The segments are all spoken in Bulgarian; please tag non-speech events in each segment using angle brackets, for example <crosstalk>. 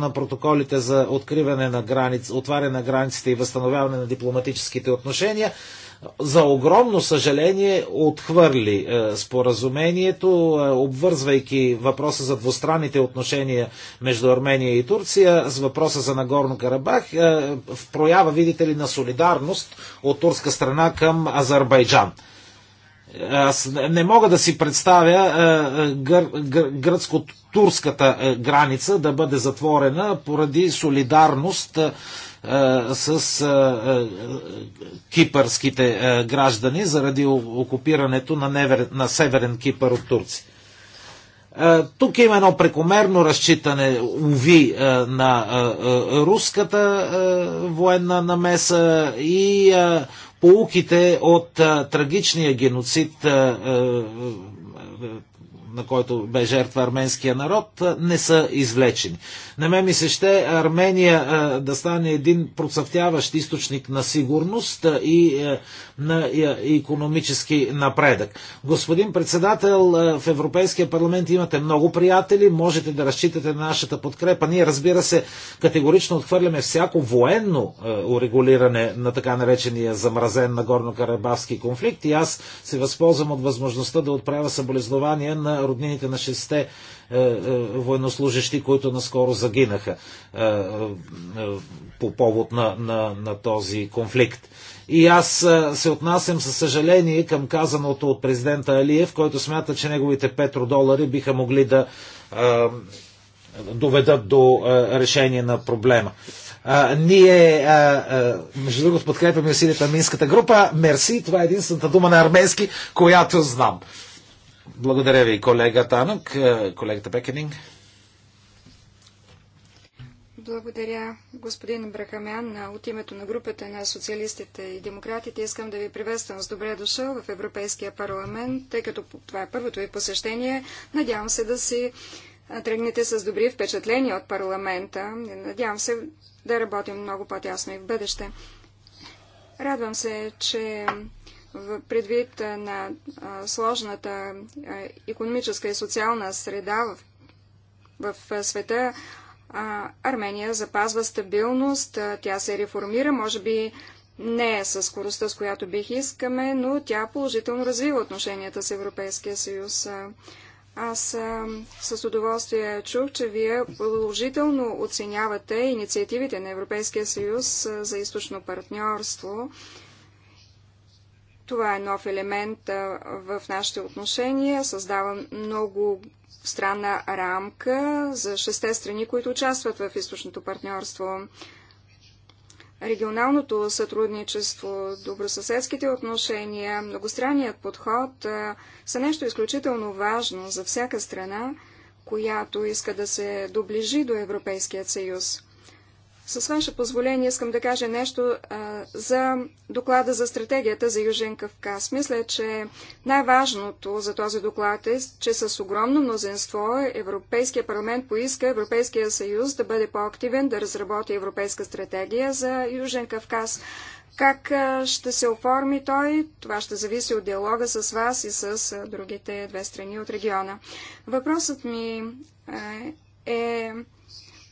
на протоколите за откриване на границ, отваряне на границите и възстановяване на дипломатическите отношения, за огромно съжаление отхвърли е, споразумението, е, обвързвайки въпроса за двустранните отношения между Армения и Турция с въпроса за Нагорно Карабах е, в проява, видите ли, на солидарност от турска страна към Азербайджан. Аз не мога да си представя е, е, гър, гър, гръцко-турската е, граница да бъде затворена поради солидарност с а, кипърските а, граждани заради окупирането на, Невер, на Северен Кипър от Турци. А, тук има едно прекомерно разчитане, уви, на руската военна намеса и поуките от а, трагичния геноцид, а, а, на който бе жертва арменския народ, не са извлечени. На мен ми се ще Армения да стане един процъфтяващ източник на сигурност и на економически напредък. Господин председател, в Европейския парламент имате много приятели, можете да разчитате на нашата подкрепа. Ние, разбира се, категорично отхвърляме всяко военно урегулиране на така наречения замразен на Горно-Карабавски конфликт и аз се възползвам от възможността да отправя съболезнования на роднините на шесте е, е, военнослужащи, които наскоро загинаха е, по повод на, на, на този конфликт. И аз се отнасям със съжаление към казаното от президента Алиев, който смята, че неговите петродолари биха могли да доведат до решение на проблема. А, ние, а, а, между другото, подкрепяме усилията на Минската група. Мерси, това е единствената дума на армейски, която знам. Благодаря ви, колега Танък. Е, колегата Бекенинг. Благодаря, господин Брахамян. От името на групата на социалистите и демократите искам да ви приветствам с добре дошъл в Европейския парламент, тъй като това е първото ви посещение. Надявам се да си тръгнете с добри впечатления от парламента. Надявам се да работим много по-тясно и в бъдеще. Радвам се, че предвид на сложната економическа и социална среда в, в света, Армения запазва стабилност, тя се реформира, може би не е със скоростта, с която бих искаме, но тя положително развива отношенията с Европейския съюз. Аз а, с удоволствие чух, че вие положително оценявате инициативите на Европейския съюз за източно партньорство. Това е нов елемент в нашите отношения, създава много странна рамка за шесте страни, които участват в източното партньорство. Регионалното сътрудничество, добросъседските отношения, многостранният подход са нещо изключително важно за всяка страна, която иска да се доближи до Европейският съюз. С ваше позволение искам да кажа нещо а, за доклада за стратегията за Южен Кавказ. Мисля, че най-важното за този доклад е, че с огромно мнозинство Европейския парламент поиска Европейския съюз да бъде по-активен, да разработи Европейска стратегия за Южен Кавказ. Как ще се оформи той, това ще зависи от диалога с вас и с другите две страни от региона. Въпросът ми е,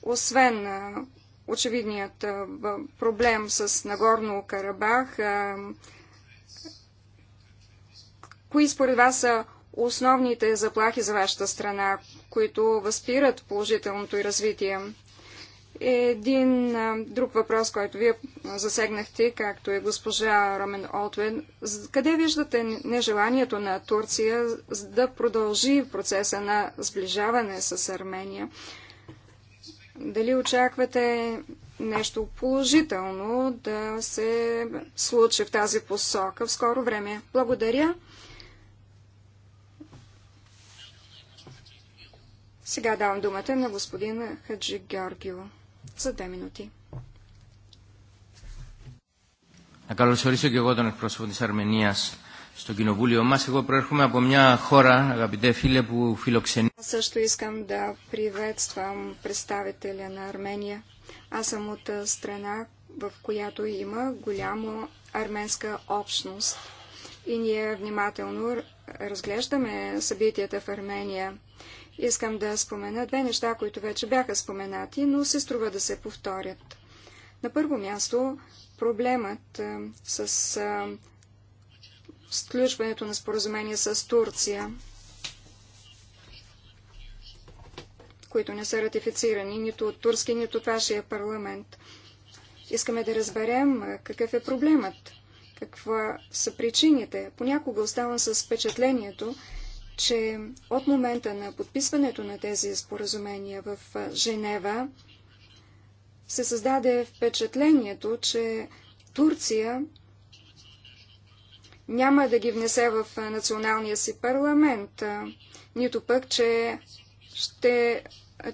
освен очевидният проблем с Нагорно Карабах. Кои според вас са основните заплахи за вашата страна, които възпират положителното и развитие? Един друг въпрос, който вие засегнахте, както и е госпожа Ромен Олтвен, къде виждате нежеланието на Турция да продължи процеса на сближаване с Армения? Дали очаквате нещо положително да се случи в тази посока в скоро време? Благодаря. Сега давам думата на господин Хаджи Георгио за две минути. Να καλωσορίσω και εγώ τον εκπρόσωπο της Αρμενίας στο κοινοβούλιο μας. Εγώ προέρχομαι από μια χώρα, αγαπητέ φίλε, που φιλοξενεί. Също искам да приветствам представителя на Армения. Аз съм от страна, в която има голяма арменска общност. И ние внимателно разглеждаме събитията в Армения. Искам да спомена две неща, които вече бяха споменати, но се струва да се повторят. На първо място, проблемът с сключването на споразумение с Турция, които не са ратифицирани нито от турски, нито от вашия парламент. Искаме да разберем какъв е проблемът, каква са причините. Понякога оставам с впечатлението, че от момента на подписването на тези споразумения в Женева се създаде впечатлението, че Турция няма да ги внесе в националния си парламент, нито пък, че, ще,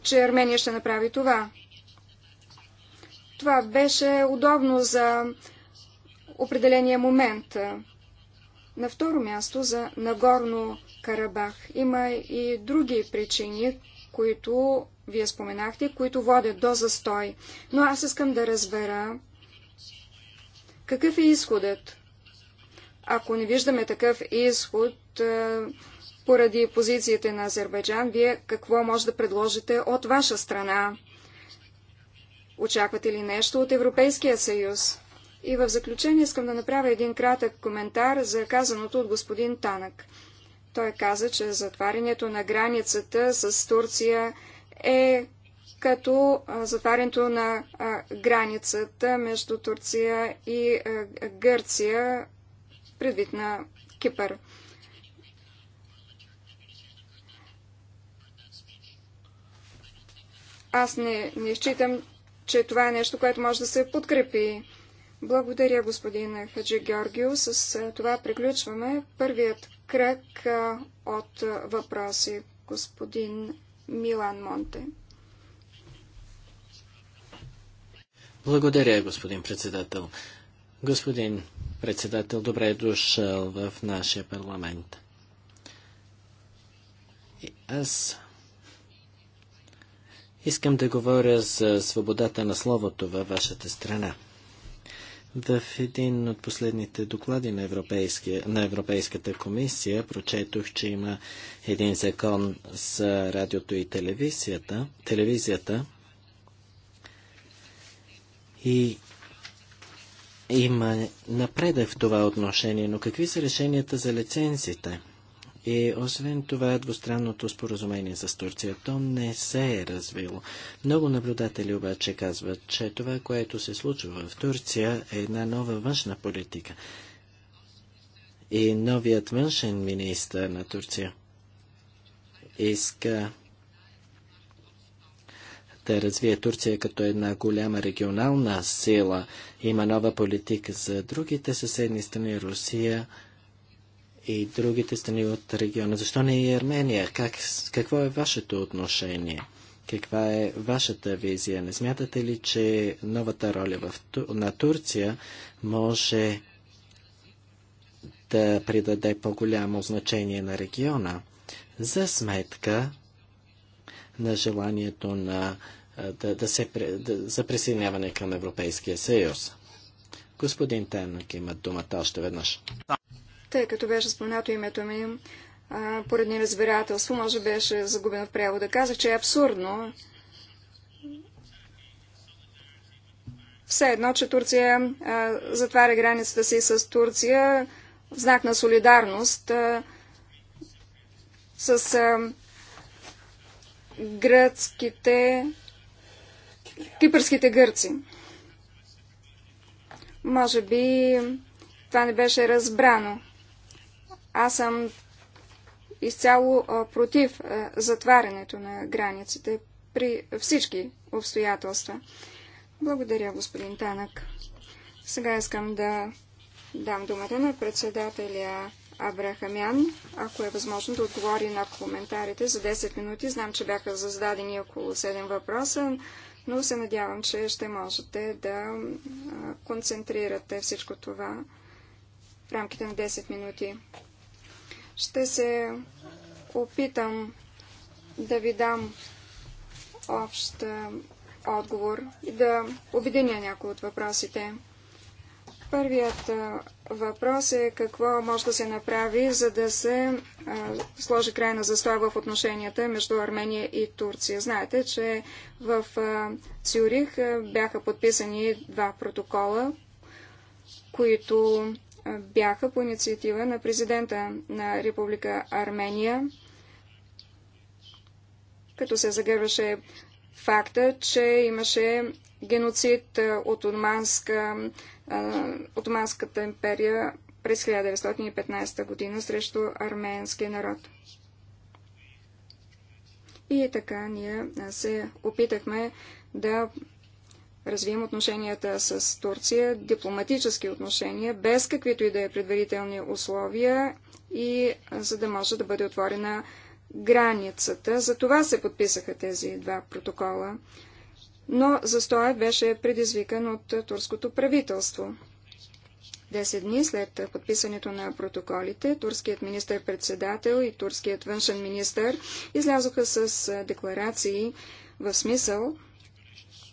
че Армения ще направи това. Това беше удобно за определения момент. На второ място за Нагорно Карабах. Има и други причини, които вие споменахте, които водят до застой. Но аз искам да разбера какъв е изходът. Ако не виждаме такъв изход е, поради позициите на Азербайджан, вие какво може да предложите от ваша страна? Очаквате ли нещо от Европейския съюз? И в заключение искам да направя един кратък коментар за казаното от господин Танък. Той каза, че затварянето на границата с Турция е като затварянето на границата между Турция и Гърция предвид на Кипър. Аз не, не считам, че това е нещо, което може да се подкрепи. Благодаря, господин Хаджи Георгио. С това приключваме първият кръг от въпроси. Господин Милан Монте. Благодаря, господин председател. Господин председател, добре е дошъл в нашия парламент. И аз искам да говоря за свободата на словото във вашата страна. В един от последните доклади на, на Европейската комисия прочетох, че има един закон за радиото и телевизията, телевизията и има напредък в това отношение, но какви са решенията за лицензите? И освен това, двустранното споразумение с Турция, то не се е развило. Много наблюдатели обаче казват, че това, което се случва в Турция, е една нова външна политика. И новият външен министр на Турция иска да развие Турция като една голяма регионална сила. Има нова политика за другите съседни страни, Русия и другите страни от региона. Защо не и Армения? Как, какво е вашето отношение? Каква е вашата визия? Не смятате ли, че новата роля в, на Турция може да придаде по-голямо значение на региона за сметка на желанието на, да, да се, да, за присъединяване към Европейския съюз. Господин Тенък има думата още веднъж. Тъй като беше споменато името ми, поред неразбирателство, може беше загубено в превода. Казах, че е абсурдно. Все едно, че Турция а, затваря границата си с Турция в знак на солидарност а, с гръцките, кипърските гърци. Може би това не беше разбрано. Аз съм изцяло против затварянето на границите при всички обстоятелства. Благодаря, господин Танък. Сега искам да дам думата на председателя Абрахамян, ако е възможно да отговори на коментарите за 10 минути. Знам, че бяха зададени около 7 въпроса, но се надявам, че ще можете да концентрирате всичко това в рамките на 10 минути. Ще се опитам да ви дам общ отговор и да обединя някои от въпросите. Първият въпрос е какво може да се направи, за да се сложи край на застой в отношенията между Армения и Турция. Знаете, че в Цюрих бяха подписани два протокола, които бяха по инициатива на президента на Република Армения, като се загърваше факта, че имаше геноцид е, от Отманска, е, Отманската империя през 1915 година срещу арменския народ. И така ние е, се опитахме да развием отношенията с Турция, дипломатически отношения, без каквито и да е предварителни условия и за да може да бъде отворена границата. За това се подписаха тези два протокола. Но застоя беше предизвикан от турското правителство. Десет дни след подписането на протоколите, турският министър-председател и турският външен министър излязоха с декларации в смисъл,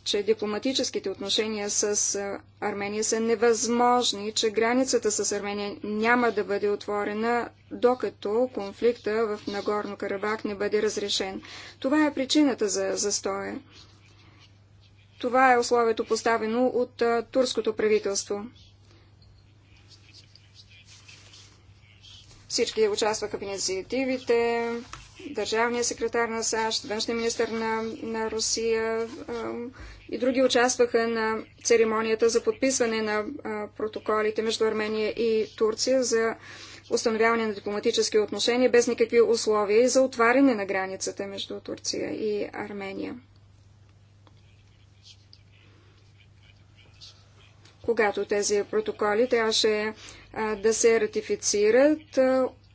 че дипломатическите отношения с Армения са невъзможни, че границата с Армения няма да бъде отворена, докато конфликта в Нагорно Карабах не бъде разрешен. Това е причината за застоя. Това е условието поставено от турското правителство. Всички участваха в инициативите, държавния секретар на САЩ, външния министр на, на Русия и други участваха на церемонията за подписване на протоколите между Армения и Турция за установяване на дипломатически отношения без никакви условия и за отваряне на границата между Турция и Армения. Когато тези протоколи трябваше да се ратифицират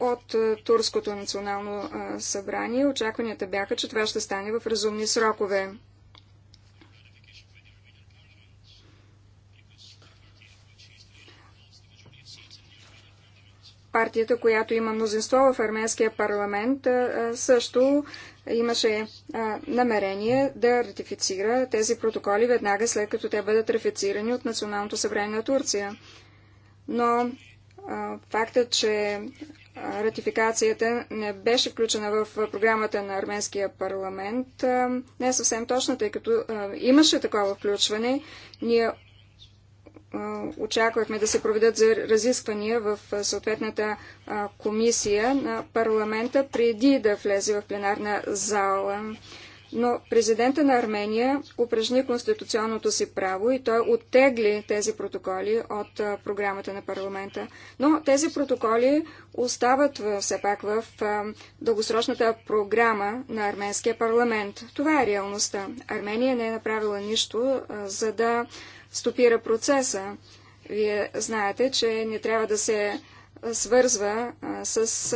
от е, Турското национално е, събрание. Очакванията бяха, че това ще стане в разумни срокове. партията, която има мнозинство в армейския парламент, е, също имаше намерение да ратифицира тези протоколи веднага след като те бъдат ратифицирани от Националното събрание на Турция. Но фактът, че ратификацията не беше включена в програмата на арменския парламент. Не е съвсем точно, тъй като имаше такова включване. Ние очаквахме да се проведат за разисквания в съответната комисия на парламента преди да влезе в пленарна зала но президента на Армения упражни конституционното си право и той оттегли тези протоколи от програмата на парламента. Но тези протоколи остават все пак в дългосрочната програма на арменския парламент. Това е реалността. Армения не е направила нищо, за да стопира процеса. Вие знаете, че не трябва да се свързва с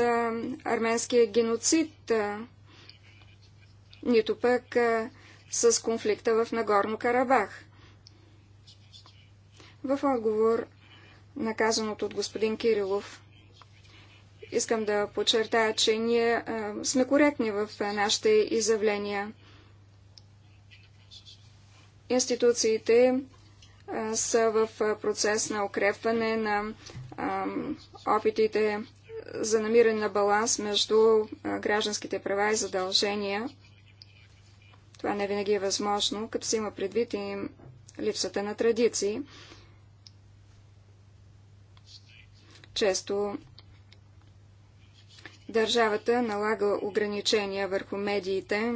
арменския геноцид нито пък с конфликта в Нагорно Карабах. В отговор на казаното от господин Кирилов, искам да подчертая, че ние а, сме коректни в а, нашите изявления. Институциите а, са в процес на укрепване на опитите за намиране на баланс между гражданските права и задължения – това не винаги е възможно, като се има предвид и липсата на традиции. Често държавата налага ограничения върху медиите,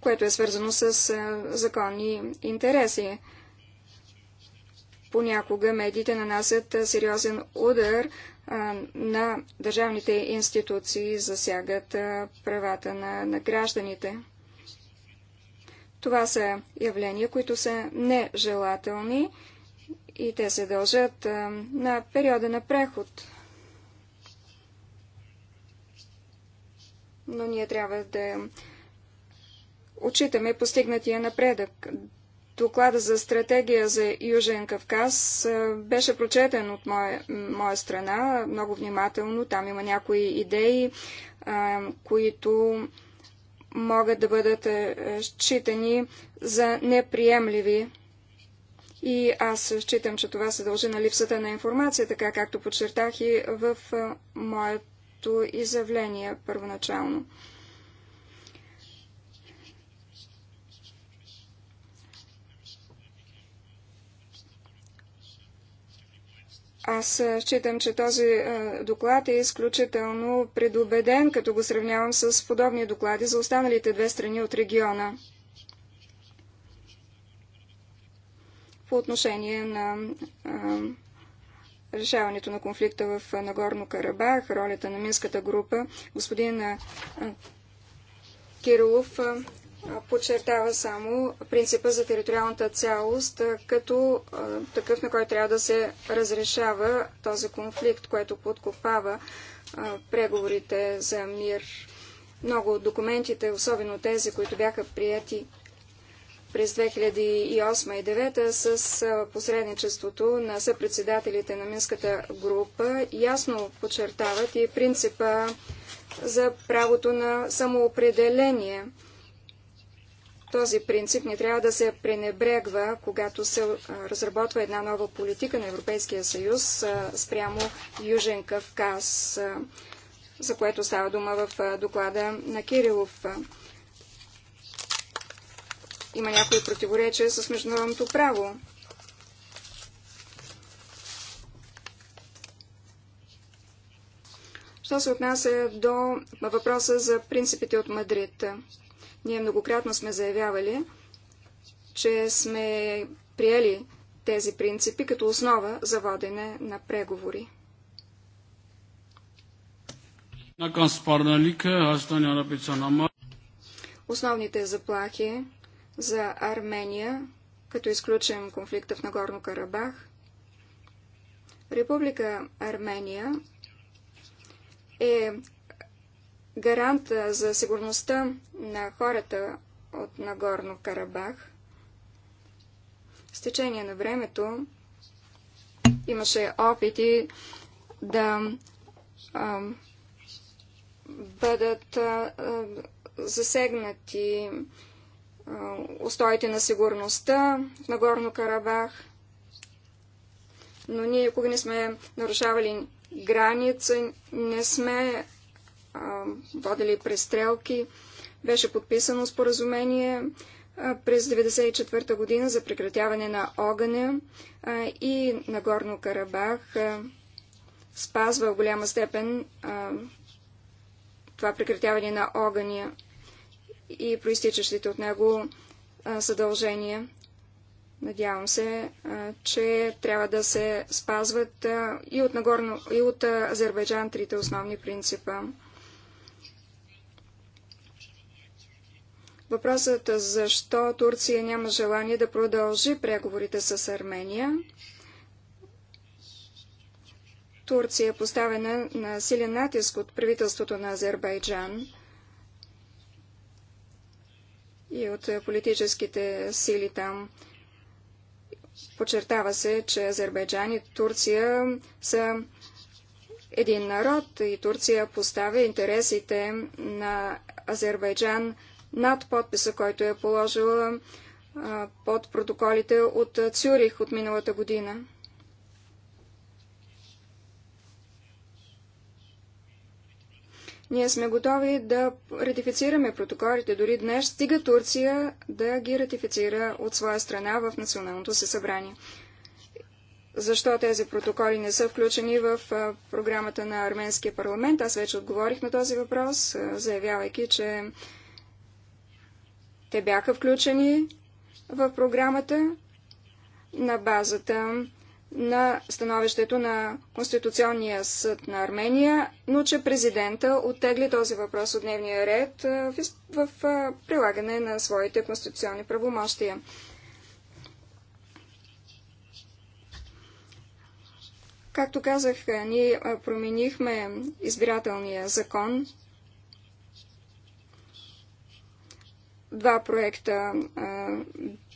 което е свързано с законни интереси. Понякога медиите нанасят сериозен удар на държавните институции засягат правата на, на гражданите. Това са явления, които са нежелателни и те се дължат на периода на преход. Но ние трябва да отчитаме постигнатия напредък. Доклада за стратегия за Южен Кавказ беше прочетен от моя, моя страна много внимателно. Там има някои идеи, които могат да бъдат считани за неприемливи. И аз считам, че това се дължи на липсата на информация, така както подчертах и в моето изявление първоначално. Аз считам, че този доклад е изключително предубеден, като го сравнявам с подобни доклади за останалите две страни от региона. По отношение на решаването на конфликта в Нагорно Карабах, ролята на Минската група, господин Кирилов подчертава само принципа за териториалната цялост, като такъв, на който трябва да се разрешава този конфликт, което подкопава преговорите за мир. Много от документите, особено тези, които бяха прияти през 2008 и 2009 с посредничеството на съпредседателите на Минската група, ясно подчертават и принципа за правото на самоопределение – този принцип не трябва да се пренебрегва, когато се разработва една нова политика на Европейския съюз спрямо Южен Кавказ, за което става дума в доклада на Кирилов. Има някои противоречия с международното право. Що се отнася до въпроса за принципите от Мадрид? Ние многократно сме заявявали, че сме приели тези принципи като основа за водене на преговори. Основните заплахи за Армения, като изключим конфликта в Нагорно Карабах, Република Армения е гарант за сигурността на хората от Нагорно Карабах. С течение на времето имаше опити да а, бъдат а, засегнати а, устоите на сигурността в Нагорно Карабах. Но ние, когато не сме нарушавали граница, не сме водили престрелки. Беше подписано споразумение през 1994 година за прекратяване на огъня и Нагорно Карабах спазва в голяма степен това прекратяване на огъня и проистичащите от него задължения. Надявам се, че трябва да се спазват и от, Нагорно, и от Азербайджан трите основни принципа. Въпросът е защо Турция няма желание да продължи преговорите с Армения. Турция е поставена на силен натиск от правителството на Азербайджан и от политическите сили там. Почертава се, че Азербайджан и Турция са един народ и Турция поставя интересите на Азербайджан над подписа, който е положила под протоколите от Цюрих от миналата година. Ние сме готови да ратифицираме протоколите дори днес, стига Турция да ги ратифицира от своя страна в Националното се събрание. Защо тези протоколи не са включени в програмата на Арменския парламент? Аз вече отговорих на този въпрос, заявявайки, че те бяха включени в програмата на базата на становището на Конституционния съд на Армения, но че президента оттегли този въпрос от дневния ред в, прилагане на своите конституционни правомощия. Както казах, ние променихме избирателния закон Два проекта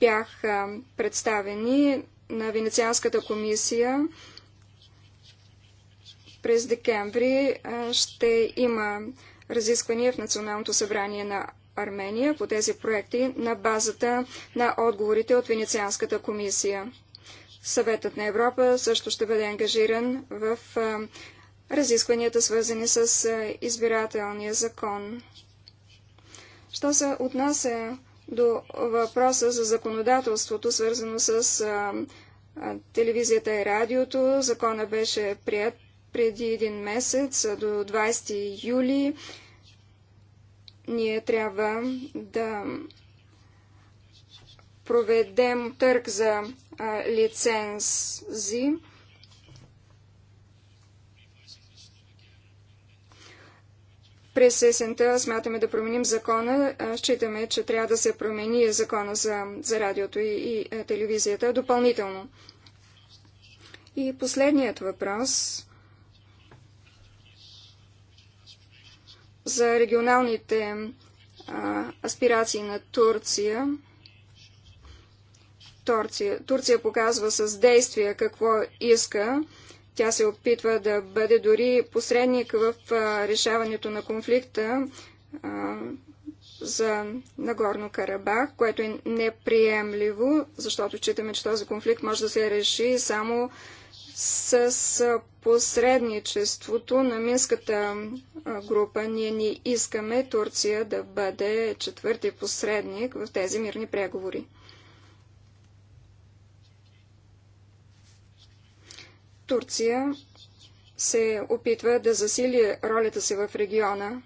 бяха представени на Венецианската комисия. През декември ще има разисквания в Националното събрание на Армения по тези проекти на базата на отговорите от Венецианската комисия. Съветът на Европа също ще бъде ангажиран в разискванията, свързани с избирателния закон. Що се отнася до въпроса за законодателството, свързано с а, а, телевизията и радиото, закона беше прият преди един месец до 20 юли. Ние трябва да проведем търг за а, лицензи. През есента смятаме да променим закона. Считаме, че трябва да се промени закона за, за радиото и, и телевизията допълнително. И последният въпрос за регионалните а, аспирации на Турция. Турция. Турция показва с действия какво иска тя се опитва да бъде дори посредник в решаването на конфликта за Нагорно Карабах, което е неприемливо, защото читаме, че този конфликт може да се реши само с посредничеството на Минската група. Ние ни искаме Турция да бъде четвърти посредник в тези мирни преговори. Турция се опитва да засили ролята си в региона.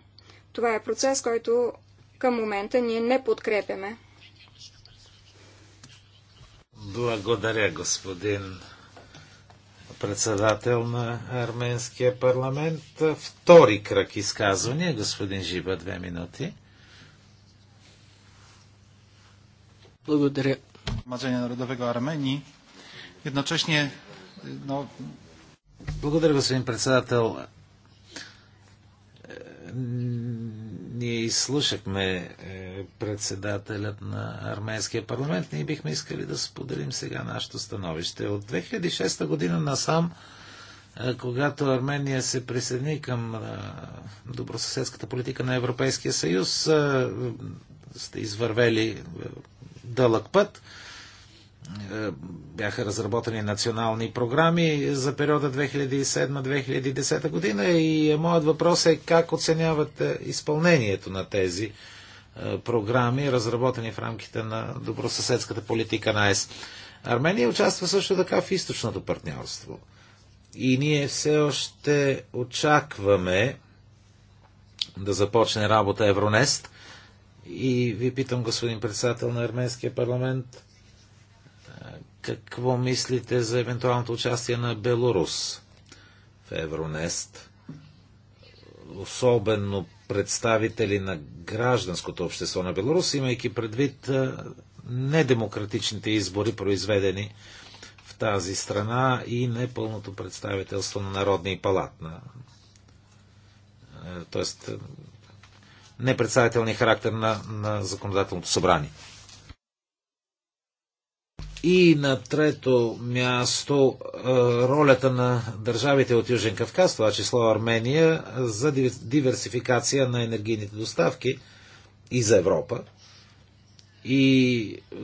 Това е процес, който към момента ние не подкрепяме. Благодаря, господин председател на Арменския парламент. Втори кръг изказвания. Господин Жиба, две минути. Благодаря. Мазения Народовего Армении. Едночешния но... Благодаря, господин председател. Е, ние изслушахме е, председателят на Армейския парламент. Ние бихме искали да споделим сега нашето становище. От 2006 година насам е, когато Армения се присъедини към добросъседската политика на Европейския съюз, сте извървели дълъг път. Е, бяха разработени национални програми за периода 2007-2010 година и моят въпрос е как оценявате изпълнението на тези е, програми, разработени в рамките на добросъседската политика на ЕС. Армения участва също така в източното партньорство. И ние все още очакваме да започне работа Евронест. И ви питам, господин председател на Арменския парламент, какво мислите за евентуалното участие на Белорус в Евронест? Особено представители на гражданското общество на Белорус, имайки предвид недемократичните избори, произведени в тази страна и непълното представителство на Народния палат. На... Тоест, непредставителния характер на, на законодателното събрание. И на трето място е, ролята на държавите от Южен Кавказ, това число Армения, за диверсификация на енергийните доставки и за Европа и е,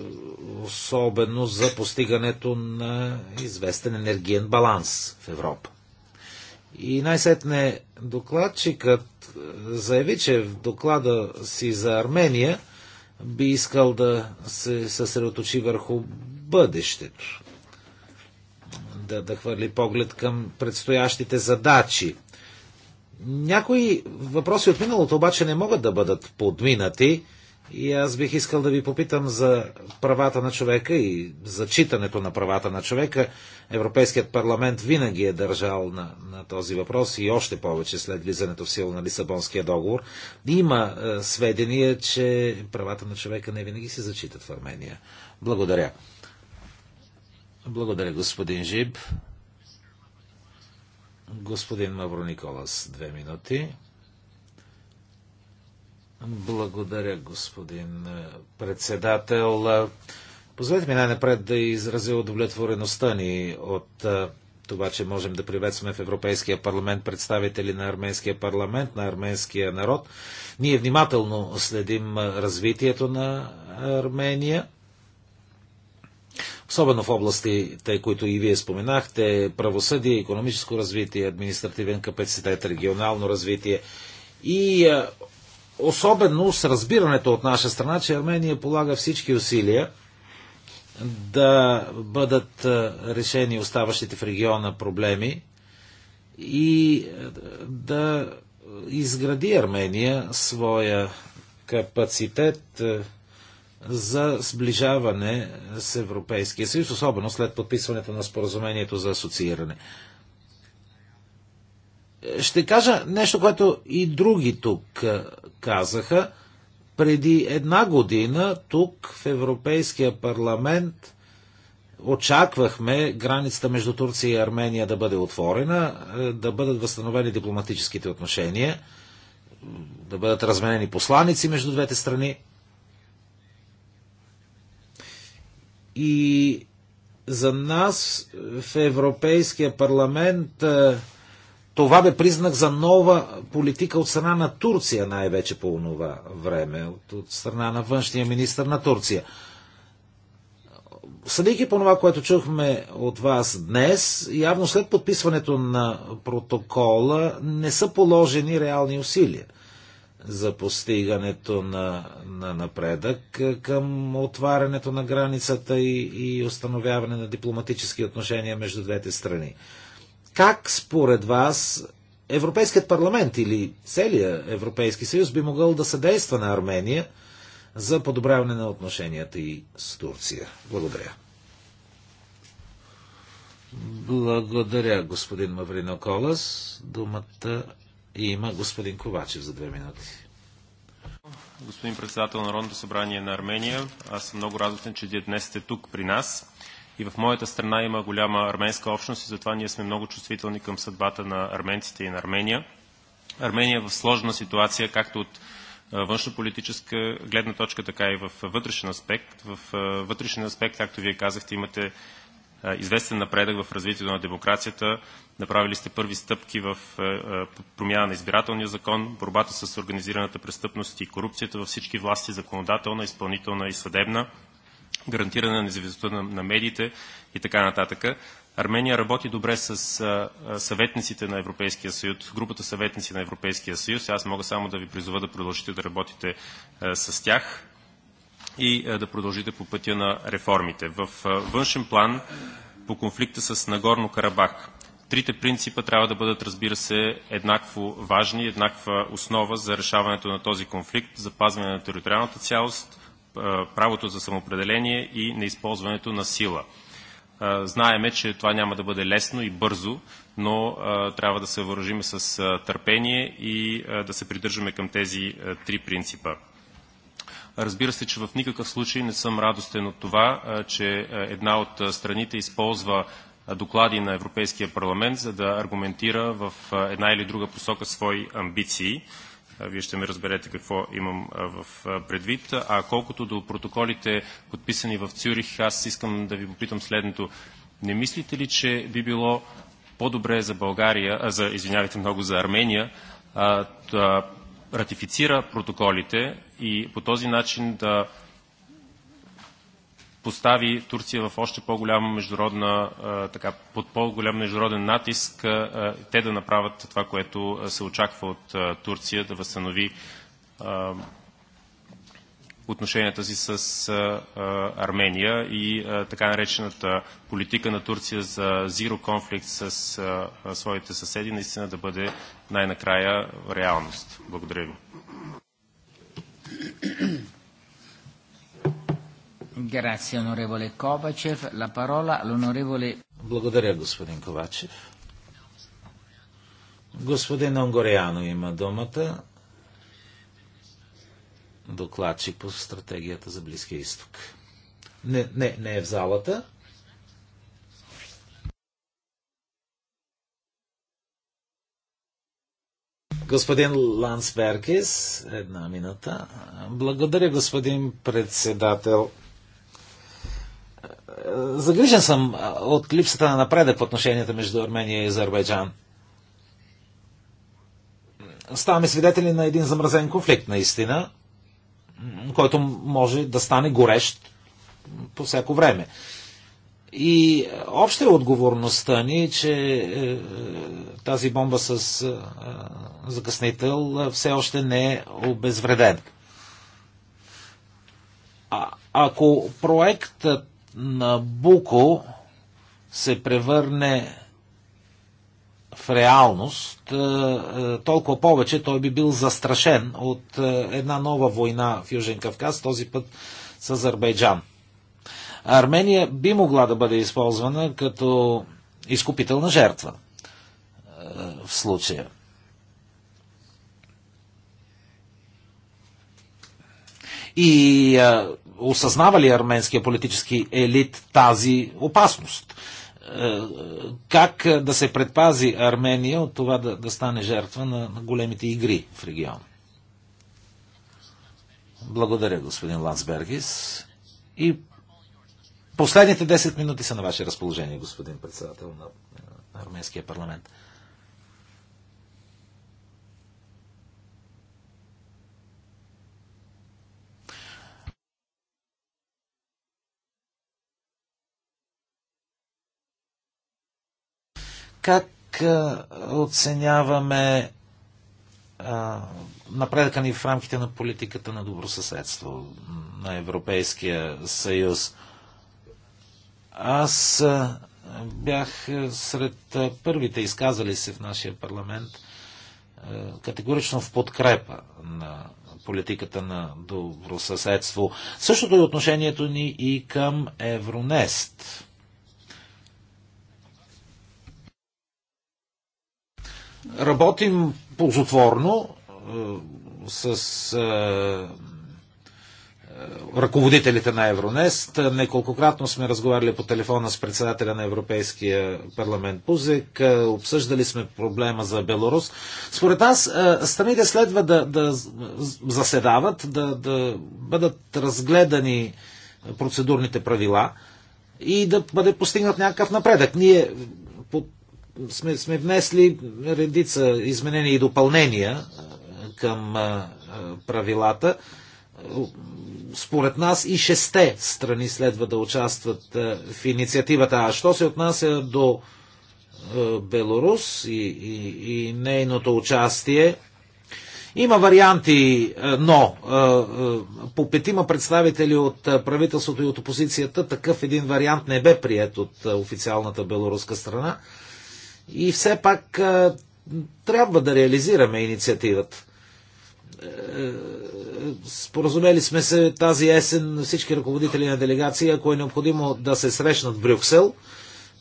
особено за постигането на известен енергиен баланс в Европа. И най-сетне докладчикът е, заяви, че в доклада си за Армения би искал да се съсредоточи върху бъдещето. Да, да хвърли поглед към предстоящите задачи. Някои въпроси от миналото обаче не могат да бъдат подминати и аз бих искал да ви попитам за правата на човека и зачитането на правата на човека. Европейският парламент винаги е държал на, на този въпрос и още повече след влизането в сила на Лисабонския договор. Има е, сведения, че правата на човека не винаги се зачитат в Армения. Благодаря. Благодаря, господин Жиб. Господин Мавро Николас, две минути. Благодаря, господин е, председател. Позволете ми най-напред да изразя удовлетвореността ни от е, това, че можем да приветстваме в Европейския парламент представители на арменския парламент, на арменския народ. Ние внимателно следим е, развитието на Армения – особено в областите, които и вие споменахте, правосъдие, економическо развитие, административен капацитет, регионално развитие и е, особено с разбирането от наша страна, че Армения полага всички усилия да бъдат е, решени оставащите в региона проблеми и е, да изгради Армения своя капацитет за сближаване с Европейския съюз, особено след подписването на споразумението за асоцииране. Ще кажа нещо, което и други тук казаха. Преди една година тук в Европейския парламент очаквахме границата между Турция и Армения да бъде отворена, да бъдат възстановени дипломатическите отношения, да бъдат разменени посланици между двете страни. И за нас в Европейския парламент е, това бе признак за нова политика от страна на Турция, най-вече по това време, от, страна на външния министр на Турция. Съдейки по това, което чухме от вас днес, явно след подписването на протокола не са положени реални усилия – за постигането на, на напредък към отварянето на границата и, и установяване на дипломатически отношения между двете страни. Как според вас Европейският парламент или целият Европейски съюз би могъл да съдейства на Армения за подобряване на отношенията и с Турция? Благодаря. Благодаря, господин Маврино Колас. Думата и има господин Ковачев за две минути. Господин председател на Народното събрание на Армения, аз съм много радостен, че вие днес сте тук при нас. И в моята страна има голяма арменска общност и затова ние сме много чувствителни към съдбата на арменците и на Армения. Армения е в сложна ситуация, както от външнополитическа гледна точка, така и в вътрешен аспект. В вътрешен аспект, както вие казахте, имате е, известен напредък в развитието на демокрацията. Направили сте първи стъпки в е, е, промяна на избирателния закон, борбата с организираната престъпност и корупцията във всички власти законодателна, изпълнителна и съдебна, гарантиране на независимостта на медиите и така нататък. Армения работи добре с съветниците на Европейския съюз, групата съветници на Европейския съюз. Аз мога само да ви призова да продължите да работите с тях и е, да продължите по пътя на реформите. В е, външен план по конфликта с Нагорно Карабах трите принципа трябва да бъдат, разбира се, еднакво важни, еднаква основа за решаването на този конфликт, запазване на териториалната цялост, е, правото за самоопределение и неизползването на сила. Знаеме, че това няма да бъде лесно и бързо, но трябва да се въоръжим с търпение и да се придържаме към тези три принципа. Разбира се, че в никакъв случай не съм радостен от това, че една от страните използва доклади на Европейския парламент, за да аргументира в една или друга посока свои амбиции. Вие ще ме разберете какво имам в предвид. А колкото до протоколите, подписани в Цюрих, аз искам да ви попитам следното. Не мислите ли, че би било по-добре за България, а за, извинявайте много, за Армения, а, да ратифицира протоколите, и по този начин да постави Турция в още по-голяма международна, така, под по-голям международен натиск те да направят това, което се очаква от Турция, да възстанови отношенията си с Армения и така наречената политика на Турция за зиро конфликт с своите съседи наистина да бъде най-накрая реалност. Благодаря ви. Благодаря, господин Ковачев. Господин Онгоряно има думата. Докладчик по стратегията за Близкия изток. Не, не, не е в залата. Господин Беркис, една минута. Благодаря, господин председател. Загрижен съм от липсата на напредък в отношенията между Армения и Азербайджан. Ставаме свидетели на един замразен конфликт, наистина, който може да стане горещ по всяко време. И е, обща е отговорността ни, че е, е тази бомба с е, е закъснител все още не е обезвредена. А, ако проектът на Буко се превърне в реалност, толкова повече той би бил застрашен от една нова война в Южен Кавказ, този път с Азербайджан. Армения би могла да бъде използвана като изкупителна жертва е, в случая. И а, е, осъзнава ли арменския политически елит тази опасност? Е, как да се предпази Армения от това да, да стане жертва на, на големите игри в региона? Благодаря, господин Лансбергис. И Последните 10 минути са на ваше разположение, господин председател на, на Арменския парламент. Как оценяваме а, напредъка ни в рамките на политиката на добросъседство на Европейския съюз? А, аз бях сред първите изказали се в нашия парламент категорично в подкрепа на политиката на добросъседство. Същото е отношението ни и към Евронест. Работим ползотворно с ръководителите на Евронест. Неколкократно сме разговаряли по телефона с председателя на Европейския парламент Пузек, е, обсъждали сме проблема за Беларус. Според нас е, страните следва да, да заседават, да, да бъдат разгледани процедурните правила и да бъде постигнат някакъв напредък. Ние по, сме, сме внесли редица изменения и допълнения е, към правилата според нас и шесте страни следва да участват е, в инициативата. А що се отнася до е, Белорус и, и, и нейното участие, има варианти, е, но по петима представители от правителството и от опозицията такъв един вариант не бе прият от официалната белоруска страна. И все пак трябва да реализираме инициативата. Споразумели сме се тази есен всички ръководители на делегации, ако е необходимо да се срещнат в Брюксел.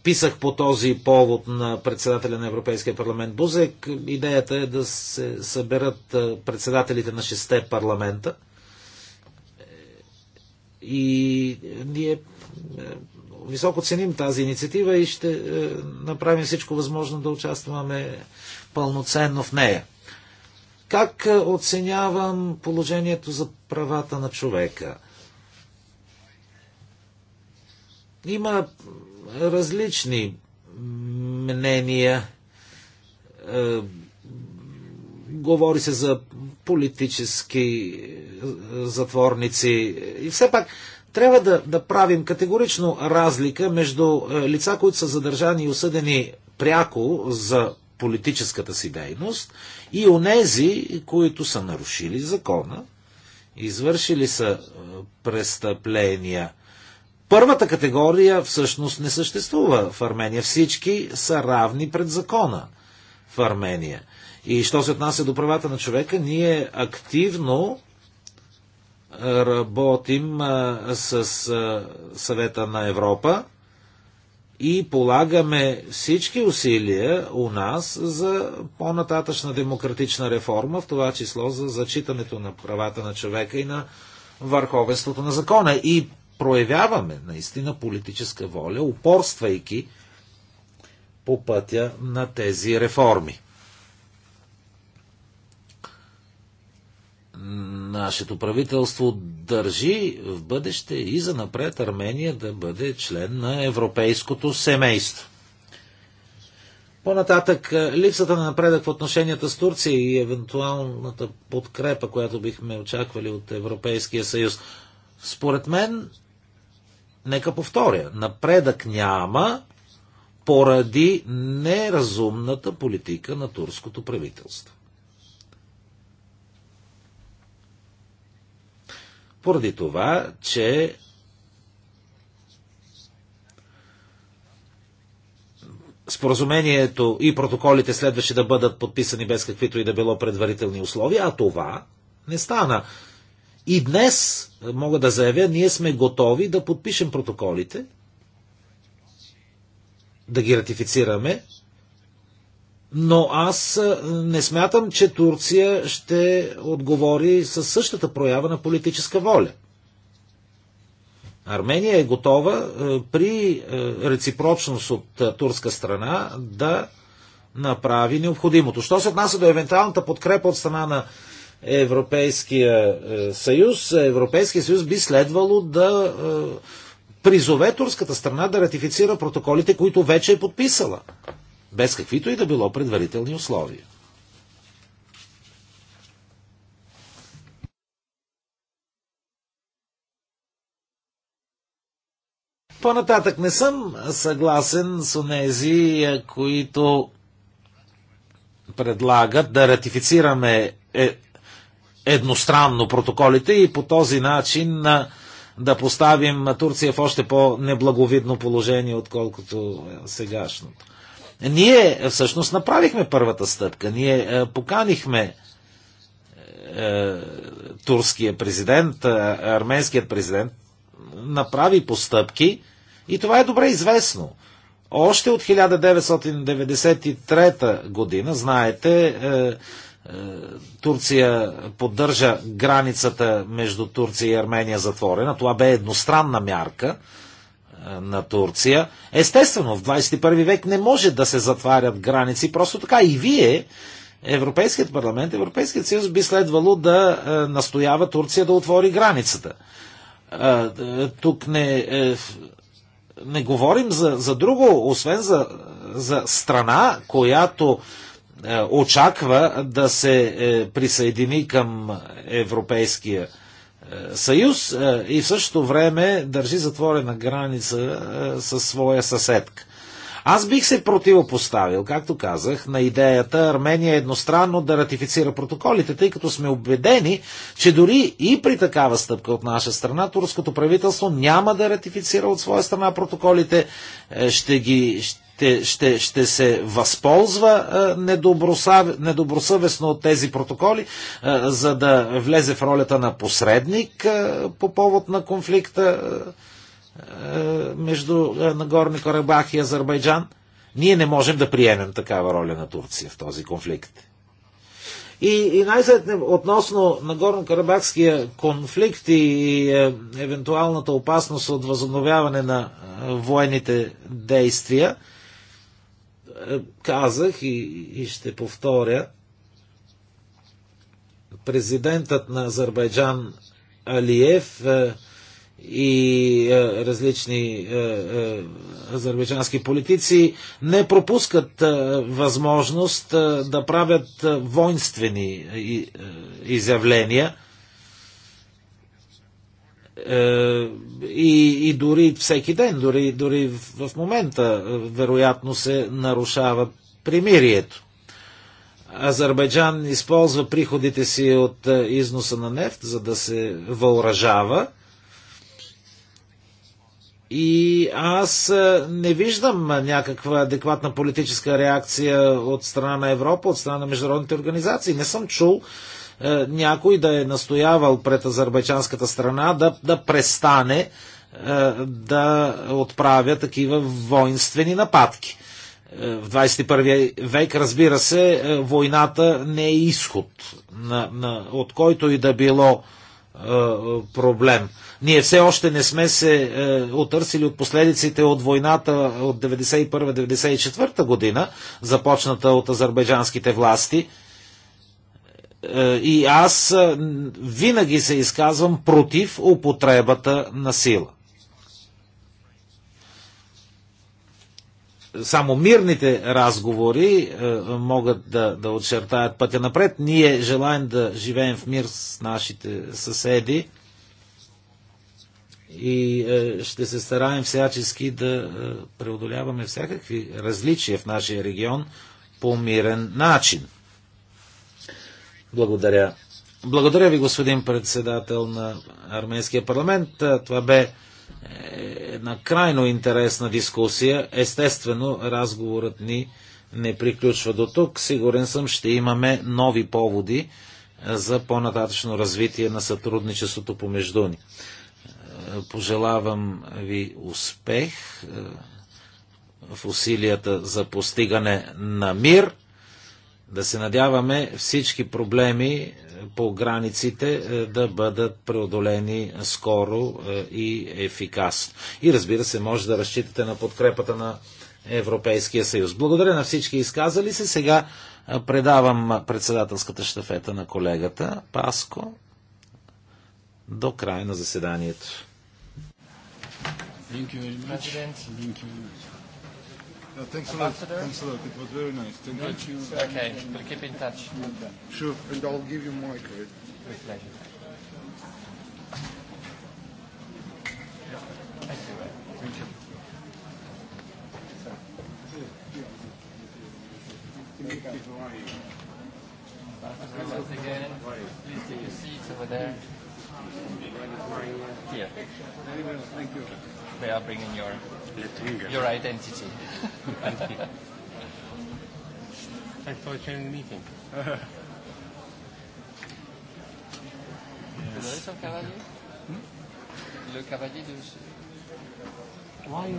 Писах по този повод на председателя на Европейския парламент Бузек. Идеята е да се съберат председателите на шесте парламента. И ние високо ценим тази инициатива и ще направим всичко възможно да участваме пълноценно в нея. Как е, оценявам положението за правата на човека? Има различни мнения. Е, говори се за политически е, затворници. И все пак трябва да, да правим категорично разлика между лица, които са задържани и осъдени пряко за политическата си дейност и онези, които са нарушили закона, извършили са е, престъпления. Първата категория всъщност не съществува в Армения. Всички са равни пред закона в Армения. И що се отнася до правата на човека, ние активно е, работим е, с съвета на Европа и полагаме всички усилия у нас за по-нататъчна демократична реформа, в това число за зачитането на правата на човека и на върховенството на закона. И проявяваме наистина политическа воля, упорствайки по пътя на тези реформи. Нашето правителство държи в бъдеще и за напред Армения да бъде член на европейското семейство. По-нататък, е, липсата на напредък в отношенията с Турция и евентуалната подкрепа, която бихме очаквали от Европейския съюз. Според мен, нека повторя, напредък няма поради неразумната политика на турското правителство. поради това, че споразумението и протоколите следваше да бъдат подписани без каквито и да било предварителни условия, а това не стана. И днес, мога да заявя, ние сме готови да подпишем протоколите, да ги ратифицираме но аз не смятам, че Турция ще отговори със същата проява на политическа воля. Армения е готова при реципрочност от турска страна да направи необходимото. Що се отнася до евентуалната подкрепа от страна на Европейския е, съюз, Европейския съюз би следвало да е, призове турската страна да ратифицира протоколите, които вече е подписала без каквито и да било предварителни условия. По-нататък не съм съгласен с онези, които предлагат да ратифицираме е, едностранно протоколите и по този начин да поставим Турция в още по-неблаговидно положение, отколкото сегашното. Ние е, всъщност направихме първата стъпка. Ние е, поканихме е, турския президент, арменският президент, направи постъпки и това е добре известно. Още от 1993 година, знаете, Турция поддържа границата между Турция и Армения затворена. Това бе едностранна мярка на Турция. Естествено, в 21 век не може да се затварят граници просто така. И вие, Европейският парламент, Европейският съюз би следвало да настоява Турция да отвори границата. Тук не, е, не говорим за, за друго, освен за, за страна, която е, очаква да се е, присъедини към Европейския съюз е, съюз е, и в същото време държи затворена граница е, със своя съседка. Аз бих се противопоставил, както казах, на идеята Армения едностранно да ратифицира протоколите, тъй като сме убедени, че дори и при такава стъпка от наша страна, турското правителство няма да ратифицира от своя страна протоколите, ще ги, ще, ще, ще се възползва недобросъвестно от тези протоколи, за да влезе в ролята на посредник по повод на конфликта между Нагорни Карабах и Азербайджан. Ние не можем да приемем такава роля на Турция в този конфликт. И, и най-сетне относно Нагорно-Карабахския конфликт и е, евентуалната опасност от възобновяване на военните действия, казах и, и ще повторя, президентът на Азербайджан Алиев е, и е, различни е, азербайджански политици не пропускат възможност да правят воинствени изявления – е, и, и дори всеки ден, дори, дори в момента, е, вероятно се нарушава примирието. Азербайджан използва приходите си от е, износа на нефт, за да се въоръжава. И аз не виждам някаква адекватна политическа реакция от страна на Европа, от страна на международните организации. Не съм чул е, някой да е настоявал пред азербайджанската страна да, да престане е, да отправя такива воинствени нападки. Е, в 21 век, разбира се, войната не е изход, на, на, от който и да било проблем. Ние все още не сме се е, отърсили от последиците от войната от 1991-1994 година, започната от азербайджанските власти. Е, и аз е, винаги се изказвам против употребата на сила. Само мирните разговори е, могат да, да очертаят пътя напред. Ние желаем да живеем в мир с нашите съседи и ще се стараем всячески да преодоляваме всякакви различия в нашия регион по мирен начин. Благодаря. Благодаря ви, господин председател на Армейския парламент. Това бе е, една крайно интересна дискусия. Естествено, разговорът ни не приключва до тук. Сигурен съм, ще имаме нови поводи е, за по-нататъчно развитие на сътрудничеството помежду ни. Е, пожелавам ви успех в усилията за постигане на мир. Да се надяваме всички проблеми е, по границите е, да бъдат преодолени скоро е, и ефикасно. И разбира се, може да разчитате на подкрепата на Европейския съюз. Благодаря на всички изказали се. Сега предавам председателската щафета на колегата Паско до края на заседанието. Thank you very much thanks a lot. Thanks a lot. It was very nice. Thank Good. you. Okay, we'll keep in touch. Sure, and I'll give you my credit. With pleasure. Thank you. Thank you. please take your seats over there. Here. Thank you. are bringing your your identity. Thanks for attending the meeting. yes. Le cavalier de... Why?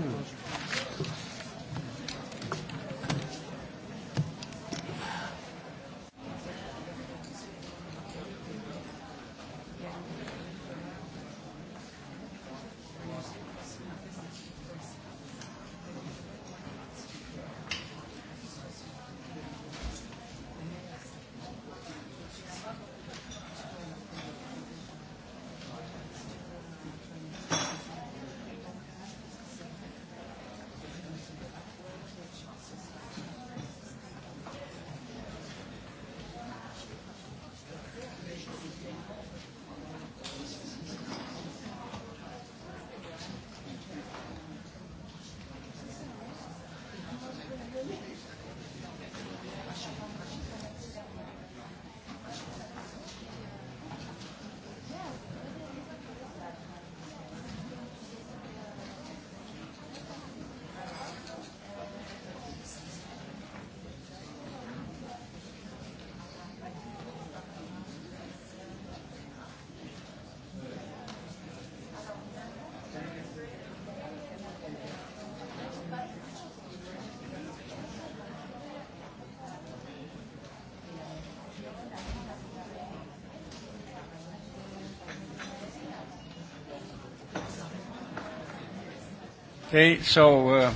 Okay, so uh,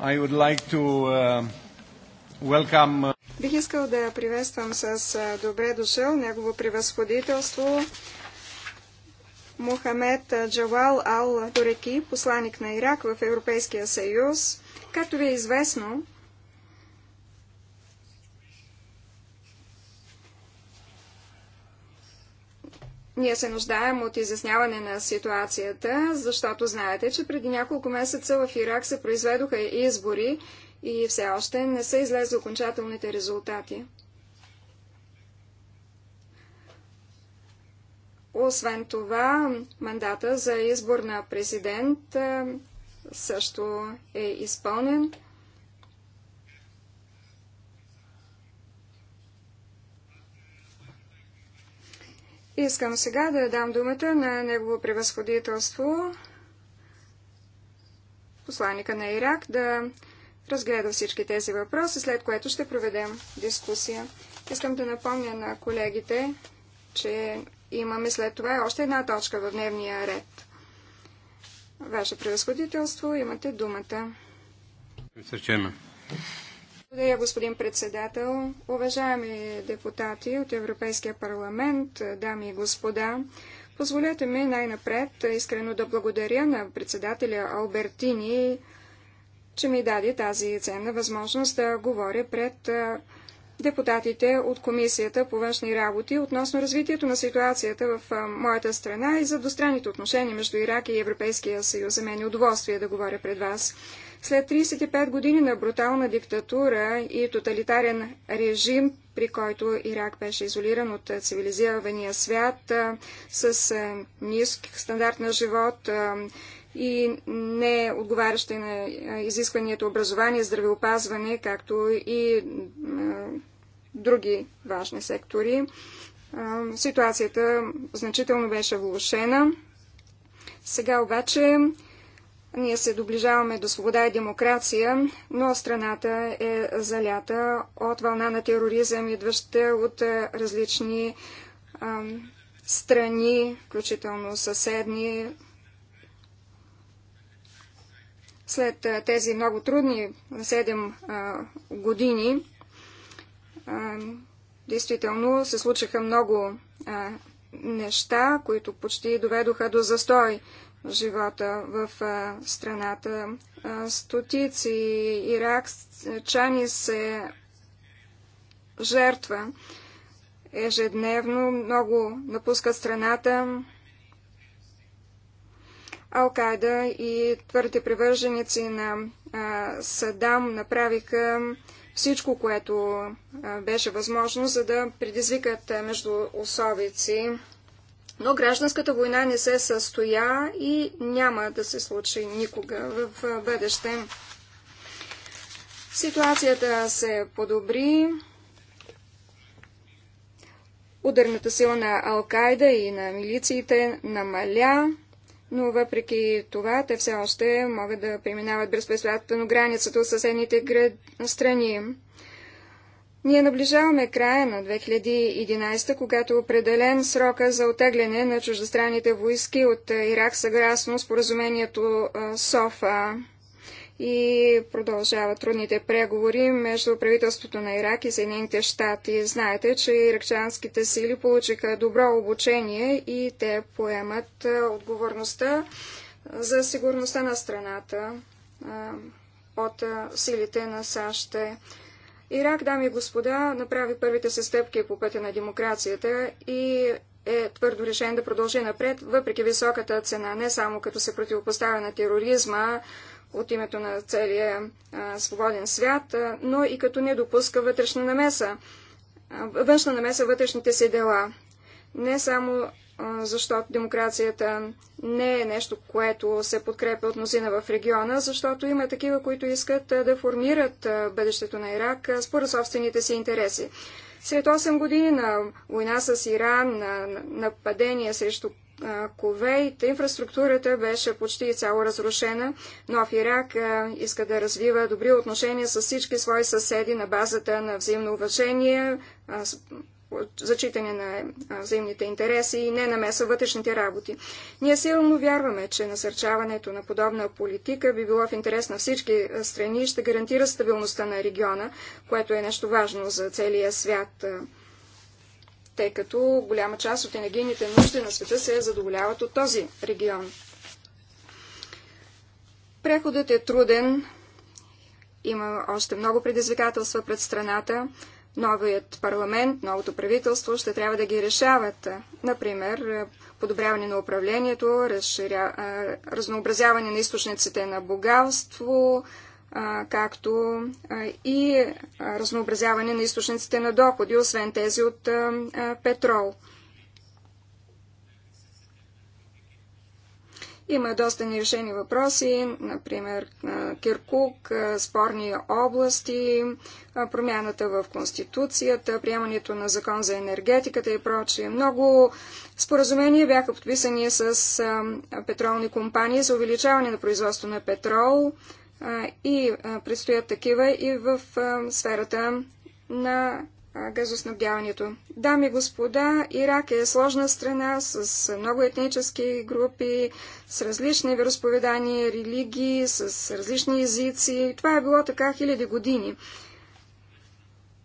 I would like to uh, welcome. Uh, Бих искал да приветствам с добре дошъл негово превъзходителство Мохамед Джавал Ал Дореки, посланик на Ирак в Европейския съюз. Както ви е известно, Ние се нуждаем от изясняване на ситуацията, защото знаете, че преди няколко месеца в Ирак се произведоха избори и все още не са излезли окончателните резултати. Освен това, мандата за избор на президент също е изпълнен. Искам сега да дам думата на негово превъзходителство, посланника на Ирак, да разгледа всички тези въпроси, след което ще проведем дискусия. Искам да напомня на колегите, че имаме след това още една точка в дневния ред. Ваше превъзходителство, имате думата. Благодаря, господин председател. Уважаеми депутати от Европейския парламент, дами и господа, позволете ми най-напред искрено да благодаря на председателя Албертини, че ми даде тази ценна възможност да говоря пред депутатите от Комисията по външни работи относно развитието на ситуацията в моята страна и за достранните отношения между Ирак и Европейския съюз. За мен е удоволствие да говоря пред вас. След 35 години на брутална диктатура и тоталитарен режим, при който Ирак беше изолиран от цивилизирания свят с ниск стандарт на живот и не отговарящи на изискванията образование, здравеопазване, както и други важни сектори. Ситуацията значително беше влушена. Сега обаче ние се доближаваме до свобода и демокрация, но страната е залята от вълна на тероризъм, идваща от е, различни ам, страни, включително съседни. След е, тези много трудни 7 а, години, а, действително се случиха много а, неща, които почти доведоха до застой живота в страната. Стотици иракчани се жертва ежедневно, много напускат страната. Алкайда и твърдите привърженици на а, Садам направиха всичко, което а, беше възможно, за да предизвикат между особици. Но гражданската война не се състоя и няма да се случи никога в бъдеще. Ситуацията се подобри. Ударната сила на Алкайда и на милициите намаля, но въпреки това те все още могат да преминават безпредседателно границата от съседните град... страни. Ние наближаваме края на 2011, когато определен срока за отегляне на чуждестранните войски от е, Ирак съгласно споразумението е, СОФА и продължават трудните преговори между правителството на Ирак и Съединените щати. Знаете, че иракчанските сили получиха добро обучение и те поемат е, отговорността за сигурността на страната от силите на САЩ. Ирак, дами и господа, направи първите се стъпки по пътя на демокрацията и е твърдо решен да продължи напред, въпреки високата цена, не само като се противопоставя на тероризма от името на целия а, свободен свят, а, но и като не допуска вътрешна намеса, а, външна намеса вътрешните си дела. Не само защото демокрацията не е нещо, което се подкрепя от мнозина в региона, защото има такива, които искат да формират бъдещето на Ирак според собствените си интереси. След 8 години на война с Иран, на нападение срещу Кувейт, инфраструктурата беше почти цяло разрушена. Нов Ирак иска да развива добри отношения с всички свои съседи на базата на взаимно уважение, зачитане на взаимните интереси и не намеса вътрешните работи. Ние силно вярваме, че насърчаването на подобна политика би било в интерес на всички страни и ще гарантира стабилността на региона, което е нещо важно за целия свят, тъй като голяма част от енергийните нужди на света се задоволяват от този регион. Преходът е труден, има още много предизвикателства пред страната новият парламент, новото правителство ще трябва да ги решават. Например, подобряване на управлението, разширя... разнообразяване на източниците на богатство, както и разнообразяване на източниците на доходи, освен тези от петрол. Има доста нерешени въпроси, например Киркук, спорни области, промяната в Конституцията, приемането на закон за енергетиката и прочие. Много споразумения бяха подписани с петролни компании за увеличаване на производство на петрол и предстоят такива и в сферата на газоснабдяването. Дами и господа, Ирак е сложна страна с много етнически групи, с различни вероисповедания, религии, с различни езици. Това е било така хиляди години.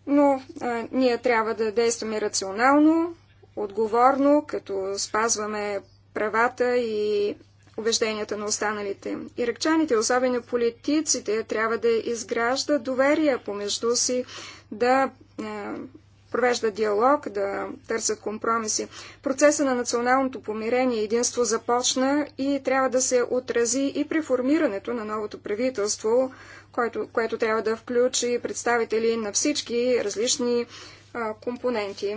Но а, ние трябва да действаме рационално, отговорно, като спазваме правата и убежденията на останалите. Иракчаните, особено политиците, трябва да изграждат доверие помежду си, да провежда диалог, да търсят компромиси. Процеса на националното помирение и единство започна и трябва да се отрази и при формирането на новото правителство, което, което трябва да включи представители на всички различни а, компоненти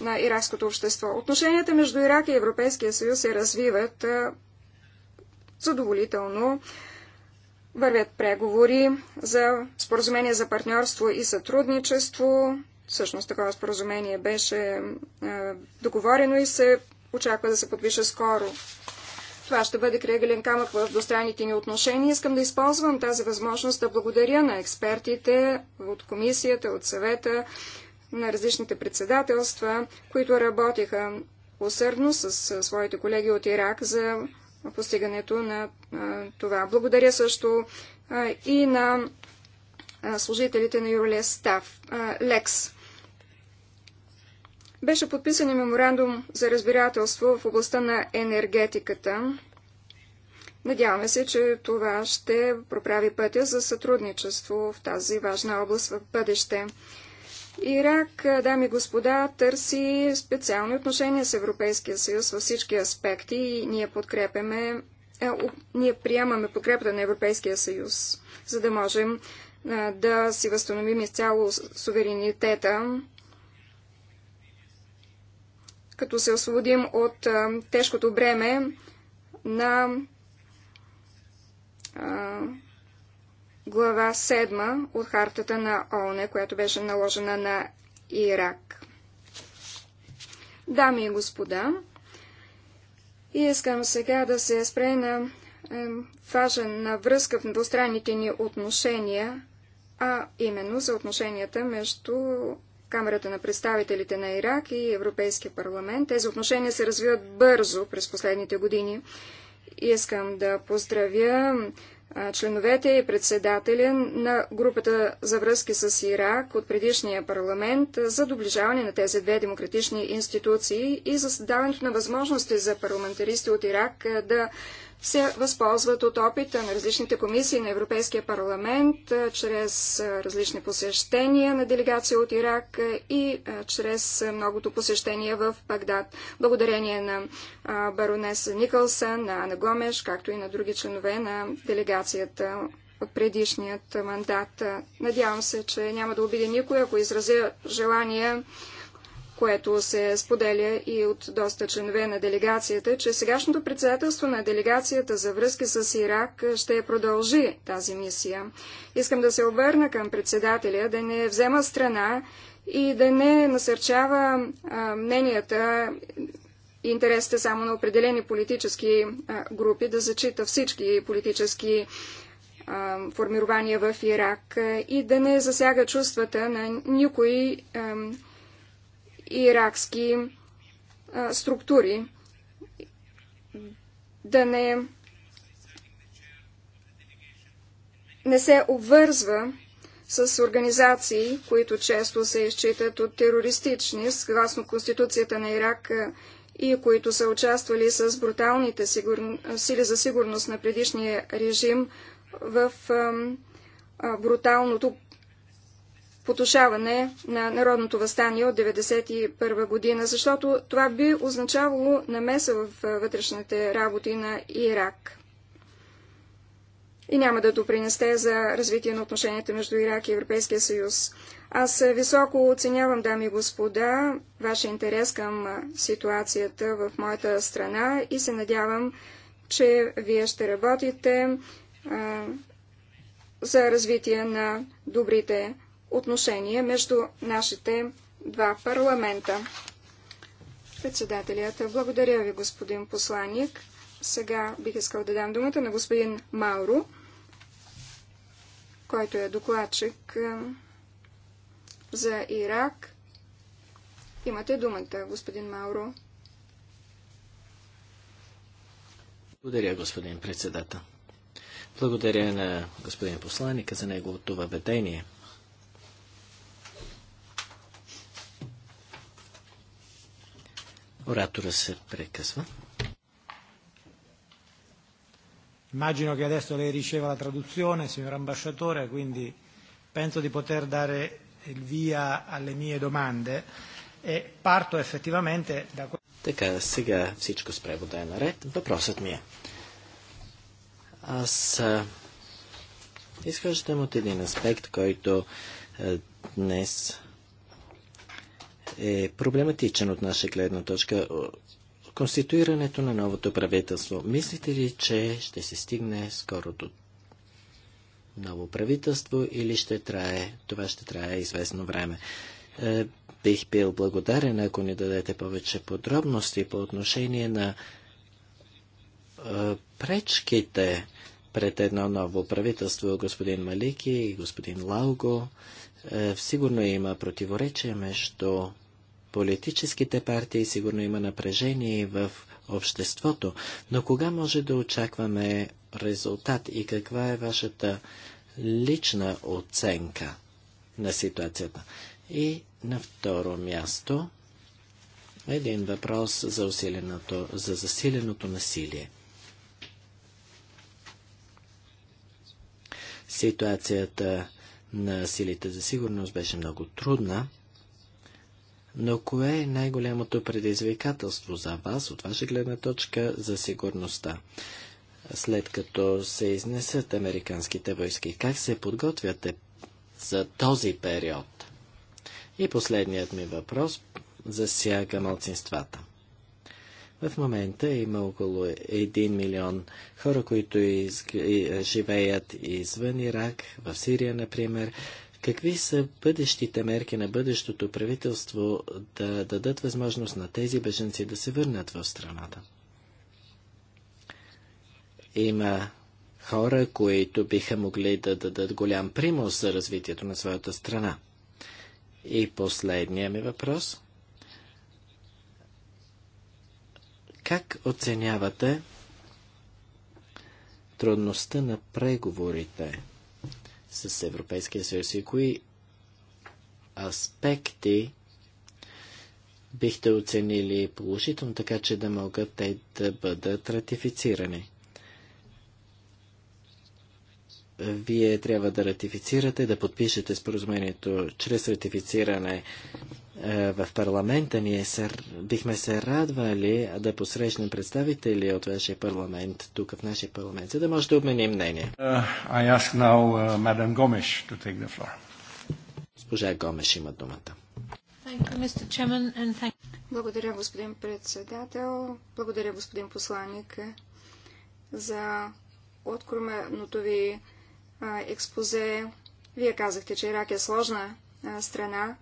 на иракското общество. Отношенията между Ирак и Европейския съюз се развиват а, задоволително. Вървят преговори за споразумение за партньорство и сътрудничество. Всъщност такова споразумение беше е, договорено и се очаква да се подпише скоро. Това ще бъде крегален камък в двустранните ни отношения. Искам да използвам тази възможност да благодаря на експертите от комисията, от съвета, на различните председателства, които работиха усърдно с своите колеги от Ирак за постигането на това. Благодаря също и на служителите на Юрлия Став, Лекс. Беше подписан и меморандум за разбирателство в областта на енергетиката. Надяваме се, че това ще проправи пътя за сътрудничество в тази важна област в бъдеще. Ирак, е, дами и господа, търси специални отношения с Европейския съюз във всички аспекти и ние подкрепяме, е, ние приемаме подкрепата на Европейския съюз, за да можем е, да си възстановим изцяло суверенитета, като се освободим от е, тежкото бреме на е, глава 7 от хартата на ОНЕ, която беше наложена на Ирак. Дами и господа, искам сега да се спре на е, важен на връзка в двустранните ни отношения, а именно за отношенията между Камерата на представителите на Ирак и Европейския парламент. Тези отношения се развиват бързо през последните години. Искам да поздравя членовете и председателя на групата за връзки с Ирак от предишния парламент за доближаване на тези две демократични институции и за създаването на възможности за парламентаристи от Ирак да се възползват от опита на различните комисии на Европейския парламент, чрез различни посещения на делегация от Ирак и чрез многото посещения в Багдад. Благодарение на баронес Никълсън, на Ана Гомеш, както и на други членове на делегацията от предишният мандат. Надявам се, че няма да обиди никой, ако изразя желание което се споделя и от доста членове на делегацията, че сегашното председателство на делегацията за връзки с Ирак ще продължи тази мисия. Искам да се обърна към председателя да не взема страна и да не насърчава а, мненията и интересите само на определени политически а, групи, да зачита всички политически формирования в Ирак и да не засяга чувствата на никой иракски а, структури. Да не, не се обвързва с организации, които често се изчитат от терористични, съгласно Конституцията на Ирак и които са участвали с бруталните сигур... сили за сигурност на предишния режим в а, а, бруталното потушаване на народното възстание от 1991 година, защото това би означавало намеса в вътрешните работи на Ирак. И няма да допринесте за развитие на отношенията между Ирак и Европейския съюз. Аз високо оценявам, дами и господа, вашия интерес към ситуацията в моята страна и се надявам, че вие ще работите а, за развитие на добрите отношение между нашите два парламента. Председателят, благодаря ви, господин посланник. Сега бих искал да дам думата на господин Мауро, който е докладчик е, за Ирак. Имате думата, господин Мауро. Благодаря, господин председател. Благодаря на господин посланника за неговото въведение – Оратора се прекъсва. Immagino che adesso lei riceva la traduzione, signor ambasciatore, quindi penso di poter dare il via alle mie domande e parto effettivamente da Така, сега всичко с превода е наред. Въпросът ми е. Аз а, изхождам от един аспект, който а, днес е проблематичен от наша гледна точка. Конституирането на новото правителство. Мислите ли, че ще се стигне скоро до ново правителство или ще трае, това ще трае известно време? Е, бих бил благодарен, ако ни дадете повече подробности по отношение на е, пречките пред едно ново правителство, господин Малики и господин Лауго. Е, сигурно има противоречие между политическите партии, сигурно има напрежение в обществото, но кога може да очакваме резултат и каква е вашата лична оценка на ситуацията? И на второ място един въпрос за, усиленото, за засиленото насилие. Ситуацията на силите за сигурност беше много трудна. Но кое е най-голямото предизвикателство за вас, от ваша гледна точка, за сигурността? След като се изнесат американските войски, как се подготвяте за този период? И последният ми въпрос засяга малцинствата. В момента има около 1 милион хора, които из... Е, живеят извън Ирак, в Сирия, например. Какви са бъдещите мерки на бъдещото правителство да дадат възможност на тези беженци да се върнат в страната? Има хора, които биха могли да дадат голям примус за развитието на своята страна. И последния ми въпрос. Как оценявате трудността на преговорите с Европейския съюз и кои аспекти бихте оценили положително, така че да могат те да бъдат ратифицирани. Вие трябва да ратифицирате, да подпишете споразумението чрез ратифициране е, в парламента ние се, бихме се радвали да посрещнем представители от вашия парламент, тук в нашия парламент, за да може да обменим мнение. Uh, uh Госпожа Гомеш има думата. Благодаря, господин председател. Благодаря, господин посланник, за откроменото ви експозе. Вие казахте, че Ирак е сложна страна,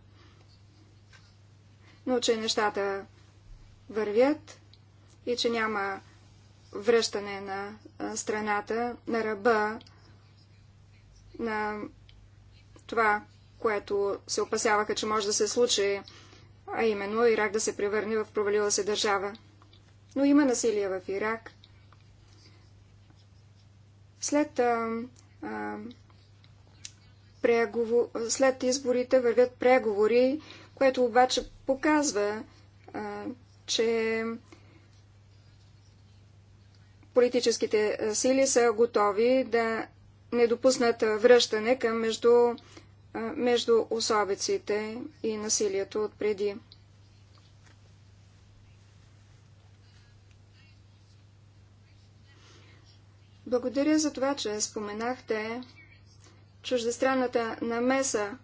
но че нещата вървят и че няма връщане на страната, на ръба, на това, което се опасяваха, че може да се случи, а именно Ирак да се превърне в провалила се държава. Но има насилие в Ирак. След, а, а, преговор... След изборите вървят преговори, което обаче показва, а, че политическите сили са готови да не допуснат връщане към между, а, между особиците и насилието от преди. Благодаря за това, че споменахте чуждестранната намеса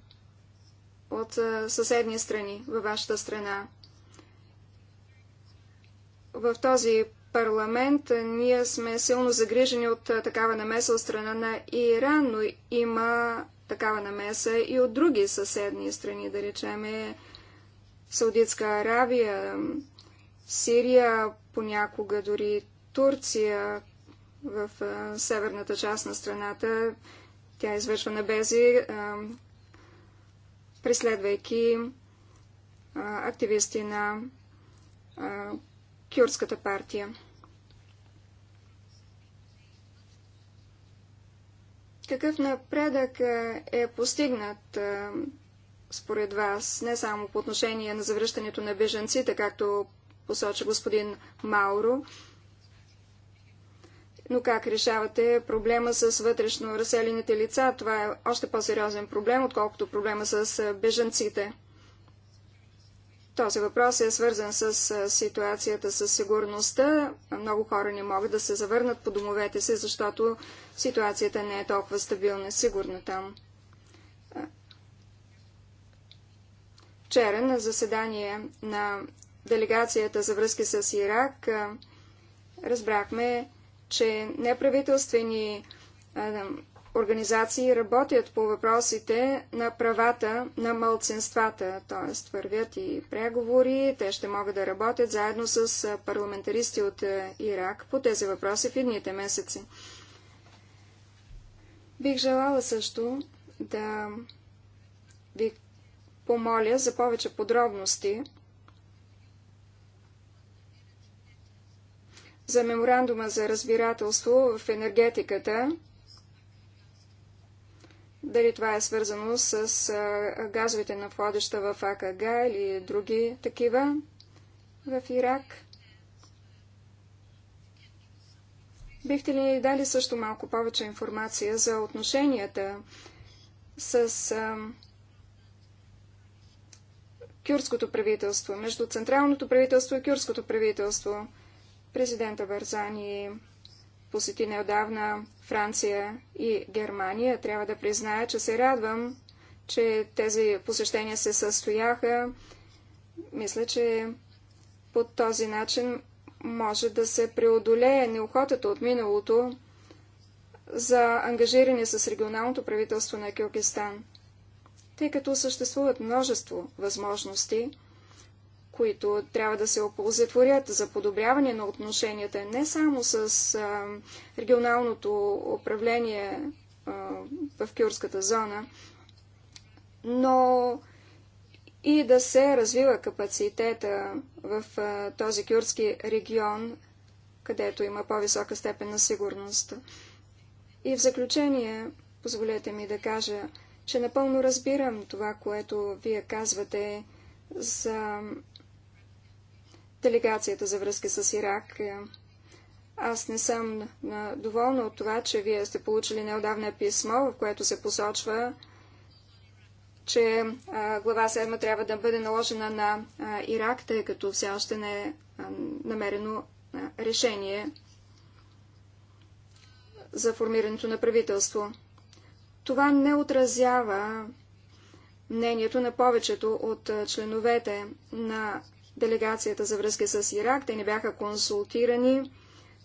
от съседни страни във вашата страна. В този парламент ние сме силно загрижени от такава намеса от страна на Иран, но има такава намеса и от други съседни страни, да речеме Саудитска Аравия, Сирия, понякога дори Турция в северната част на страната. Тя извършва набези преследвайки а, активисти на а, Кюрдската партия. Какъв напредък е постигнат според вас, не само по отношение на завръщането на беженците, както посочи господин Мауро, но как решавате проблема с вътрешно разселените лица? Това е още по-сериозен проблем, отколкото проблема с бежанците. Този въпрос е свързан с ситуацията с сигурността. Много хора не могат да се завърнат по домовете си, защото ситуацията не е толкова стабилна и сигурна там. Вчера на заседание на делегацията за връзки с Ирак разбрахме, че неправителствени организации работят по въпросите на правата на мълценствата, т.е. вървят и преговори, те ще могат да работят заедно с парламентаристи от Ирак по тези въпроси в едните месеци. Бих желала също да ви помоля за повече подробности за меморандума за разбирателство в енергетиката, дали това е свързано с газовите находища в АКГ или други такива в Ирак. Бихте ли дали също малко повече информация за отношенията с а, кюрското правителство, между централното правителство и кюрското правителство? Президента Барзани посети неодавна Франция и Германия. Трябва да призная, че се радвам, че тези посещения се състояха. Мисля, че по този начин може да се преодолее неохотата от миналото за ангажиране с регионалното правителство на Киргизстан. Тъй като съществуват множество възможности, които трябва да се оползетворят за подобряване на отношенията не само с а, регионалното управление а, в Кюрската зона, но и да се развива капацитета в а, този кюрски регион, където има по-висока степен на сигурност. И в заключение, позволете ми да кажа, че напълно разбирам това, което вие казвате за делегацията за връзки с Ирак. Аз не съм доволна от това, че вие сте получили неодавна писмо, в което се посочва, че глава 7 трябва да бъде наложена на Ирак, тъй като все още не е намерено решение за формирането на правителство. Това не отразява мнението на повечето от членовете на делегацията за връзки с Ирак. Те не бяха консултирани.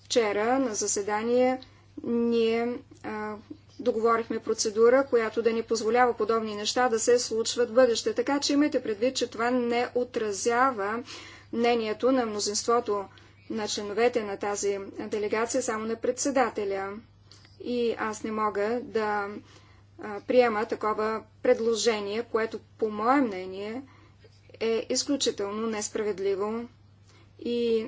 Вчера на заседание ние а, договорихме процедура, която да ни позволява подобни неща да се случват в бъдеще. Така че имайте предвид, че това не отразява мнението на мнозинството на членовете на тази делегация, само на председателя. И аз не мога да а, приема такова предложение, което по мое мнение е изключително несправедливо и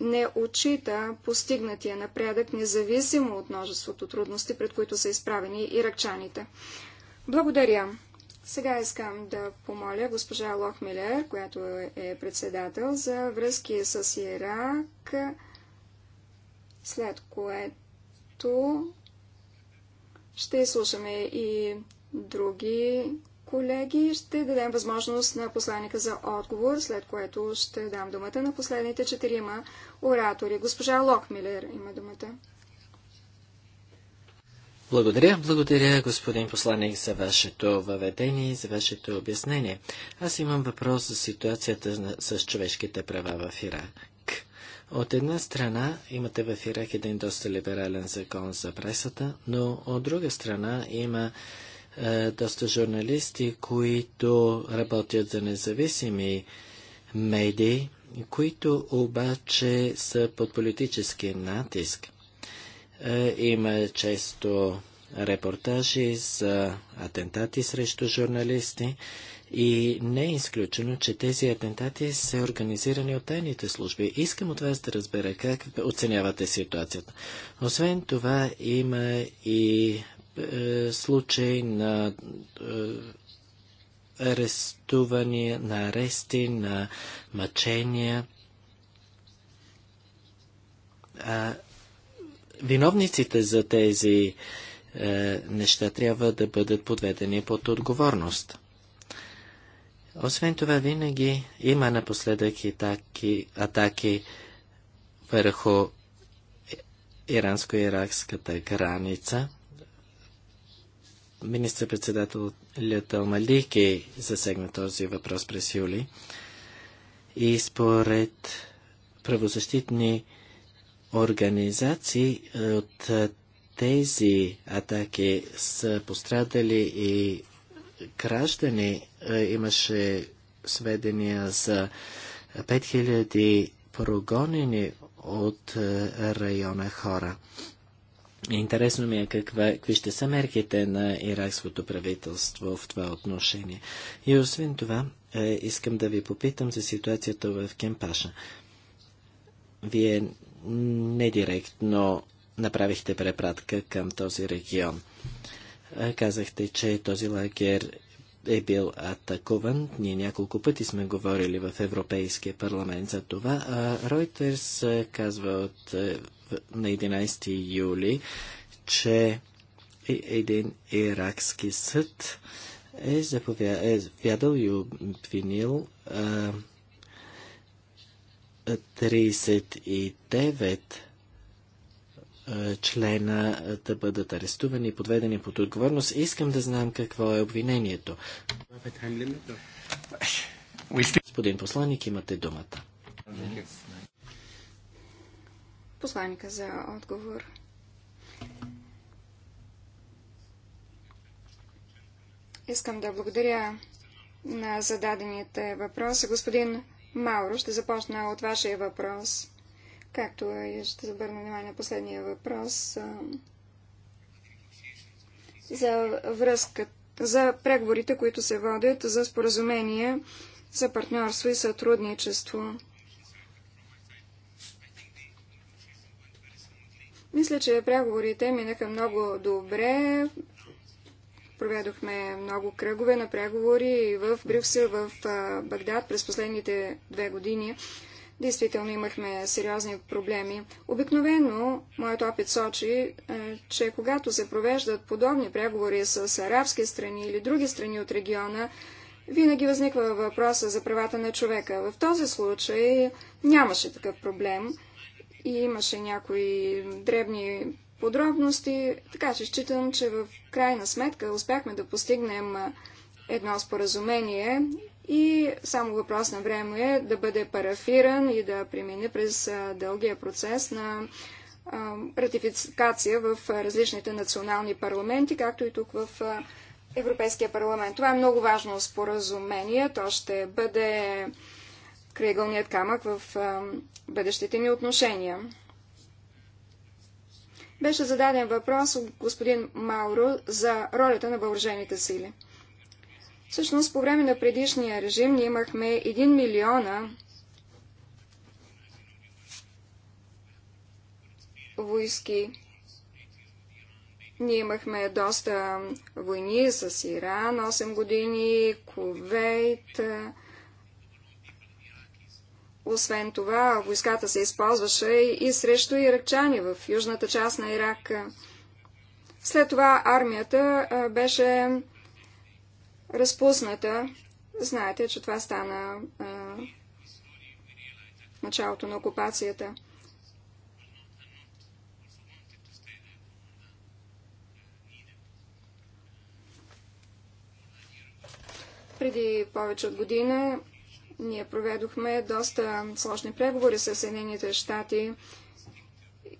не отчита постигнатия напредък, независимо от множеството трудности, пред които са изправени иракчаните. Благодаря. Сега искам да помоля госпожа Лохмилер, която е председател, за връзки с Ирак, след което ще изслушаме и други колеги. Ще дадем възможност на посланника за отговор, след което ще дам думата на последните четирима оратори. Госпожа Локмилер има думата. Благодаря, благодаря, господин посланник, за вашето въведение и за вашето обяснение. Аз имам въпрос за ситуацията с човешките права в Ирак. От една страна имате в Ирак един доста либерален закон за пресата, но от друга страна има е, доста журналисти, които работят за независими медии, които обаче са под политически натиск. Е, има често репортажи за атентати срещу журналисти и не е изключено, че тези атентати са организирани от тайните служби. Искам от вас да разбера как оценявате ситуацията. Освен това има и е, случаи на е, арестувания, на арести, на мъчения. А, виновниците за тези е, неща трябва да бъдат подведени под отговорност. Освен това, винаги има напоследък и таки, атаки върху иранско-иракската граница – Министър-председателят Малики е засегна този въпрос през юли. И според правозащитни организации е, от е, тези атаки са пострадали и граждани. Имаше сведения за 5000 прогонени от района хора. Интересно ми е каква, какви ще са мерките на иракското правителство в това отношение. И освен това, е, искам да ви попитам за ситуацията в Кемпаша. Вие не директно направихте препратка към този регион. Е, казахте, че този лагер е бил атакуван. Ние няколко пъти сме говорили в Европейския парламент за това. А е, казва от е, на 11 юли, че един иракски съд е заповядал е и обвинил 39 члена да бъдат арестувани и подведени под отговорност. Искам да знам какво е обвинението. Господин посланник, имате думата посланника за отговор. Искам да благодаря на зададените въпроси. Господин Мауро, ще започна от вашия въпрос. Както и ще забърна внимание на последния въпрос за връзката, за преговорите, които се водят за споразумение за партньорство и сътрудничество. Мисля, че преговорите минаха много добре. Проведохме много кръгове на преговори в Брюксел, в Багдад през последните две години. Действително имахме сериозни проблеми. Обикновено моят опит сочи, че когато се провеждат подобни преговори с арабски страни или други страни от региона, винаги възниква въпроса за правата на човека. В този случай нямаше такъв проблем и имаше някои дребни подробности, така че считам, че в крайна сметка успяхме да постигнем едно споразумение и само въпрос на време е да бъде парафиран и да премине през дългия процес на ратификация в различните национални парламенти, както и тук в Европейския парламент. Това е много важно споразумение. То ще бъде крайъгълният камък в бъдещите ни отношения. Беше зададен въпрос от господин Мауро за ролята на въоръжените сили. Всъщност, по време на предишния режим ние имахме 1 милиона войски. Ние имахме доста войни с Иран, 8 години, Кувейт, освен това, войската се използваше и срещу иракчани в южната част на Ирак. След това армията беше разпусната. Знаете, че това стана а, началото на окупацията. Преди повече от година ние проведохме доста сложни преговори с Съединените щати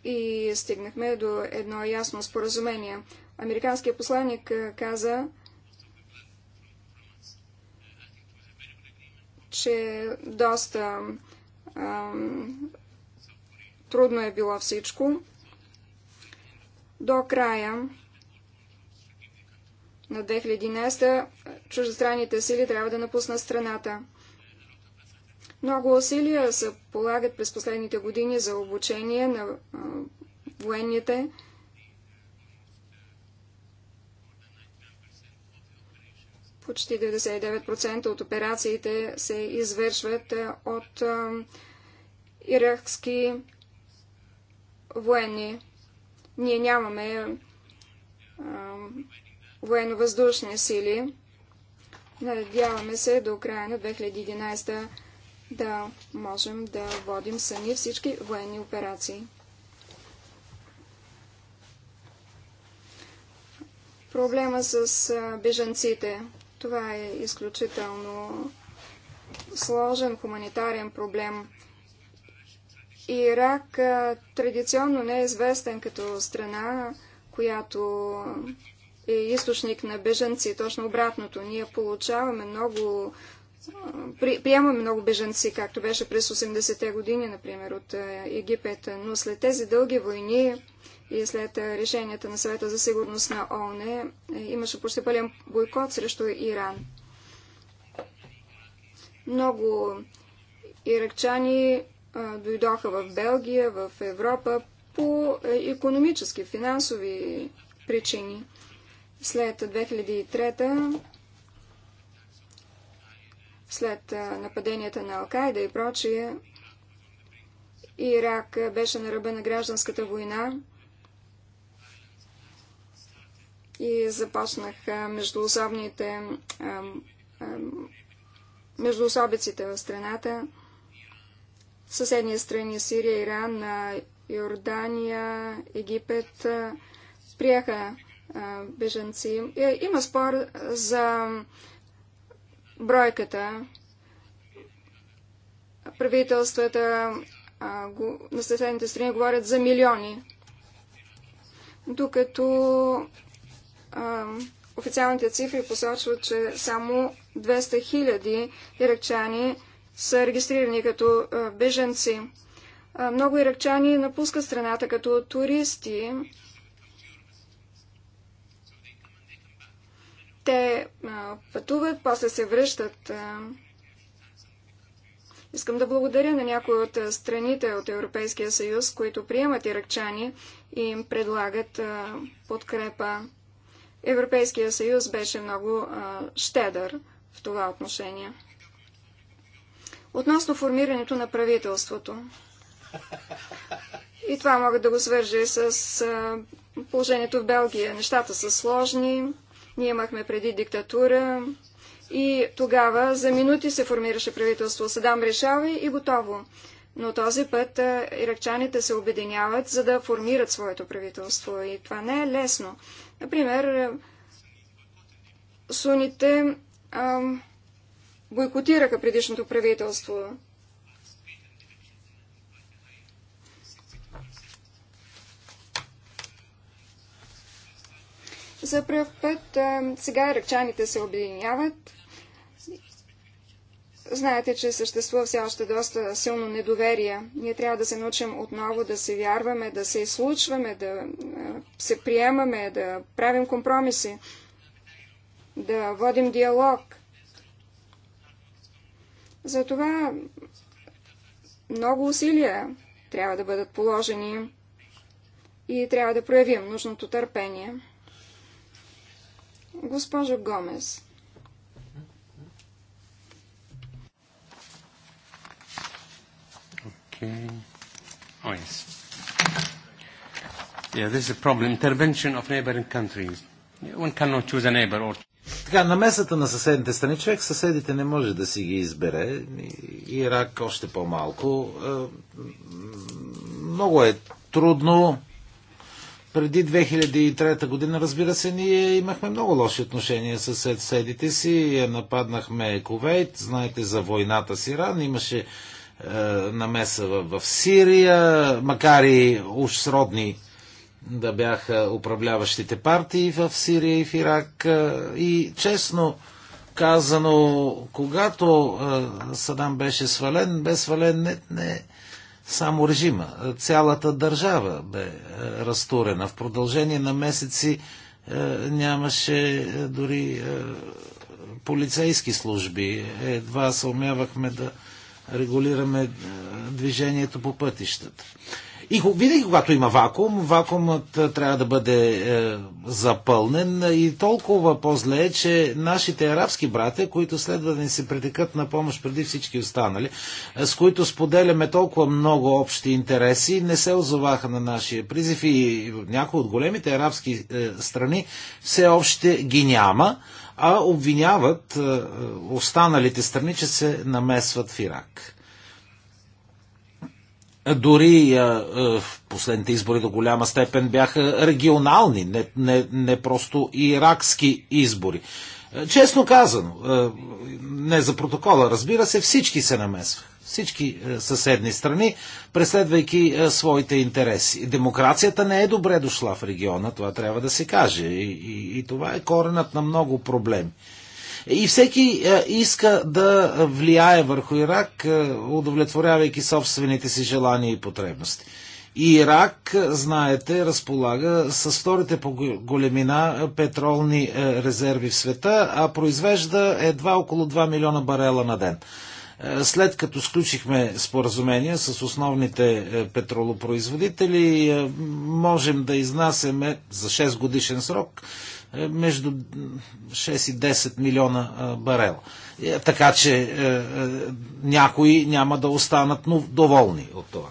и стигнахме до едно ясно споразумение. Американският посланник каза, че доста ам, трудно е било всичко. До края на 2011 чуждестранните сили трябва да напуснат страната. Много усилия се полагат през последните години за обучение на а, военните. Почти 99% от операциите се извършват от а, иракски военни. Ние нямаме военно-въздушни сили. Надяваме се до края на 2011 да можем да водим сами всички военни операции. Проблема с бежанците. Това е изключително сложен хуманитарен проблем. Ирак традиционно не е известен като страна, която е източник на бежанци. Точно обратното. Ние получаваме много при, приемаме много беженци, както беше през 80-те години, например, от е, Египет, но след тези дълги войни и след е, решенията на съвета за сигурност на ООН е, имаше почти пълен бойкот срещу Иран. Много иракчани дойдоха в Белгия, в Европа по економически, финансови причини. След 2003 след нападенията на Алкайда и прочие. Ирак беше на ръба на гражданската война и започнаха междуособните междуособиците в страната. Съседни страни е Сирия, Иран, Йордания, Египет приеха беженци. Е, има спор за бройката. Правителствата на съседните страни говорят за милиони, докато а, официалните цифри посочват, че само 200 хиляди иракчани са регистрирани като а, беженци. А, много иракчани напускат страната като туристи. Те пътуват, после се връщат. Искам да благодаря на някои от страните от Европейския съюз, които приемат иракчани и им предлагат подкрепа. Европейския съюз беше много щедър в това отношение. Относно формирането на правителството. И това мога да го свържа и с положението в Белгия. Нещата са сложни. Ние имахме преди диктатура и тогава за минути се формираше правителство. Садам решава и готово. Но този път иракчаните се обединяват, за да формират своето правителство. И това не е лесно. Например, суните а, бойкотираха предишното правителство. За пръв път сега ръкчаните се объединяват. Знаете, че съществува все още доста силно недоверие. Ние трябва да се научим отново да се вярваме, да се излучваме, да се приемаме, да правим компромиси, да водим диалог. Затова много усилия трябва да бъдат положени и трябва да проявим нужното търпение. Госпожо Гомес. Okay. Oh, yes. Yeah, this is a problem. Intervention of neighboring countries. One cannot choose a neighbor or така, намесата на съседните страни, човек съседите не може да си ги избере. Ирак още по-малко. Е, много е трудно преди 2003 година, разбира се, ние имахме много лоши отношения с съседите си. Нападнахме Ковейт, знаете за войната с Иран, имаше е, намеса в, в Сирия, макар и уж сродни да бяха управляващите партии в Сирия и в Ирак. Е, и честно казано, когато е, Садам беше свален, бе свален не, не само режима. Цялата държава бе е, разтурена. В продължение на месеци е, нямаше е, дори полицейски служби. Едва съумявахме да регулираме движението по пътищата. И винаги, когато има вакуум, вакуумът трябва да бъде е, запълнен и толкова по-зле е, че нашите арабски братя, които следва да ни се притекат на помощ преди всички останали, е, с които споделяме толкова много общи интереси, не се озоваха на нашия призив и някои от големите арабски е, страни все още ги няма, а обвиняват е, е останалите страни, че се намесват в Ирак. Дори е, е, в последните избори до голяма степен бяха регионални, не, не, не просто иракски избори. Е, честно казано, не за протокола, разбира се, всички се намесваха. Всички съседни страни, преследвайки своите интереси. Демокрацията не е добре дошла в региона, това трябва да се каже. И, и, и това е коренът на много проблеми. И всеки е, иска да влияе върху Ирак, е, удовлетворявайки собствените си желания и потребности. И Ирак, е, знаете, разполага с вторите по големина петролни резерви в света, а произвежда едва около 2 милиона барела на ден. След като сключихме споразумения с основните петролопроизводители, можем да изнасяме за 6 годишен срок е, между 6 и 10 милиона е, барела. Е, така че някои няма да останат доволни от това.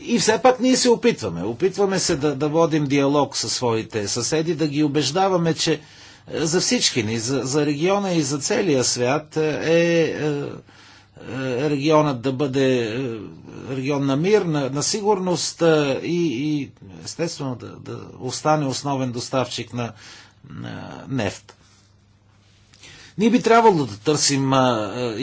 И все пак ние се опитваме. Опитваме се да, да водим диалог със своите съседи, да ги убеждаваме, че за всички ни, за, за региона и за целия свят е, е регионът да бъде регион на мир, на, на сигурност и, и естествено да, да остане основен доставчик на е, нефт. Ние би трябвало да търсим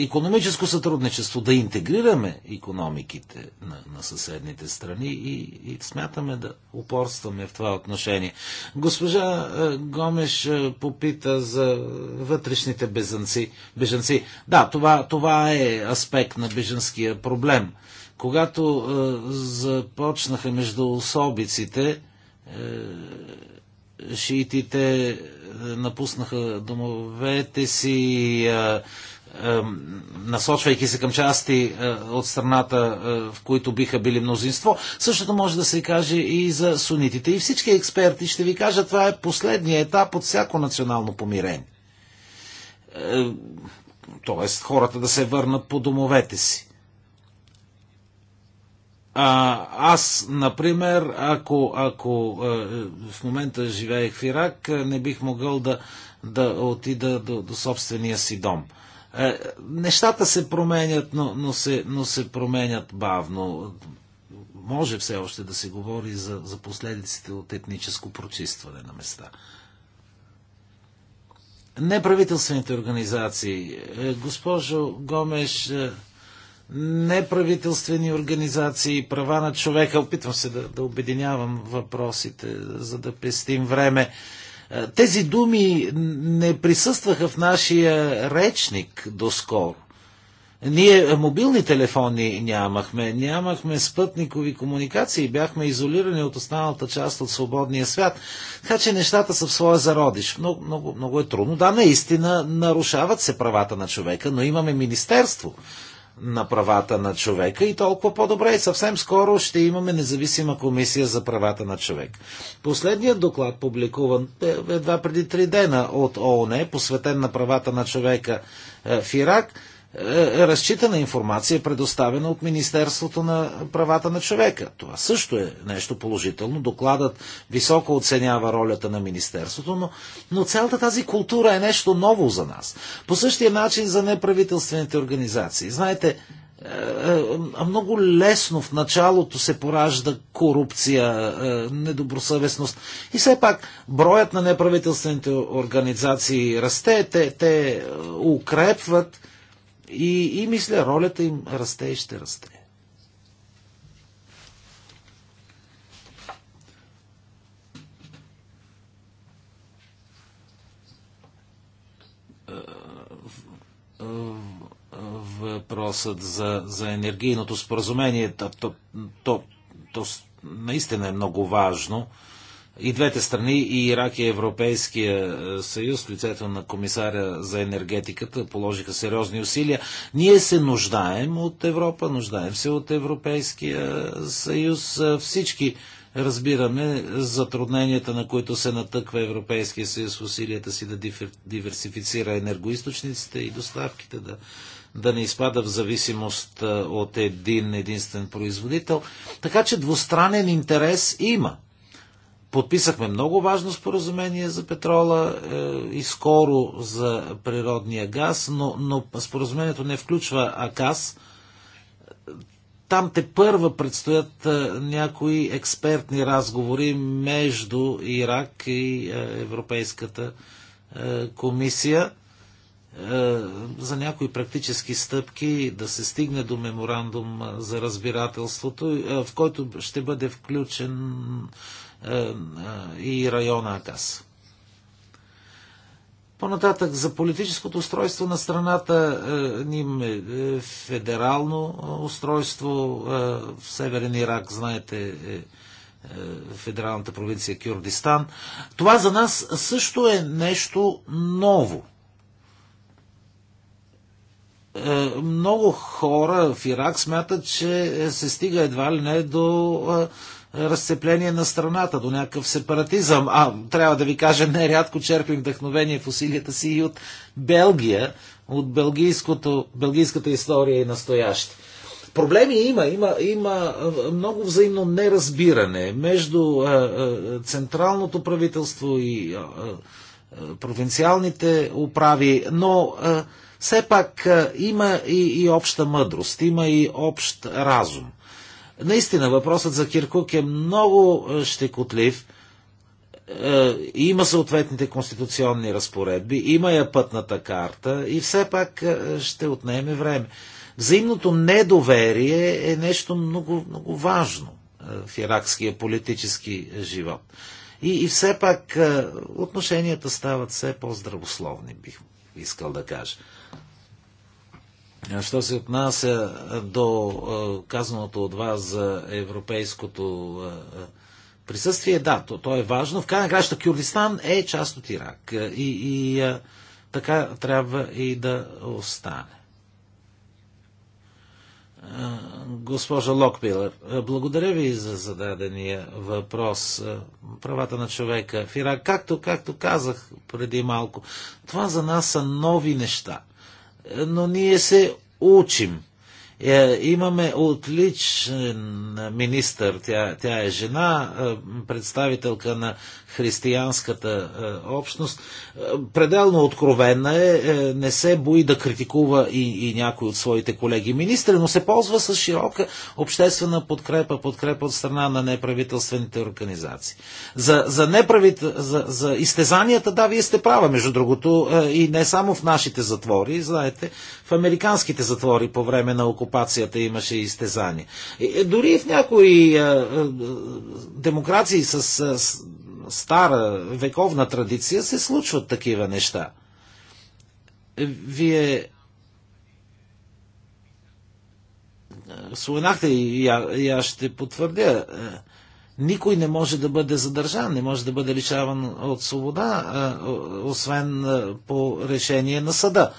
економическо е, сътрудничество, да интегрираме економиките на, на съседните страни и, и смятаме да упорстваме в това отношение. Госпожа е, Гомеш попита за вътрешните бежанци. бежанци. Да, това, това е аспект на бежанския проблем. Когато започнаха между особиците, шиитите е, напуснаха домовете си, е, е, насочвайки се към части от страната, в които биха били мнозинство. Същото може да се каже и за сунитите. И всички експерти ще ви кажат, това е последният етап от всяко национално помирение. Тоест, хората да се върнат по домовете си. А, аз, например, ако, ако е, в момента живеех в Ирак, е, не бих могъл да, да отида до, до собствения си дом. Е, нещата се променят, но, но, се, но се променят бавно. Може все още да се говори за, за последиците от етническо прочистване на места. Неправителствените организации. Госпожо Гомеш, неправителствени организации права на човека. Опитвам се да, да обединявам въпросите, за да пестим време. Е, тези думи не присъстваха в нашия речник доскоро. Ние мобилни телефони нямахме, нямахме спътникови комуникации, бяхме изолирани от останалата част от свободния свят. Така че нещата са в своя зародиш. Много, много, много е трудно. Да, наистина нарушават се правата на човека, но имаме министерство на правата на човека и толкова по-добре. И съвсем скоро ще имаме независима комисия за правата на човек. Последният доклад, публикуван е, едва преди три дена от ООН, е посветен на правата на човека е, в Ирак, е, е, разчита на информация, предоставена от Министерството на правата на човека. Това също е нещо положително. Докладът високо оценява ролята на Министерството, но, но цялата тази култура е нещо ново за нас. По същия начин за неправителствените организации. Знаете, е, много лесно в началото се поражда корупция, недобросъвестност. И все пак броят на неправителствените организации расте, те, те укрепват и, и мисля, ролята им расте и ще расте. Въпросът за, за енергийното споразумение, то, то, то, то наистина е много важно и двете страни, и Ирак и Европейския е, съюз, в лицето на комисаря за енергетиката, положиха сериозни усилия. Ние се нуждаем от Европа, нуждаем се от Европейския е, съюз. Е, всички разбираме затрудненията, на които се натъква Европейския съюз в усилията си да диверсифицира енергоисточниците и доставките, да, да не изпада в зависимост от един единствен производител. Така че двустранен интерес има Подписахме много важно споразумение за петрола е, и скоро за природния газ, но, но споразумението не включва АКАС. Там те първа предстоят е, някои експертни разговори между Ирак и е, Европейската е, комисия е, за някои практически стъпки да се стигне до меморандум е, за разбирателството, е, в който ще бъде включен е, е, и района АКАС. По-нататък за политическото устройство на страната е, ние имаме федерално устройство. В Северен Ирак, знаете, е федералната провинция Кюрдистан. Това за нас също е нещо ново. Много хора в Ирак смятат, че се стига едва ли не до разцепление на страната, до някакъв сепаратизъм. А, трябва да ви кажа, нерядко черпим вдъхновение в усилията си и от Белгия, от белгийската история и настояще. Проблеми има, има, има много взаимно неразбиране между е, е, централното правителство и е, провинциалните управи, но все пак има и, и обща мъдрост, има и общ разум. Наистина, въпросът за Киркук е много е, щекотлив. Е, има съответните конституционни разпоредби, има я пътната карта и все пак е, ще отнеме време. Взаимното недоверие е нещо много, много важно в иракския политически живот. И, и все пак отношенията стават все по-здравословни, бих искал да кажа. Е, що се отнася е, до е, казаното от вас за европейското присъствие, да, то, то е важно. В крайна краща Кюрдистан е част от Ирак и, и така трябва и да остане. Госпожа Локпилър, благодаря ви за зададения въпрос. Правата на човека в Ирак, както, както казах преди малко, това за нас са нови неща – но ние се учим. Е, имаме отличен министър, тя, тя е жена, е, представителка на християнската е, общност. Е, пределно откровена е, не се бои да критикува и, и някой от своите колеги министри, но се ползва с широка обществена подкрепа, подкрепа от страна на неправителствените организации. За, за, неправит, за, за изтезанията, да, вие сте права, между другото, и не само в нашите затвори, знаете, в американските затвори по време на около окупацията имаше изтезания. И, е, дори в някои а, е, е, демокрации с, с стара вековна традиция се случват такива неща. Вие споменахте и, и аз ще потвърдя никой не може да бъде задържан, не може да бъде лишаван от свобода, освен по решение на съда.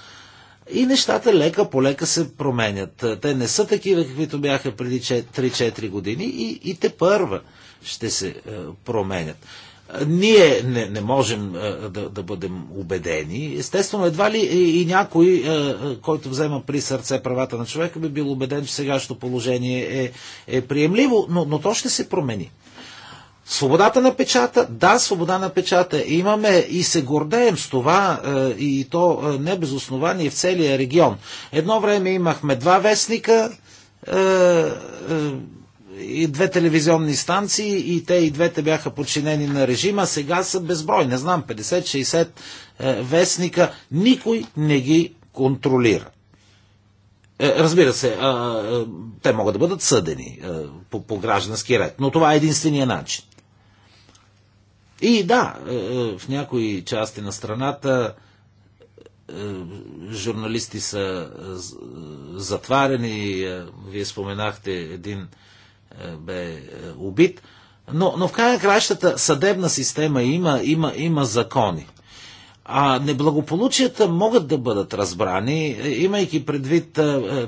И нещата лека по лека се променят. Те не са такива, каквито бяха преди 3-4 години и, и те първа ще се е, променят. Ние не, не можем е, да, да бъдем убедени. Естествено, едва ли и, някой, е, който взема при сърце правата на човека, би бил убеден, че сегашното положение е, е приемливо, но, но то ще се промени. Свободата на печата, да, свобода на печата имаме и се гордеем с това е, и то е, не без основание в целия регион. Едно време имахме два вестника, е, и две телевизионни станции и те и двете бяха подчинени на режима, сега са безброй, не знам, 50-60 вестника, никой не ги контролира. Разбира се, те могат да бъдат съдени по, по граждански ред, но това е единствения начин. И да, е, е, в някои части на страната е, журналисти са затварени. Вие споменахте един бе убит. Но, но в края кращата съдебна система има, има, има закони. А неблагополучията могат да бъдат разбрани, имайки предвид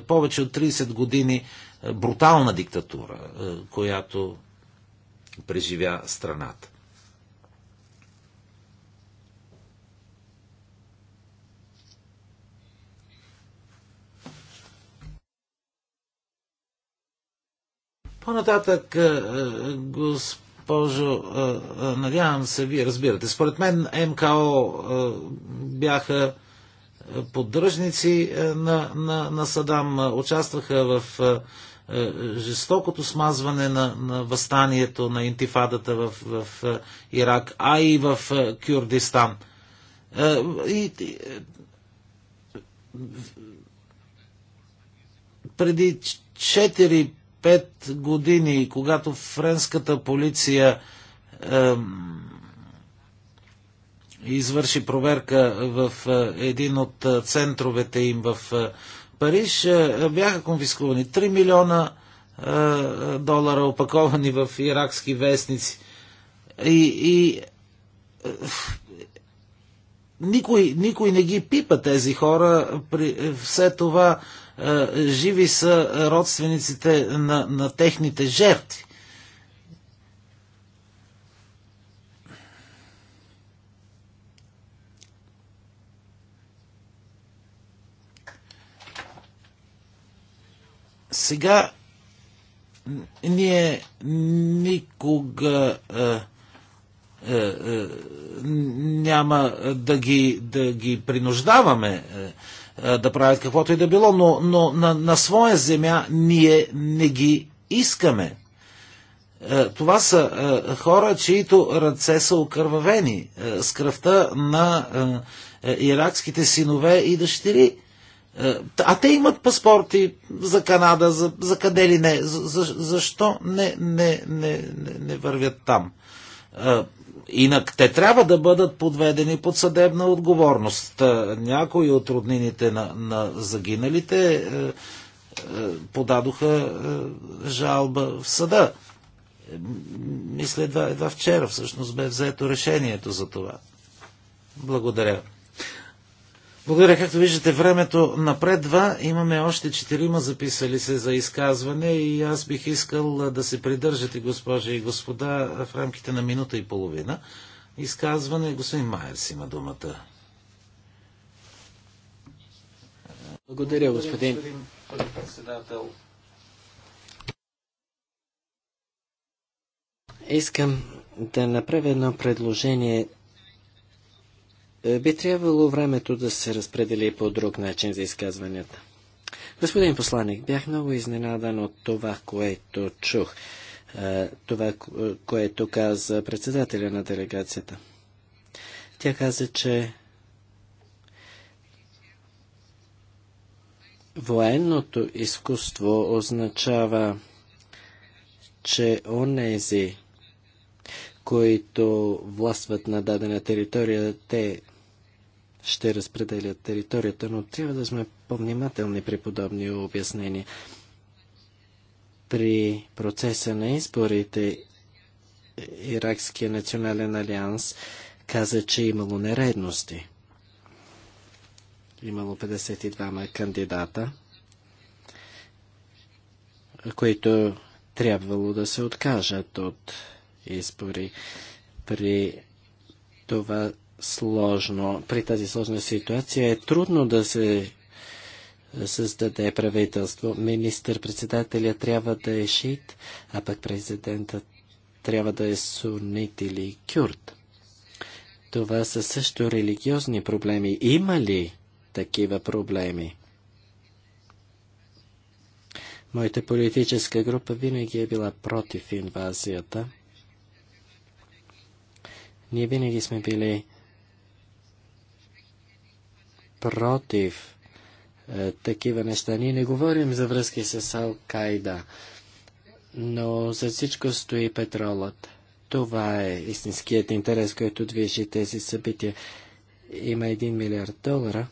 повече от 30 години брутална диктатура, която преживя страната. По-нататък, е, е, госпожо, е, надявам се, вие разбирате. Според мен МКО бяха поддръжници на, на, на Садам, участваха в жестокото смазване на, на възстанието, на интифадата в, в Ирак, а и в Кюрдистан. И, и, преди пет години, когато френската полиция е, извърши проверка в е, един от е, центровете им в е, Париж, е, бяха конфискувани 3 милиона е, е, долара, опаковани в иракски вестници. И, и е, никой, никой не ги пипа тези хора. При, е, все това е, живи са родствениците на, на техните жертви. Сега ние никога а, е, е, няма да ги, да ги принуждаваме е, да правят каквото и да било, но, но на, на своя земя ние не ги искаме. Е, това са е, хора, чието ръце са окървавени с кръвта на иракските синове и дъщери. А те имат паспорти за Канада, за, за къде ли не. За, защо не, не, не, не, не вървят там? Инак те трябва да бъдат подведени под съдебна отговорност. Някои от роднините на, на загиналите е, е, подадоха е, жалба в съда. Мисля, едва, едва вчера всъщност бе взето решението за това. Благодаря. Благодаря. Както виждате, времето напредва. Имаме още четирима записали се за изказване и аз бих искал да се придържате, госпожи и господа, в рамките на минута и половина. Изказване. Господин Майерс има думата. Благодаря, господин. председател. Искам да направя едно предложение е, би трябвало времето да се разпредели по друг начин за изказванията. Господин посланник, бях много изненадан от това, което чух. Е, това, което каза председателя на делегацията. Тя каза, че военното изкуство означава, че онези, които властват на дадена територия, те ще разпределят територията, но трябва да сме по-внимателни при подобни обяснения. При процеса на изборите Иракския национален алианс каза, че е имало нередности. Имало 52 кандидата, които трябвало да се откажат от избори. При това сложно, при тази сложна ситуация е трудно да се създаде правителство. Министър-председателя трябва да е шит, а пък президентът трябва да е сунит или кюрт. Това са също религиозни проблеми. Има ли такива проблеми? Моята политическа група винаги е била против инвазията. Ние винаги сме били против е, такива неща. Ние не говорим за връзки с Ал-Кайда, но за всичко стои петролът. Това е истинският интерес, който движи тези събития. Има 1 милиард долара,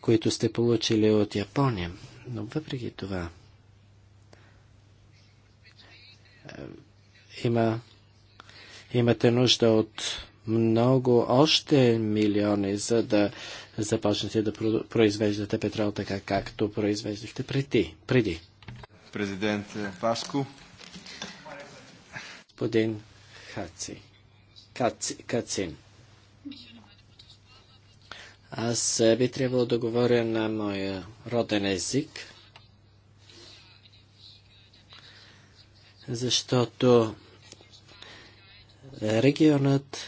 които сте получили от Япония. Но въпреки това, е, има, имате нужда от много още милиони, за да започнете да произвеждате петрол така, както произвеждахте преди. преди. Президент Паско. Господин Хаци. Каци, Кацин. Аз би трябвало да говоря на моя роден език, защото регионът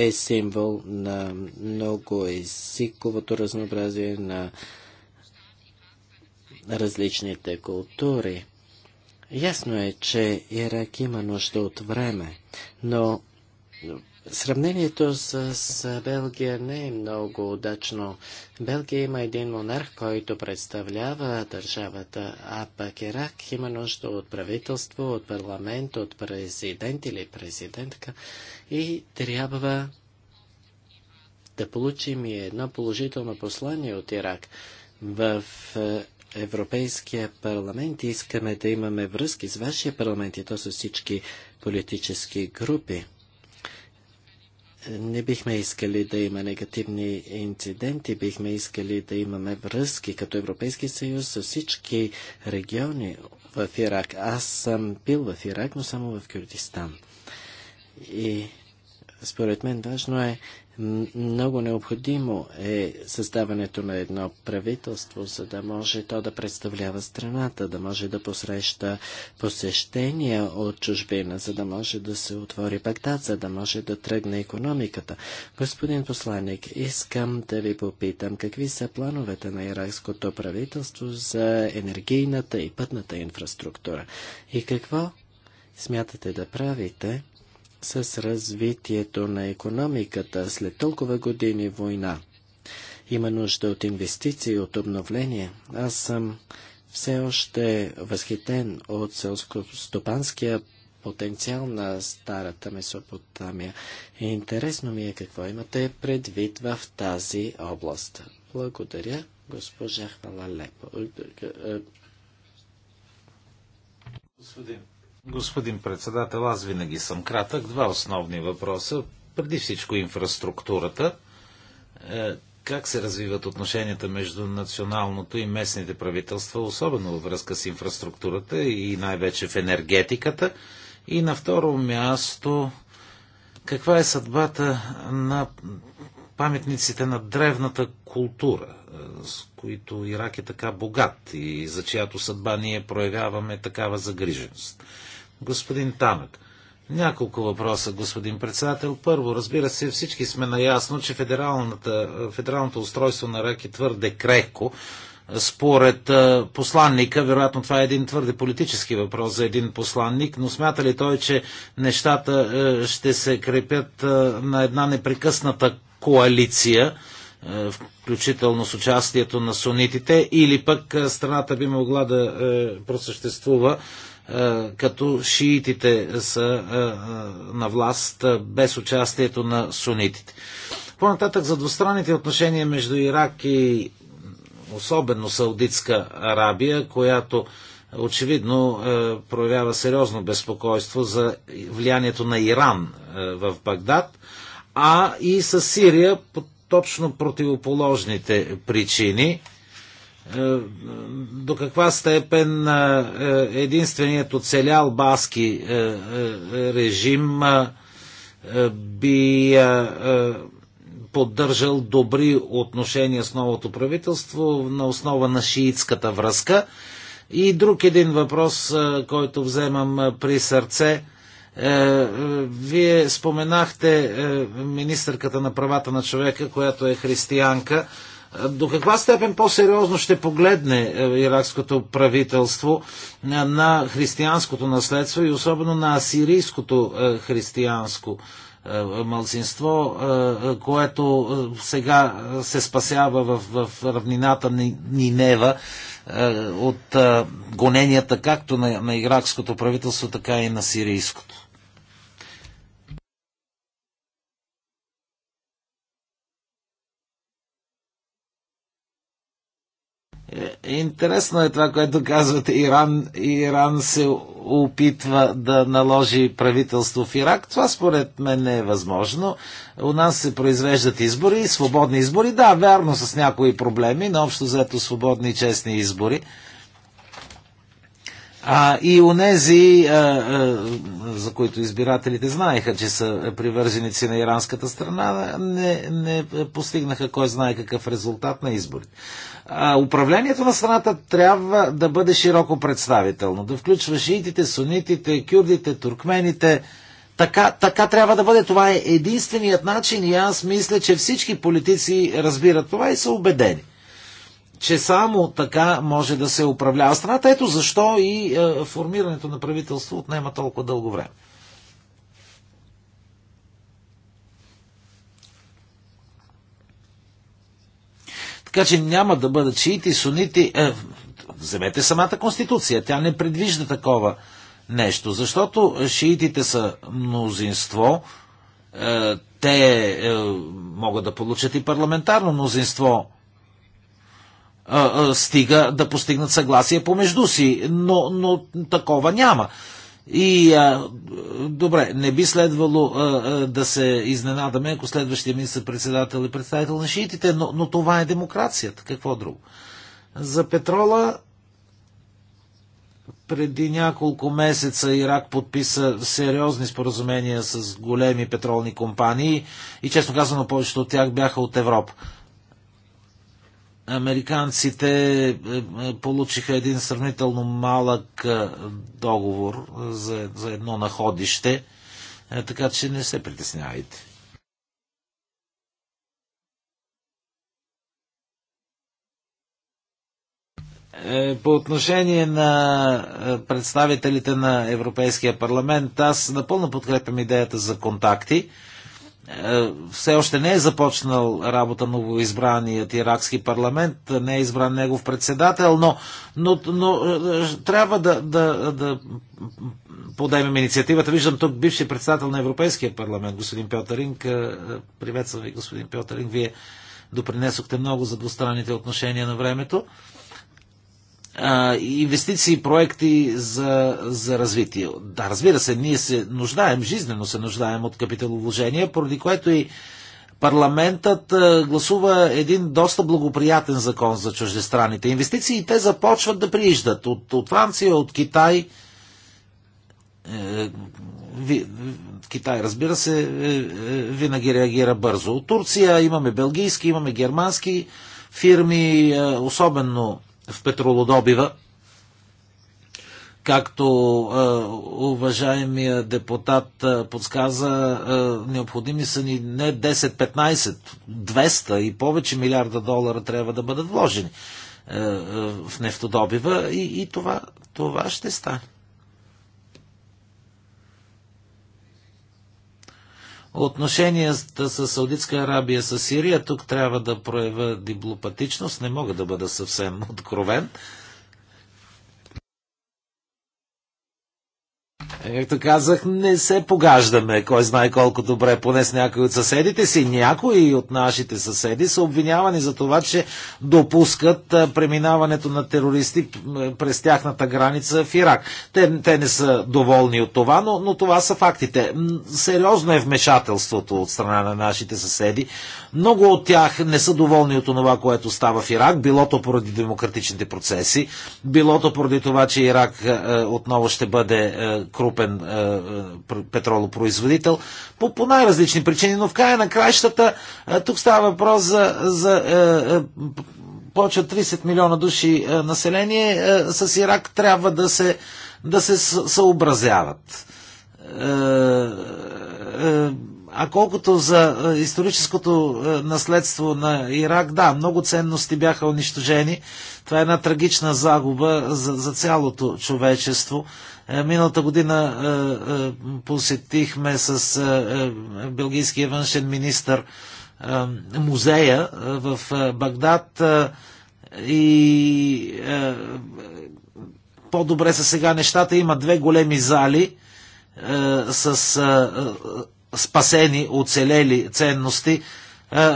е символ на много езиковото разнообразие на различните култури. Ясно е, че Ирак има нужда от време, но Сравнението с, с Белгия не е много удачно. Белгия има един монарх, който представлява държавата, а пък Ирак има нужда от правителство, от парламент, от президент или президентка и трябва да получим и едно положително послание от Ирак. В е, Европейския парламент искаме да имаме връзки с вашия парламент и то с всички политически групи не бихме искали да има негативни инциденти, бихме искали да имаме връзки като Европейски съюз с всички региони в Ирак. Аз съм бил в Ирак, но само в Кюрдистан. И според мен важно е много необходимо е създаването на едно правителство, за да може то да представлява страната, да може да посреща посещения от чужбина, за да може да се отвори пактат, за да може да тръгне економиката. Господин посланник, искам да ви попитам какви са плановете на иракското правителство за енергийната и пътната инфраструктура и какво смятате да правите, с развитието на економиката след толкова години война. Има нужда от инвестиции, от обновление. Аз съм все още възхитен от селскостопанския потенциал на старата Месопотамия. И интересно ми е какво имате предвид в тази област. Благодаря, госпожа Хвала Лепо. Господин Господин председател, аз винаги съм кратък. Два основни въпроса. Преди всичко инфраструктурата. Е, как се развиват отношенията между националното и местните правителства, особено във връзка с инфраструктурата и най-вече в енергетиката? И на второ място, каква е съдбата на паметниците на древната култура, е, с които Ирак е така богат и за чиято съдба ние проявяваме такава загриженост. Господин Танък. Няколко въпроса, господин председател. Първо, разбира се, всички сме наясно, че федералното устройство на РАК е твърде крехко. Според посланника, вероятно това е един твърде политически въпрос за един посланник, но смята ли той, че нещата ще се крепят на една непрекъсната коалиция, включително с участието на сунитите, или пък страната би могла да просъществува е, като шиитите са е, е, на власт без участието на сунитите. По-нататък за двустранните отношения между Ирак и особено Саудитска Арабия, която очевидно проявява сериозно безпокойство за влиянието на Иран в Багдад, а и с Сирия по точно противоположните причини – е, до каква степен е, е, единственият оцелял баски режим би поддържал добри отношения с новото правителство на основа на шиитската връзка. И друг един въпрос, който вземам при сърце. Вие споменахте министърката на правата на човека, която е християнка. До каква степен по-сериозно ще погледне е, иракското правителство на християнското наследство и особено на асирийското е, християнско е, мълцинство, което сега се спасява в, равнината Нинева от гоненията както на иракското правителство, така и на сирийското? Интересно е това, което казвате. Иран, Иран се опитва да наложи правителство в Ирак. Това според мен не е възможно. У нас се произвеждат избори, свободни избори. Да, вярно, с някои проблеми, но общо взето свободни и честни избори. А и онези, за които избирателите знаеха, че са привърженици на иранската страна, не, не постигнаха кой знае какъв резултат на изборите. А, управлението на страната трябва да бъде широко представително, да включва шиитите, сунитите, кюрдите, туркмените. Така, така трябва да бъде. Това е единственият начин и аз мисля, че всички политици разбират това и са убедени че само така може да се управлява страната. Ето защо и е, формирането на правителство отнема толкова дълго време. Така че няма да бъдат шиити, сунити. Е, вземете самата конституция. Тя не предвижда такова нещо, защото шиитите са мнозинство. Е, те е, могат да получат и парламентарно мнозинство стига да постигнат съгласие помежду си, но, но такова няма. И а, добре, не би следвало а, а, да се изненадаме, ако следващия министър-председател е представител на шиитите, но, но това е демокрацията. Какво друго? За петрола преди няколко месеца Ирак подписа сериозни споразумения с големи петролни компании и честно казано повечето от тях бяха от Европа. Американците е, е, получиха един сравнително малък е, договор за, за едно находище, така че не се притеснявайте. По отношение на представителите на Европейския парламент, аз напълно подкрепям идеята за контакти. Е, все още не е започнал работа новоизбраният иракски парламент, не е избран негов председател, но, но, но е, е, трябва да, да, да подемем инициативата. Виждам тук бивши председател на Европейския парламент, господин Пьотеринг. Приветствам ви, господин Пьотеринг. Вие допринесохте много за двустранните отношения на времето инвестиции и проекти за, за развитие. Да, разбира се, ние се нуждаем, жизнено се нуждаем от капиталовложения, поради което и парламентът гласува един доста благоприятен закон за чуждестранните инвестиции и те започват да прииждат от, от Франция, от Китай. Е, Китай, разбира се, е, е, винаги реагира бързо. От Турция имаме белгийски, имаме германски фирми, особено в петролодобива, както уважаемия депутат подсказа, необходими са ни не 10, 15, 200 и повече милиарда долара трябва да бъдат вложени в нефтодобива и, и това, това ще стане. Отношенията с Саудитска Арабия, с Сирия, тук трябва да проявя диплопатичност, не мога да бъда съвсем <laughs> откровен. Както казах, не се погаждаме, кой знае колко добре, поне с някои от съседите си. Някои от нашите съседи са обвинявани за това, че допускат преминаването на терористи през тяхната граница в Ирак. Те, те не са доволни от това, но, но това са фактите. Сериозно е вмешателството от страна на нашите съседи. Много от тях не са доволни от това, което става в Ирак, било то поради демократичните процеси, било то поради това, че Ирак е, отново ще бъде е, круп крупен е, е петролопроизводител, по, по най-различни причини, но в края на краищата е, тук става въпрос за, за е, е повече от 30 милиона души е, население е, с Ирак трябва да се, да се съобразяват. Е, е, а колкото за е, историческото наследство на Ирак, да, много ценности бяха унищожени. Това е една трагична загуба за, за цялото човечество. Е, миналата година е, е, посетихме с белгийския външен министр музея в Багдад и по-добре са сега нещата. Има две големи зали с спасени, оцелели ценности,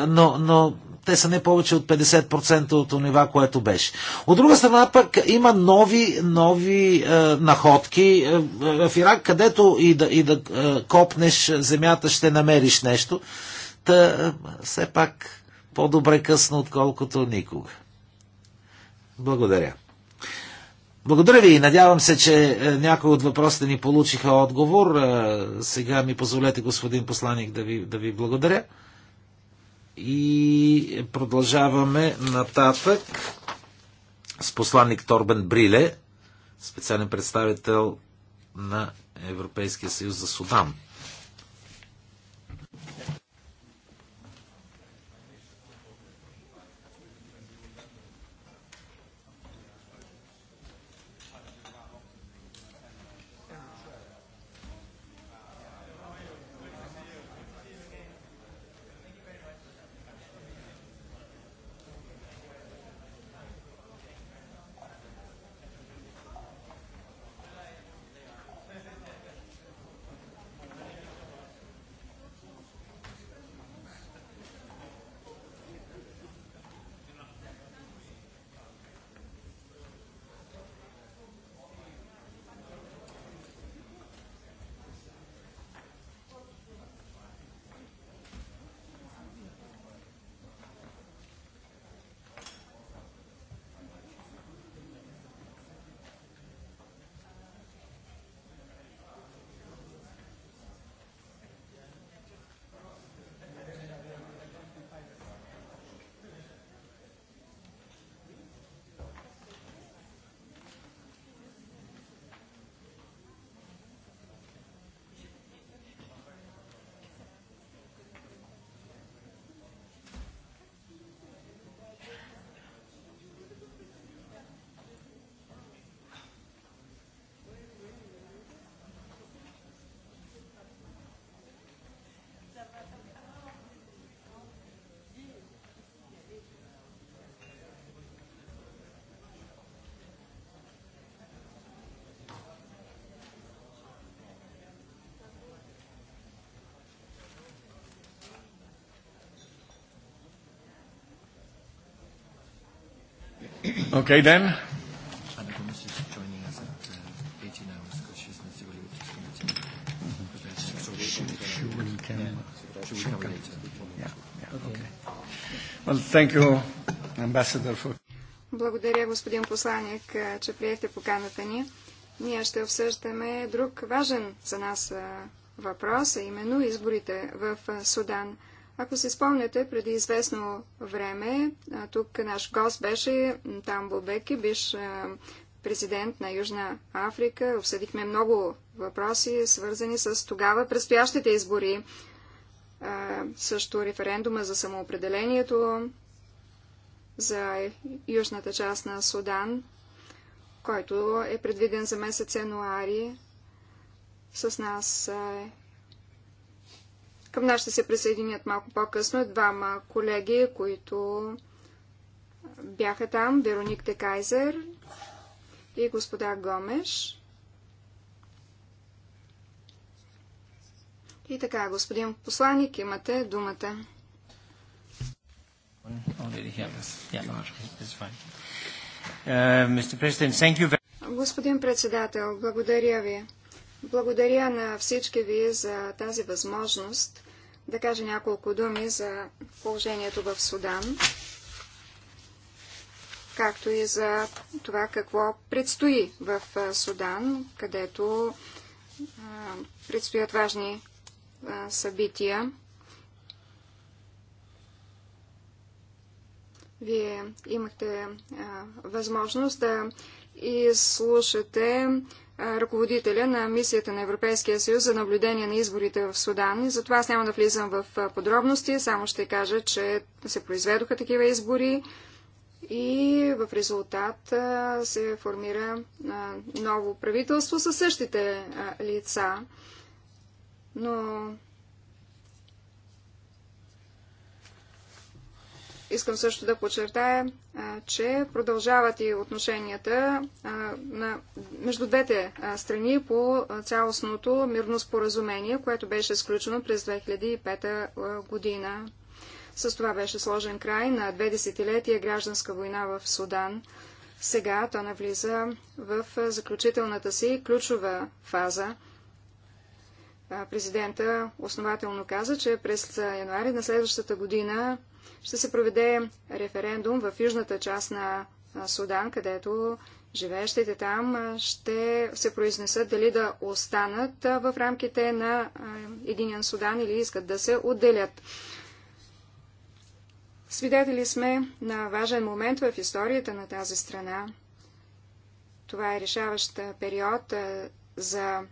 но, но те са не повече от 50% от това, което беше. От друга страна пък има нови, нови е, находки е, е, в Ирак, където и да, и да е, копнеш земята, ще намериш нещо. Та, е, все пак по-добре късно, отколкото никога. Благодаря. Благодаря ви и надявам се, че е, някои от въпросите ни получиха отговор. Е, сега ми позволете, господин посланик, да ви, да ви благодаря. И продължаваме нататък с посланник Торбен Бриле, специален представител на Европейския съюз за Судан. Okay, then. Благодаря, господин посланник, че приехте поканата ни. Ние ще обсъждаме друг важен за нас въпрос, а именно изборите в Судан. Ако се спомняте, преди известно време, тук наш гост беше Тамбо Беки, биш президент на Южна Африка. Обсъдихме много въпроси, свързани с тогава предстоящите избори, също референдума за самоопределението, за южната част на Судан, който е предвиден за месец януари. С нас към нас ще се присъединят малко по-късно двама колеги, които бяха там, Вероник Текайзер и господа Гомеш. И така, господин посланник, имате думата. Господин председател, благодаря ви. Благодаря на всички ви за тази възможност да кажа няколко думи за положението в Судан, както и за това какво предстои в Судан, където предстоят важни събития. Вие имахте възможност да изслушате ръководителя на мисията на Европейския съюз за наблюдение на изборите в Судан. И затова аз няма да влизам в подробности, само ще кажа, че се произведоха такива избори и в резултат се формира ново правителство със същите лица. Но Искам също да подчертая, че продължават и отношенията между двете страни по цялостното мирно споразумение, което беше сключено през 2005 година. С това беше сложен край на две десетилетия гражданска война в Судан. Сега то навлиза в заключителната си ключова фаза. Президента основателно каза, че през януари на следващата година ще се проведе референдум в южната част на Судан, където живеещите там ще се произнесат дали да останат в рамките на Единен Судан или искат да се отделят. Свидетели сме на важен момент в историята на тази страна. Това е решаващ период за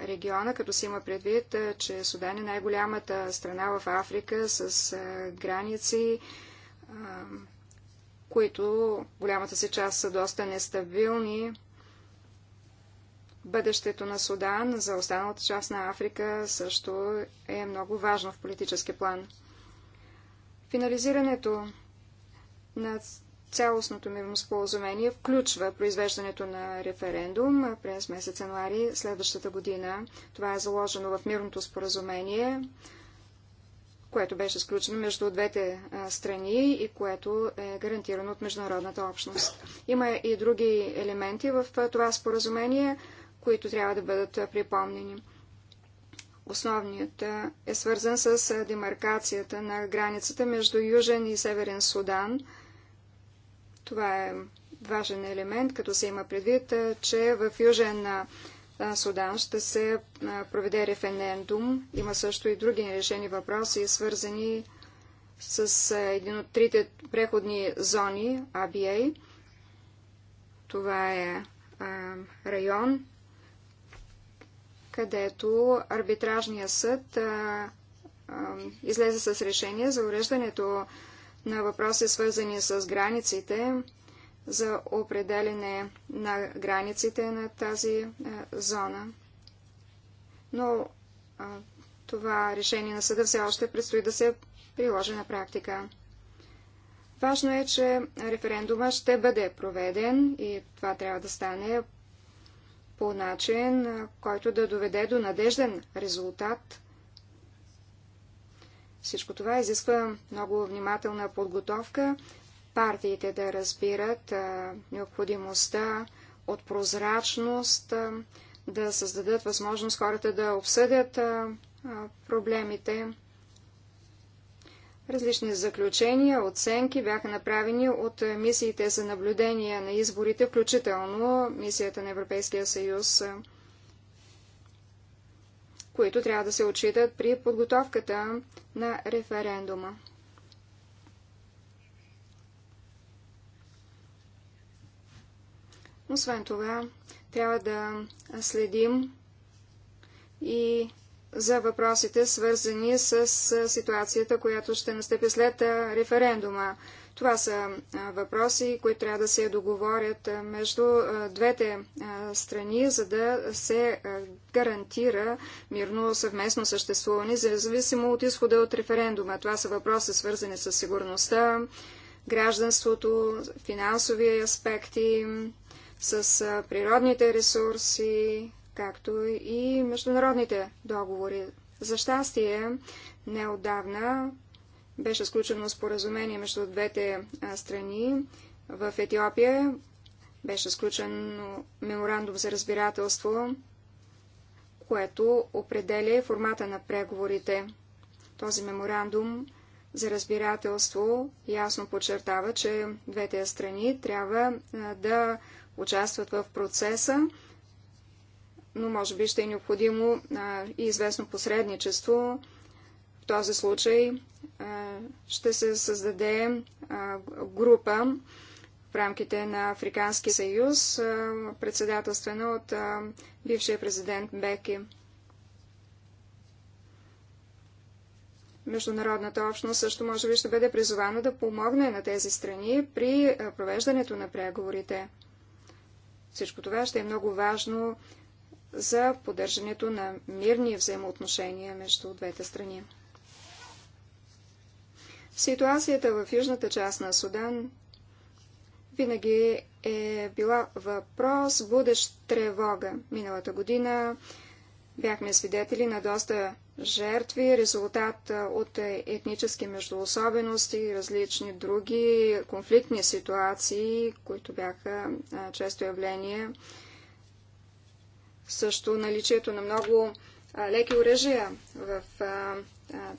региона, като се има предвид, че Судан е най-голямата страна в Африка с граници, които голямата си част са доста нестабилни. Бъдещето на Судан за останалата част на Африка също е много важно в политически план. Финализирането на Цялостното мирно споразумение включва произвеждането на референдум през месец януари следващата година. Това е заложено в мирното споразумение, което беше сключено между двете страни и което е гарантирано от международната общност. Има и други елементи в това споразумение, които трябва да бъдат припомнени. Основният е свързан с демаркацията на границата между Южен и Северен Судан – това е важен елемент, като се има предвид, че в Южен Судан ще се проведе референдум. Има също и други нерешени въпроси, свързани с един от трите преходни зони, ABA. Това е район, където арбитражният съд излезе с решение за уреждането на въпроси, свързани с границите, за определене на границите на тази е, зона. Но е, това решение на съда все още предстои да се приложи на практика. Важно е, че референдума ще бъде проведен и това трябва да стане по начин, е, който да доведе до надежден резултат всичко това изисква много внимателна подготовка, партиите да разбират а, необходимостта от прозрачност, а, да създадат възможност хората да обсъдят а, проблемите. Различни заключения, оценки бяха направени от мисиите за наблюдение на изборите, включително мисията на Европейския съюз които трябва да се отчитат при подготовката на референдума. Освен това, трябва да следим и за въпросите, свързани с ситуацията, която ще настъпи след референдума. Това са въпроси, които трябва да се договорят между двете страни, за да се гарантира мирно съвместно съществуване, зависимо от изхода от референдума. Това са въпроси, свързани с сигурността, гражданството, финансови аспекти, с природните ресурси, както и международните договори. За щастие, неодавна беше сключено споразумение между двете страни. В Етиопия беше сключено меморандум за разбирателство, което определя формата на преговорите. Този меморандум за разбирателство ясно подчертава, че двете страни трябва да участват в процеса, но може би ще е необходимо и известно посредничество в този случай е, ще се създаде е, група в рамките на Африкански съюз, е, председателствена от бившия президент Беки. Международната общност също може би ще бъде призована да помогне на тези страни при провеждането на преговорите. Всичко това ще е много важно за поддържането на мирни взаимоотношения между двете страни. Ситуацията в южната част на Судан винаги е била въпрос, будещ тревога. Миналата година бяхме свидетели на доста жертви, резултат от етнически междуособености, различни други конфликтни ситуации, които бяха често явление. Също наличието на много леки оръжия в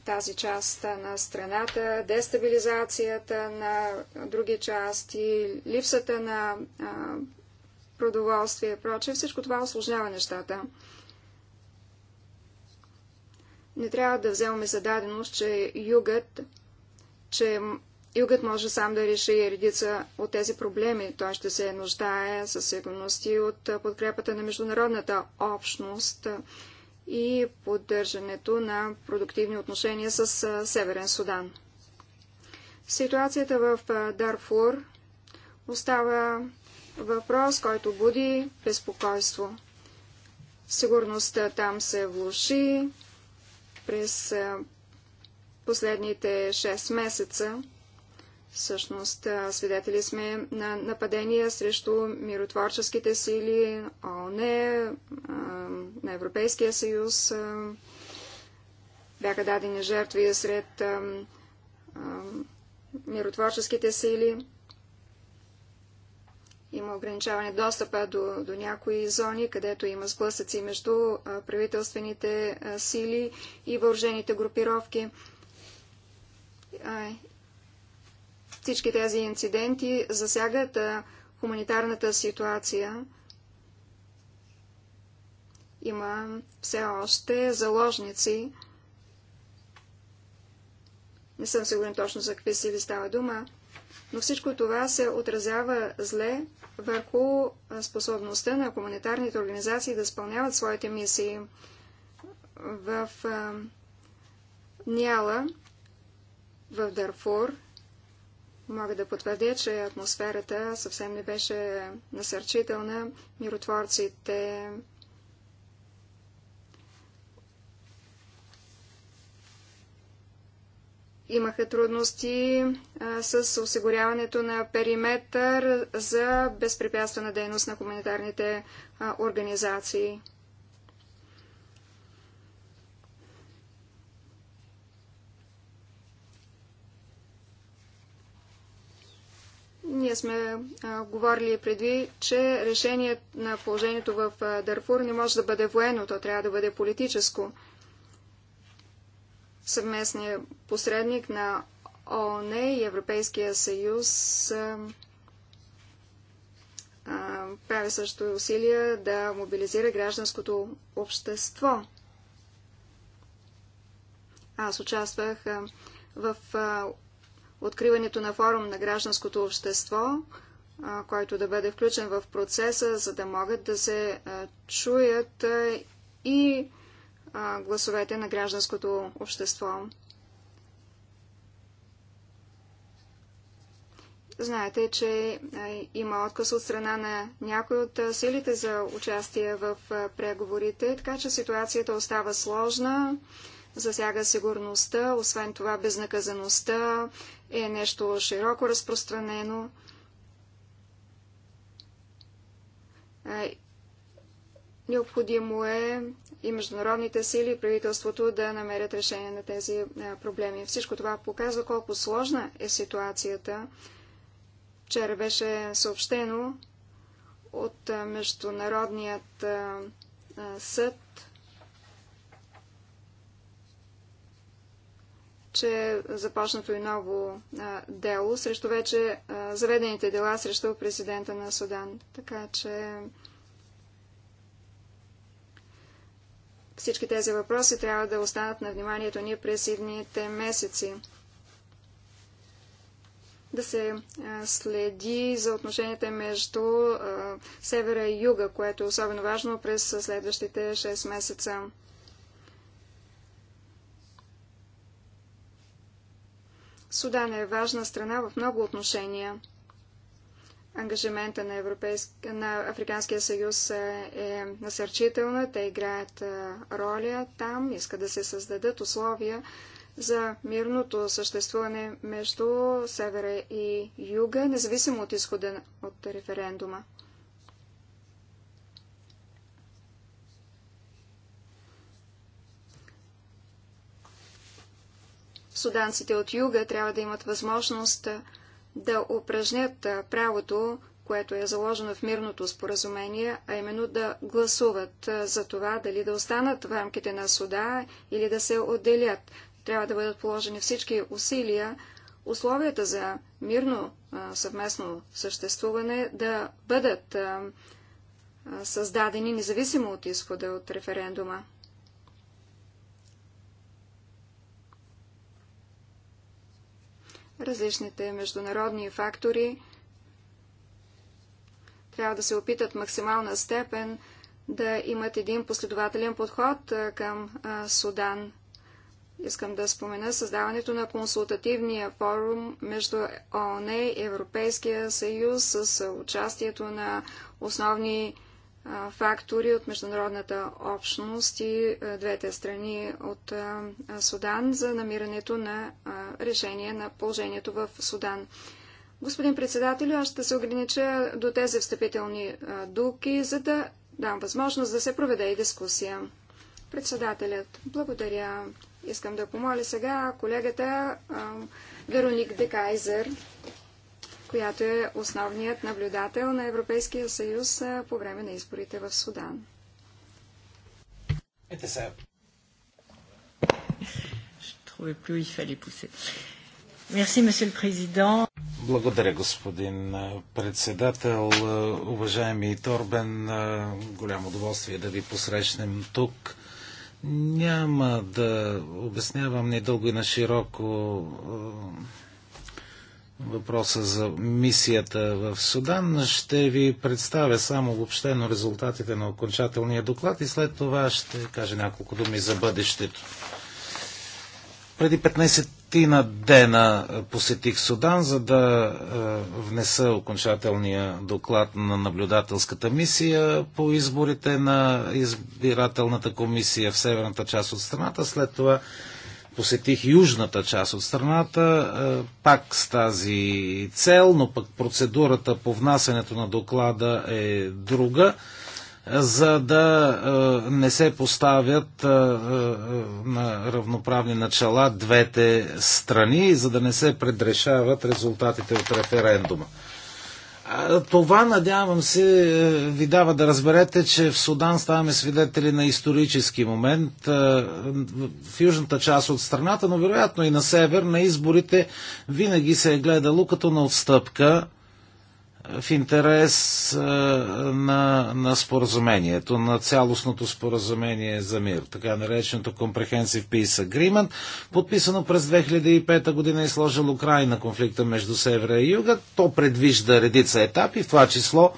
тази част на страната, дестабилизацията на други части, липсата на продоволствие и прочее. Всичко това осложнява нещата. Не трябва да вземаме зададеност, че югът, че югът може сам да реши редица от тези проблеми. Той ще се нуждае със сигурност и от подкрепата на международната общност и поддържането на продуктивни отношения с Северен Судан. Ситуацията в Дарфур остава въпрос, който буди безпокойство. Сигурността там се влуши през последните 6 месеца. Всъщност, свидетели сме на нападения срещу миротворческите сили, ООН, на Европейския съюз. Бяха дадени жертви сред миротворческите сили. Има ограничаване достъпа до, до някои зони, където има сблъсъци между правителствените сили и въоръжените групировки всички тези инциденти засягат хуманитарната ситуация. Има все още заложници. Не съм сигурен точно за какви сили става дума, но всичко това се отразява зле върху способността на хуманитарните организации да изпълняват своите мисии. В Няла, в Дарфур, Мога да потвърдя, че атмосферата съвсем не беше насърчителна. Миротворците имаха трудности а, с осигуряването на периметър за безпрепятствена дейност на хуманитарните а, организации. Ние сме а, говорили преди, че решение на положението в а, Дарфур не може да бъде военно, то трябва да бъде политическо. Съвместният посредник на ООН и Европейския съюз а, а, прави също усилия да мобилизира гражданското общество. Аз участвах а, в а, откриването на форум на гражданското общество, който да бъде включен в процеса, за да могат да се чуят и гласовете на гражданското общество. Знаете, че има отказ от страна на някои от силите за участие в преговорите, така че ситуацията остава сложна засяга сигурността, освен това безнаказаността е нещо широко разпространено. Е, необходимо е и международните сили и правителството да намерят решение на тези е, проблеми. Всичко това показва колко сложна е ситуацията. Вчера беше съобщено от е, Международният съд че започнато и ново а, дело срещу вече а, заведените дела срещу президента на Судан. Така че всички тези въпроси трябва да останат на вниманието ни през идните месеци. Да се а, следи за отношенията между севера и юга, което е особено важно през следващите 6 месеца. Судан е важна страна в много отношения. Ангажимента на, Европейск... на Африканския съюз е, е насърчителна. Те играят е, роля там. Иска да се създадат условия за мирното съществуване между севера и юга, независимо от изхода от референдума. суданците от юга трябва да имат възможност да упражнят правото, което е заложено в мирното споразумение, а именно да гласуват за това дали да останат в рамките на суда или да се отделят. Трябва да бъдат положени всички усилия, условията за мирно съвместно съществуване да бъдат създадени независимо от изхода от референдума. различните международни фактори трябва да се опитат максимална степен да имат един последователен подход към Судан. Искам да спомена създаването на консултативния форум между ООН и Европейския съюз с участието на основни фактори от международната общност и двете страни от Судан за намирането на решение на положението в Судан. Господин председател, аз ще се огранича до тези встъпителни дуки, за да дам възможност да се проведе и дискусия. Председателят, благодаря. Искам да помоля сега колегата Вероник Декайзер която е основният наблюдател на Европейския съюз по време на изборите в Судан. Благодаря, господин председател. Уважаеми Торбен, голямо удоволствие да ви посрещнем тук. Няма да обяснявам ни дълго и на широко въпроса за мисията в Судан. Ще ви представя само въобщено резултатите на окончателния доклад и след това ще кажа няколко думи за бъдещето. Преди 15 ти на дена посетих Судан, за да е, внеса окончателния доклад на наблюдателската мисия по изборите на избирателната комисия в северната част от страната. След това посетих южната част от страната, е, пак с тази цел, но пък процедурата по внасянето на доклада е друга, за да е, не се поставят е, на равноправни начала двете страни, за да не се предрешават резултатите от референдума. Това, надявам се, е, ви дава да разберете, че в Судан ставаме свидетели на исторически момент е, в южната част от страната, но вероятно и на север, на изборите винаги се е гледало като на отстъпка в интерес на, на споразумението, на цялостното споразумение за мир, така нареченото Comprehensive Peace Agreement, подписано през 2005 година и сложило край на конфликта между Севера и Юга. То предвижда редица етапи, в това число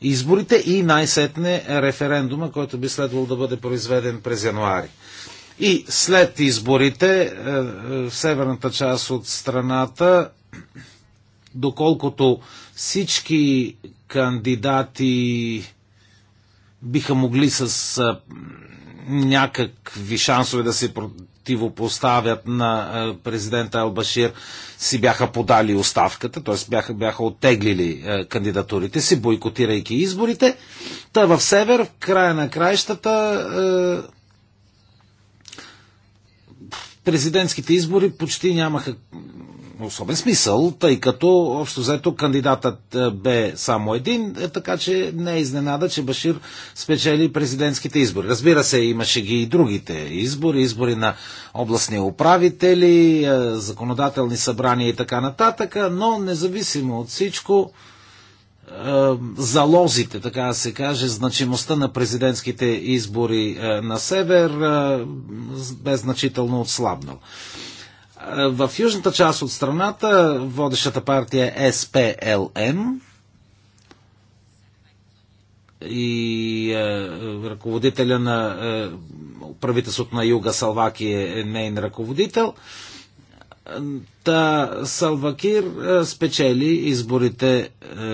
изборите и най-сетне референдума, който би следвало да бъде произведен през януари. И след изборите е, е, в северната част от страната, доколкото всички кандидати биха могли с някакви шансове да се противопоставят на президента Албашир, си бяха подали оставката, т.е. Бяха, бяха оттеглили кандидатурите си, бойкотирайки изборите. Та в север, в края на краищата, президентските избори почти нямаха особен смисъл, тъй като общо взето кандидатът е, бе само един, е, така че не е изненада, че Башир спечели президентските избори. Разбира се, имаше ги и другите избори, избори на областни управители, е, законодателни събрания и така нататък, но независимо от всичко, залозите, така да се каже, значимостта на президентските избори на север бе значително отслабнал. Е, в южната част от страната водещата партия е СПЛМ и е, ръководителя на е, правителството на Юга Салваки е, е нейн ръководител. Та Салвакир е, спечели изборите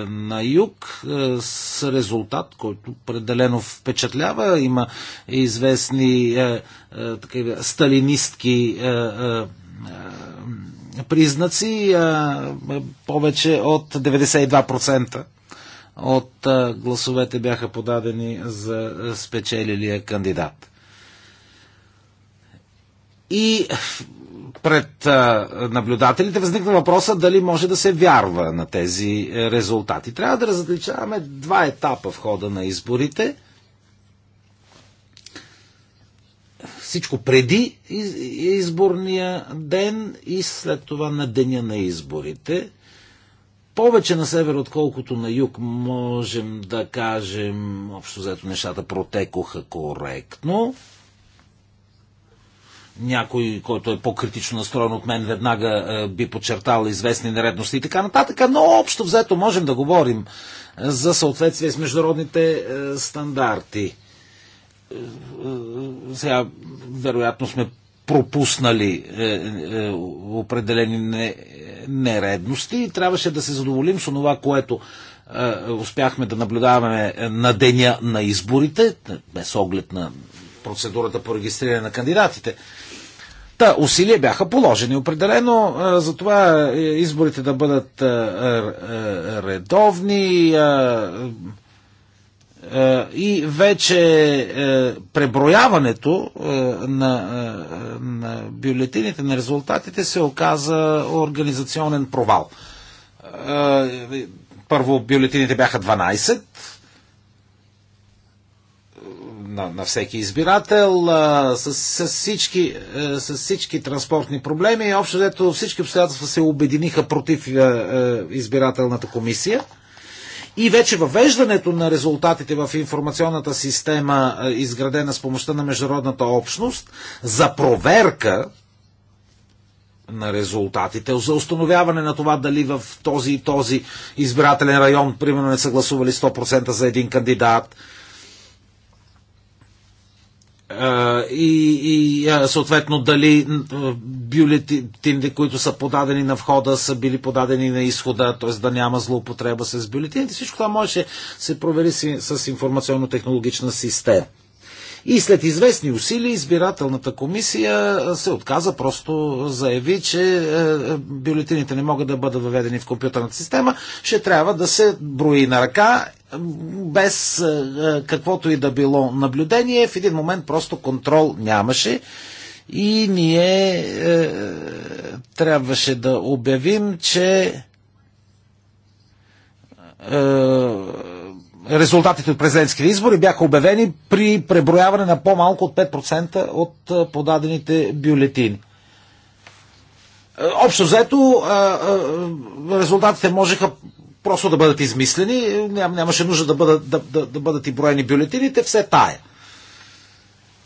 на юг с резултат, който определено впечатлява. Има известни такива сталинистки е, признаци. Е, повече от 92% от гласовете бяха подадени за спечелилия кандидат. И пред наблюдателите възникна въпроса дали може да се вярва на тези е, резултати. Трябва да различаваме два етапа в хода на изборите – всичко преди изборния ден и след това на деня на изборите. Повече на север, отколкото на юг, можем да кажем, общо взето нещата протекоха коректно. Някой, който е по-критично настроен от мен, веднага е, би подчертал известни нередности и така нататък, но общо взето можем да говорим е, за съответствие с международните е, стандарти сега вероятно сме пропуснали е, е, определени не, нередности и трябваше да се задоволим с това, което е, успяхме да наблюдаваме на деня на изборите, без оглед на процедурата по регистриране на кандидатите. Та, усилия бяха положени определено, е, за това е, изборите да бъдат е, е, редовни. Е, е, и вече е, преброяването е, на, на бюлетините, на резултатите се оказа организационен провал. Първо бюлетините бяха 12 на, на всеки избирател, с, с, всички, с всички транспортни проблеми и общо взето всички обстоятелства се обединиха против избирателната комисия – и вече въвеждането на резултатите в информационната система, е, изградена с помощта на международната общност, за проверка на резултатите, за установяване на това дали в този и този избирателен район, примерно, не са гласували 100% за един кандидат, и, и съответно дали бюлетините, които са подадени на входа, са били подадени на изхода, т.е. да няма злоупотреба с бюлетините. Всичко това може се провери с информационно-технологична система. И след известни усилия избирателната комисия се отказа, просто заяви, че е, е, бюлетините не могат да бъдат въведени в компютърната система, ще трябва да се брои на ръка без е, каквото и да било наблюдение. В един момент просто контрол нямаше и ние е, трябваше да обявим, че е, резултатите от президентските избори бяха обявени при преброяване на по-малко от 5% от подадените бюлетини. Е, общо взето, резултатите можеха просто да бъдат измислени, Ням, нямаше нужда да бъдат, да, да, да бъдат и броени бюлетините, все тая.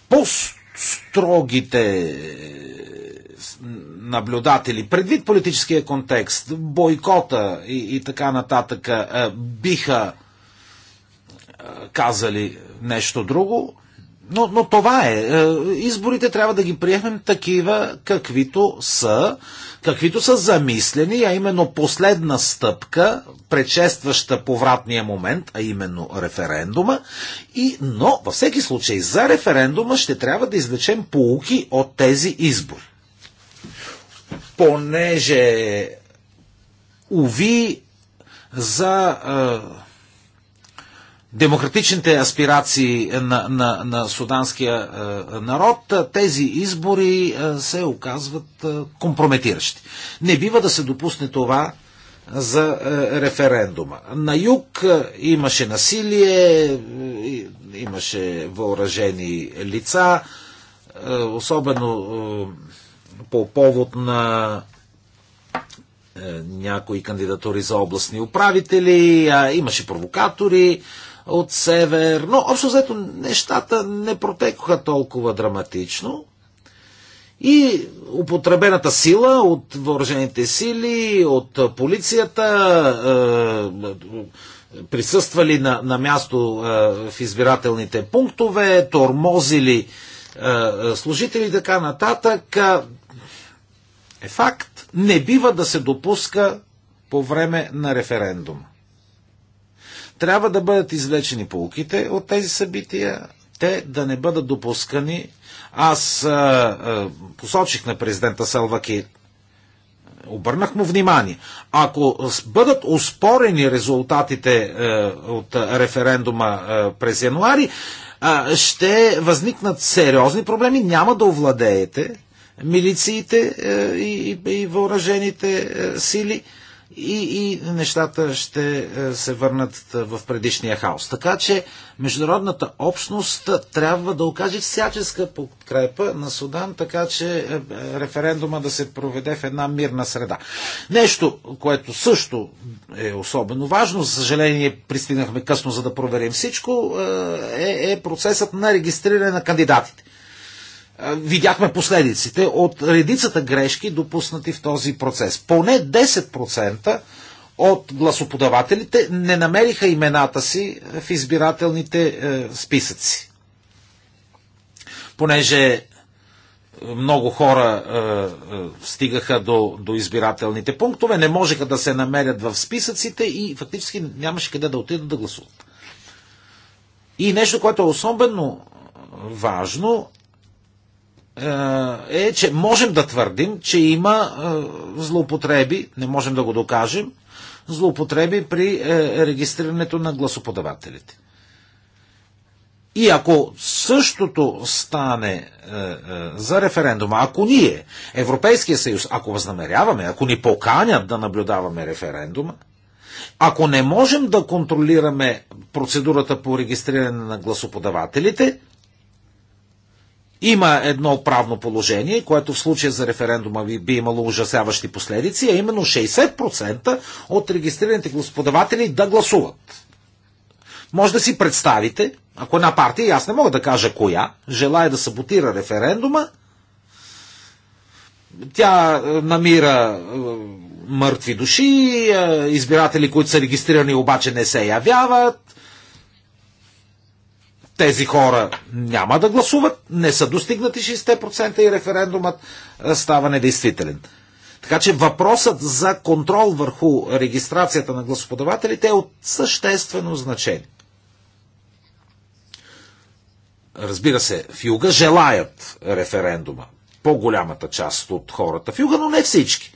По-строгите наблюдатели, предвид политическия контекст, бойкота и, и така нататък, е, биха казали нещо друго. Но, но това е. е. Изборите трябва да ги приемем такива, каквито са, каквито са замислени, а именно последна стъпка, предшестваща повратния момент, а именно референдума. И, но във всеки случай за референдума ще трябва да извлечем полуки от тези избори. Понеже, уви, за е, демократичните аспирации на, на, на суданския е, народ, е, тези избори е, се оказват компрометиращи. Не бива да се допусне това за референдума. На юг имаше насилие, имаше въоръжени лица, особено по повод на някои кандидатури за областни управители, имаше провокатори, от север. Но общо взето нещата не протекоха толкова драматично. И употребената сила от въоръжените сили, от полицията, е, присъствали на, на място е, в избирателните пунктове, тормозили е, служители и така нататък, е факт, не бива да се допуска по време на референдума. Трябва да бъдат извлечени полуките от тези събития, те да не бъдат допускани. Аз а, а, посочих на президента Салваки, обърнах му внимание. Ако бъдат успорени резултатите а, е, от референдума а, е, през януари, а, ще възникнат сериозни проблеми, няма да овладеете милициите е, и, и, и въоръжените сили и, и нещата ще е, се върнат е, в предишния хаос. Така че международната общност е, трябва да окаже всяческа подкрепа на Судан, така че референдума да се проведе в една мирна среда. Нещо, което също е особено важно, за съжаление пристигнахме късно за да проверим всичко, е, е процесът на регистриране на кандидатите видяхме последиците от редицата грешки, допуснати в този процес. Поне 10% от гласоподавателите не намериха имената си в избирателните е, списъци. Понеже е, много хора е, е, стигаха до, до избирателните пунктове, не можеха да се намерят в списъците и фактически нямаше къде да отидат да гласуват. И нещо, което е особено важно, е, е, че можем да твърдим, че има е, злоупотреби, не можем да го докажем, злоупотреби при е, регистрирането на гласоподавателите. И ако същото стане е, е, за референдума, ако ние, Европейския съюз, ако възнамеряваме, ако ни поканят да наблюдаваме референдума, ако не можем да контролираме процедурата по регистриране на гласоподавателите, има едно правно положение, което в случая за референдума би, би имало ужасяващи последици, а именно 60% от регистрираните господаватели да гласуват. Може да си представите, ако една партия, аз не мога да кажа коя, желая да саботира референдума, тя е, намира е, мъртви души, е, избиратели, които са регистрирани обаче не се явяват, тези хора няма да гласуват, не са достигнати 6% и референдумът става недействителен. Така че въпросът за контрол върху регистрацията на гласоподавателите е от съществено значение. Разбира се, в юга желаят референдума. По-голямата част от хората в юга, но не всички.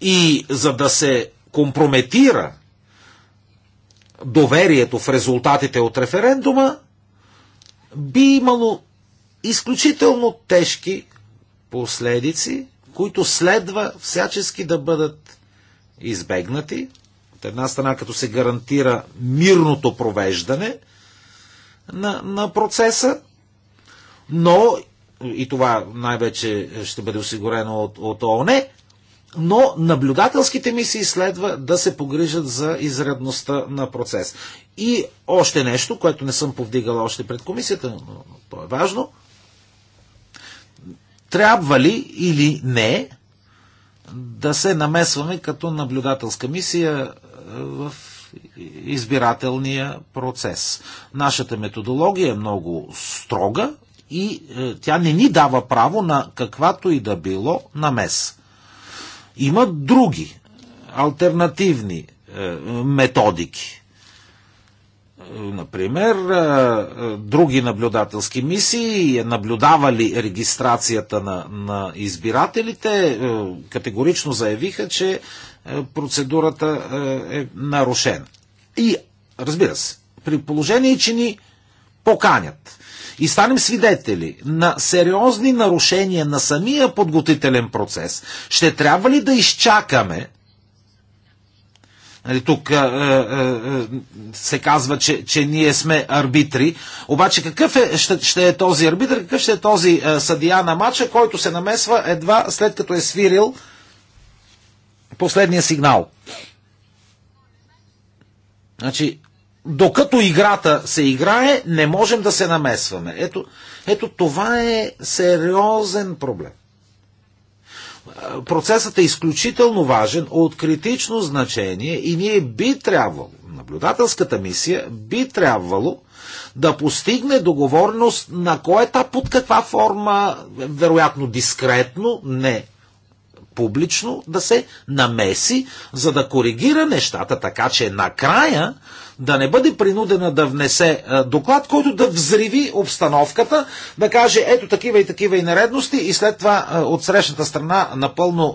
И за да се компрометира доверието в резултатите от референдума, би имало изключително тежки последици, които следва всячески да бъдат избегнати. От една страна, като се гарантира мирното провеждане на, на процеса, но и това най-вече ще бъде осигурено от, от ООН, но наблюдателските мисии следва да се погрижат за изредността на процес. И още нещо, което не съм повдигала още пред комисията, но то е важно. Трябва ли или не да се намесваме като наблюдателска мисия е, в избирателния процес. Нашата методология е много строга и е, тя не ни дава право на каквато и да било намес. Има други альтернативни е, методики. Е, например, е, други наблюдателски мисии наблюдавали регистрацията на, на избирателите, категорично заявиха, че процедурата е нарушена. И, разбира се, при положение, че ни поканят и станем свидетели на сериозни нарушения на самия подготителен процес, ще трябва ли да изчакаме нали, тук е, е, е, се казва, че, че ние сме арбитри. Обаче какъв е, ще, ще е този арбитър, какъв ще е този е, съдия на матча, който се намесва едва след като е свирил последния сигнал? Значи, докато играта се играе, не можем да се намесваме. Ето, ето това е сериозен проблем. Процесът е изключително важен, от критично значение и ние би трябвало, наблюдателската мисия би трябвало да постигне договорност на кой етап, под каква форма, вероятно дискретно, не публично да се намеси, за да коригира нещата, така че накрая да не бъде принудена да внесе е, доклад, който да взриви обстановката, да каже ето такива и такива и нередности и след това е, от срещната страна напълно е,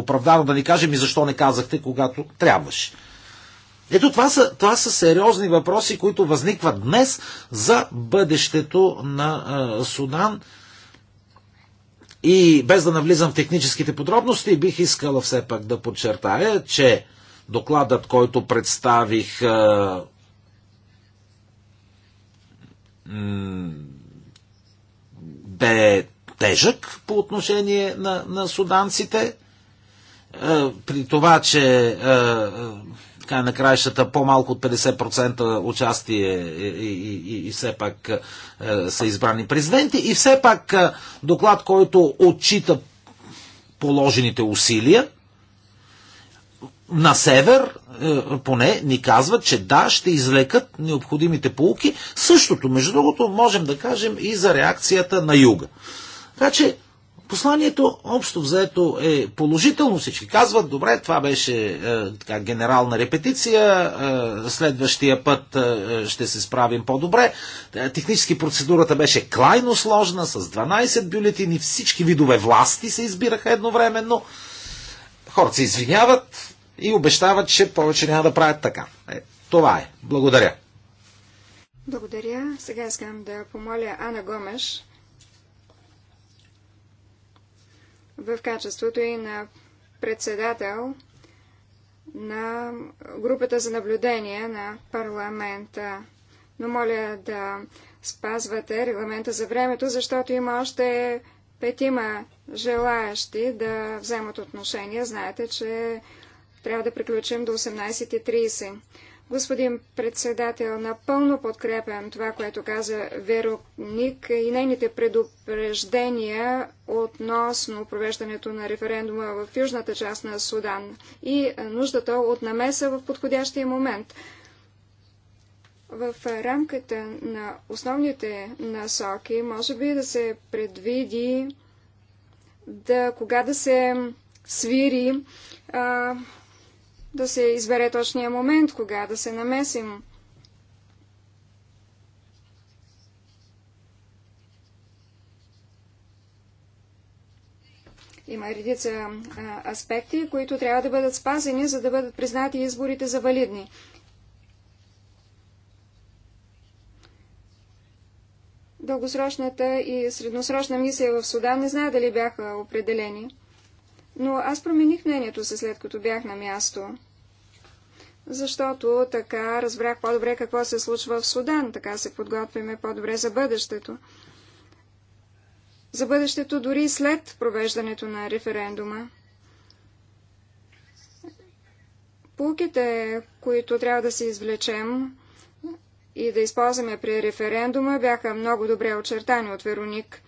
оправдано да ни каже ми защо не казахте, когато трябваше. Ето това са, това са сериозни въпроси, които възникват днес за бъдещето на Судан и без да навлизам в техническите подробности, бих искала все пак да подчертая, че докладът, който представих е, бе тежък по отношение на, на суданците, е, при това, че е, така на краищата по-малко от 50% участие и, е, е, е, и, и, и все пак е, са избрани президенти. И все пак е, доклад, който отчита положените усилия на север, е, поне ни казват, че да, ще излекат необходимите полуки. Същото, между другото, можем да кажем и за реакцията на юга. Така че, Посланието общо взето е положително. Всички казват, добре, това беше е, така, генерална репетиция, е, следващия път е, ще се справим по-добре. Е, технически процедурата беше крайно сложна, с 12 бюлетини, всички видове власти се избираха едновременно. Хората се извиняват и обещават, че повече няма да правят така. Е, това е. Благодаря. Благодаря. Сега искам да помоля Ана Гомеш в качеството и на председател на групата за наблюдение на парламента. Но моля да спазвате регламента за времето, защото има още петима желаящи да вземат отношение. Знаете, че трябва да приключим до 18.30. Господин председател, напълно подкрепям това, което каза Вероник и нейните предупреждения относно провеждането на референдума в южната част на Судан и нуждата от намеса в подходящия момент. В рамката на основните насоки може би да се предвиди да, кога да се свири а, да се избере точния момент, кога да се намесим. Има редица а, аспекти, които трябва да бъдат спазени, за да бъдат признати изборите за валидни. Дългосрочната и средносрочна мисия в Судан не знае дали бяха определени. Но аз промених мнението си след като бях на място. Защото така разбрах по-добре какво се случва в Судан, така се подготвяме по-добре за бъдещето. За бъдещето дори след провеждането на референдума. Пулките, които трябва да се извлечем и да използваме при референдума, бяха много добре очертани от Вероник.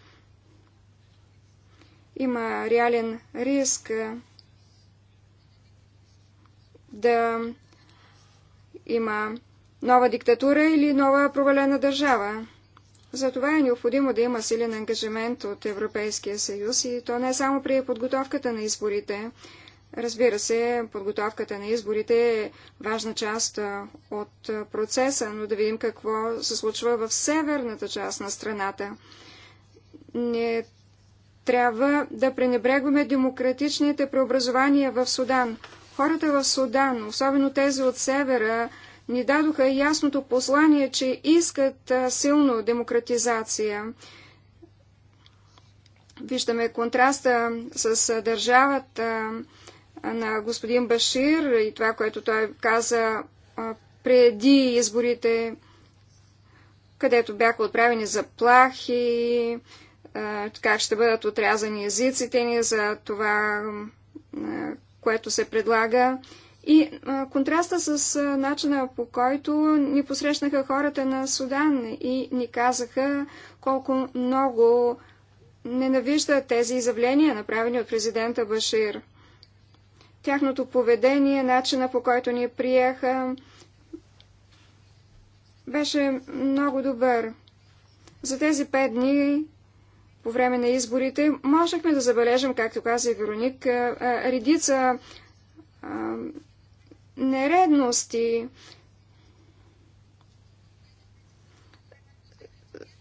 Има реален риск е, да има нова диктатура или нова провалена държава. Затова е необходимо да има силен ангажимент от Европейския съюз и то не само при подготовката на изборите. Разбира се, подготовката на изборите е важна част е, от процеса, но да видим какво се случва в северната част на страната. Не трябва да пренебрегваме демократичните преобразования в Судан. Хората в Судан, особено тези от севера, ни дадоха ясното послание, че искат силно демократизация. Виждаме контраста с държавата на господин Башир и това, което той каза преди изборите, където бяха отправени заплахи, как ще бъдат отрязани езиците ни за това, което се предлага. И контраста с начина по който ни посрещнаха хората на Судан и ни казаха колко много ненавиждат тези изявления, направени от президента Башир. Тяхното поведение, начина по който ни приеха, беше много добър. За тези пет дни по време на изборите, можехме да забележим, както каза Вероник, редица нередности,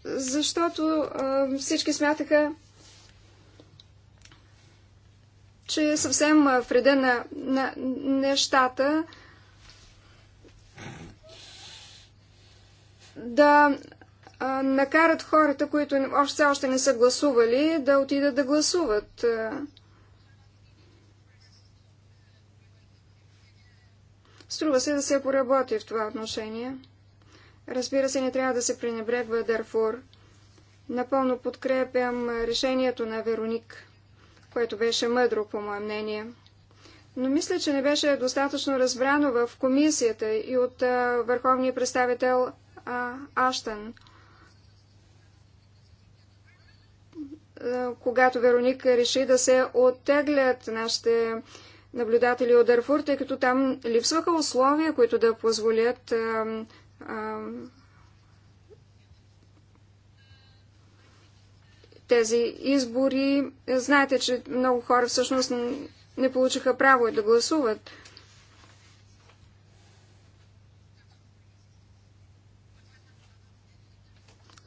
защото всички смятаха, че е съвсем вреда на, на нещата да накарат хората, които още, още не са гласували, да отидат да гласуват. Струва се да се поработи в това отношение. Разбира се, не трябва да се пренебрегва Дарфур. Напълно подкрепям решението на Вероник, което беше мъдро, по мое мнение. Но мисля, че не беше достатъчно разбрано в комисията и от а, върховния представител а, Аштън. когато Вероника реши да се оттеглят нашите наблюдатели от Дарфур, тъй като там липсваха условия, които да позволят тези избори. Знаете, че много хора всъщност не получиха право да гласуват.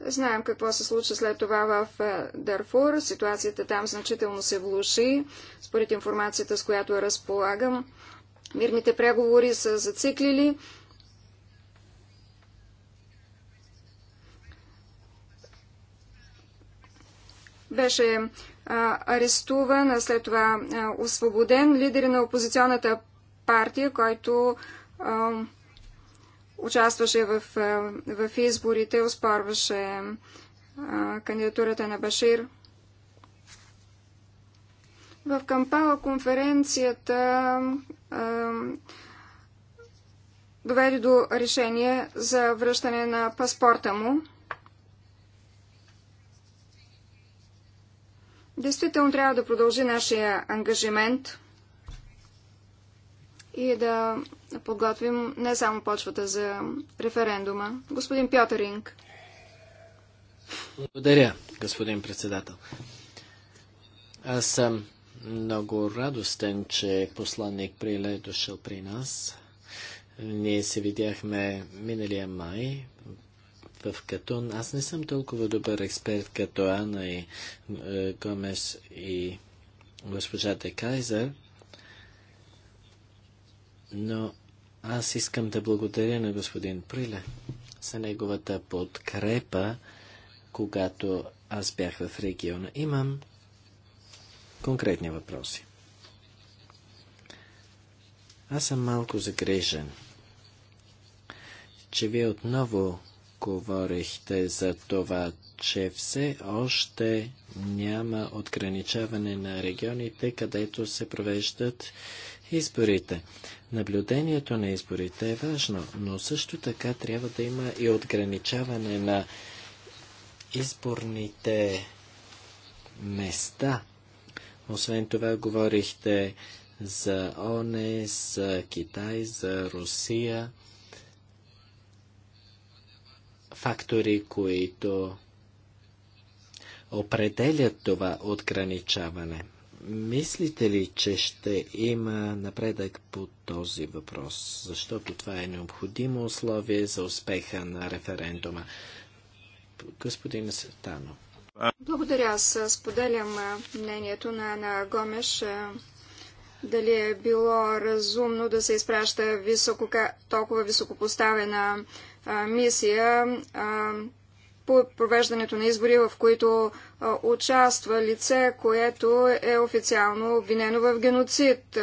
Знаем какво се случи след това в е, Дарфур. Ситуацията там значително се влуши, според информацията, с която разполагам. Мирните преговори са зациклили. Беше а, е, арестуван, а след това а, е, освободен лидер на опозиционната партия, който участваше в, е, в изборите, оспорваше е, кандидатурата на Башир. В Кампала конференцията а, е, доведе до решение за връщане на паспорта му. Действително трябва да продължи нашия ангажимент и да да подготвим не само почвата за референдума. Господин Пьотеринг. Благодаря, господин председател. Аз съм много радостен, че посланник Приле е дошъл при нас. Ние се видяхме миналия май в Катун. Аз не съм толкова добър експерт като Ана и е, Гомес и госпожа Декайзер, но аз искам да благодаря на господин Приле за неговата подкрепа, когато аз бях в региона. Имам конкретни въпроси. Аз съм малко загрежен, че вие отново говорихте за това, че все още няма отграничаване на регионите, където се провеждат изборите. Наблюдението на изборите е важно, но също така трябва да има и отграничаване на изборните места. Освен това, говорихте за ОНЕ, за Китай, за Русия. Фактори, които определят това отграничаване. Мислите ли, че ще има напредък по този въпрос? Защото това е необходимо условие за успеха на референдума. Господин Сетано. Благодаря. Аз споделям мнението на Ана Гомеш. Дали е било разумно да се изпраща високо, толкова високопоставена мисия по провеждането на избори, в които а, участва лице, което е официално обвинено в геноцид.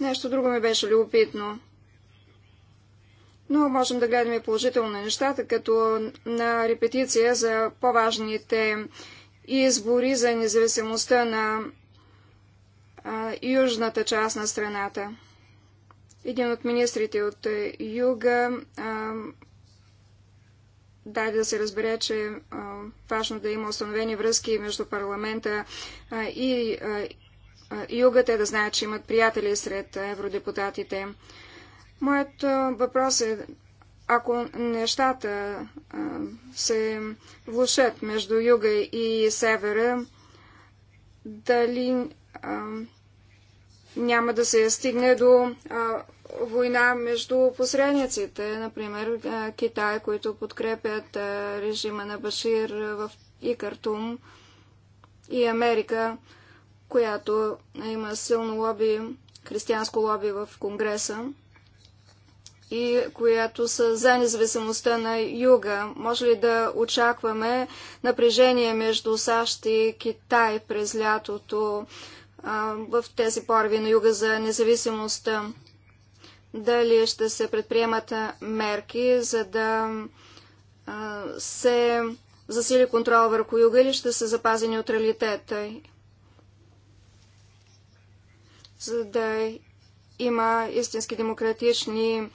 Нещо друго ми беше любопитно. Но можем да гледаме положително на нещата, като на репетиция за по-важните избори за независимостта на а, южната част на страната. Един от министрите от е, Юга а, даде да се разбере, че е важно да има установени връзки между парламента а, и а, Юга, те да знаят, че имат приятели сред евродепутатите. Моят въпрос е, ако нещата а, се влушат между юга и севера, дали а, няма да се стигне до а, война между посредниците, например Китай, които подкрепят а, режима на Башир в Икартум, и Америка, която има силно лоби, християнско лоби в Конгреса и която са за независимостта на юга. Може ли да очакваме напрежение между САЩ и Китай през лятото? в тези порви на юга за независимост, Дали ще се предприемат мерки, за да се засили контрол върху юга или ще се запази неутралитета, за да има истински демократични,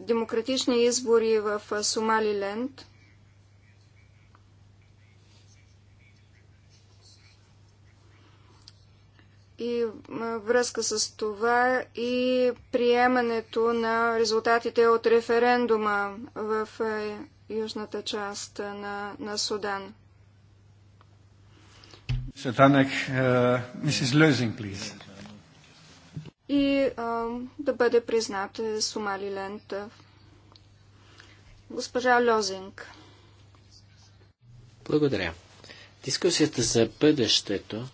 демократични избори в Сомалиленд. и връзка с това и приемането на резултатите от референдума в е, южната част на, на Судан. Сатанек, е, мисис Лозинг, плиз. И да бъде признат е Сомалиленд. Госпожа Лозинг. Благодаря. Дискусията за бъдещето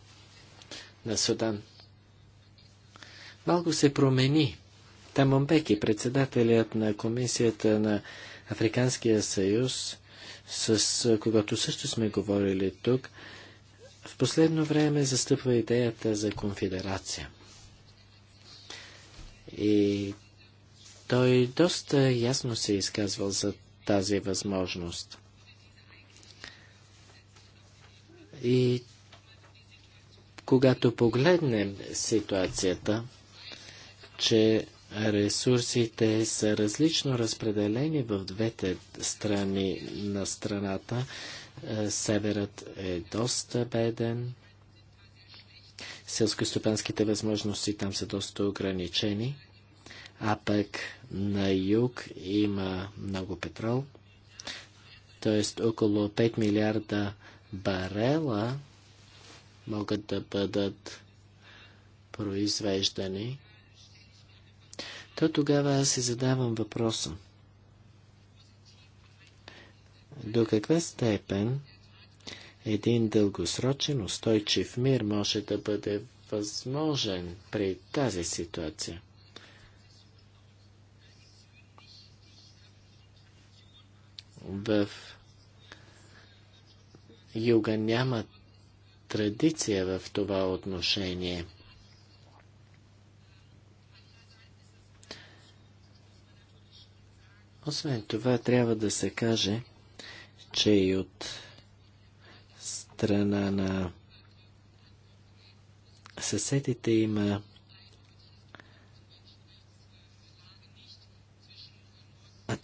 на Судан. Малко се промени. Тамонбеки, председателят на комисията на Африканския съюз, с когато също сме говорили тук, в последно време застъпва идеята за конфедерация. И той доста ясно се е изказвал за тази възможност. И когато погледнем ситуацията, че ресурсите са различно разпределени в двете страни на страната. Е, северът е доста беден, селскостопанските възможности там са доста ограничени, а пък на юг има много петрол, т.е. около 5 милиарда барела могат да бъдат произвеждани, то тогава аз си задавам въпроса. До каква степен един дългосрочен устойчив мир може да бъде възможен при тази ситуация? В юга няма традиция в това отношение. Освен това, трябва да се каже, че и от страна на съседите има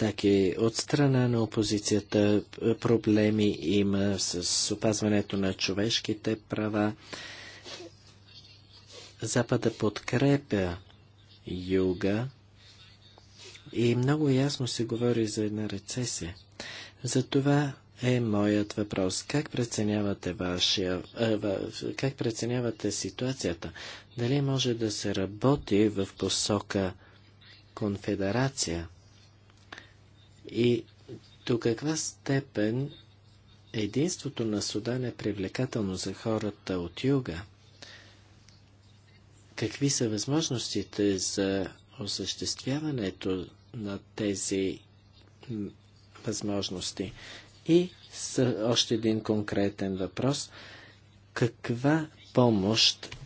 атаки от страна на опозицията. Е, проблеми има с опазването на човешките права. Запада подкрепя юга и много ясно се говори за една рецесия. За това е моят въпрос. Как преценявате, вашия, е, а, как преценявате ситуацията? Дали може да се работи в посока конфедерация? и до каква степен единството на Судан е привлекателно за хората от юга? Какви са възможностите за осъществяването на тези възможности? И са още един конкретен въпрос. Каква помощ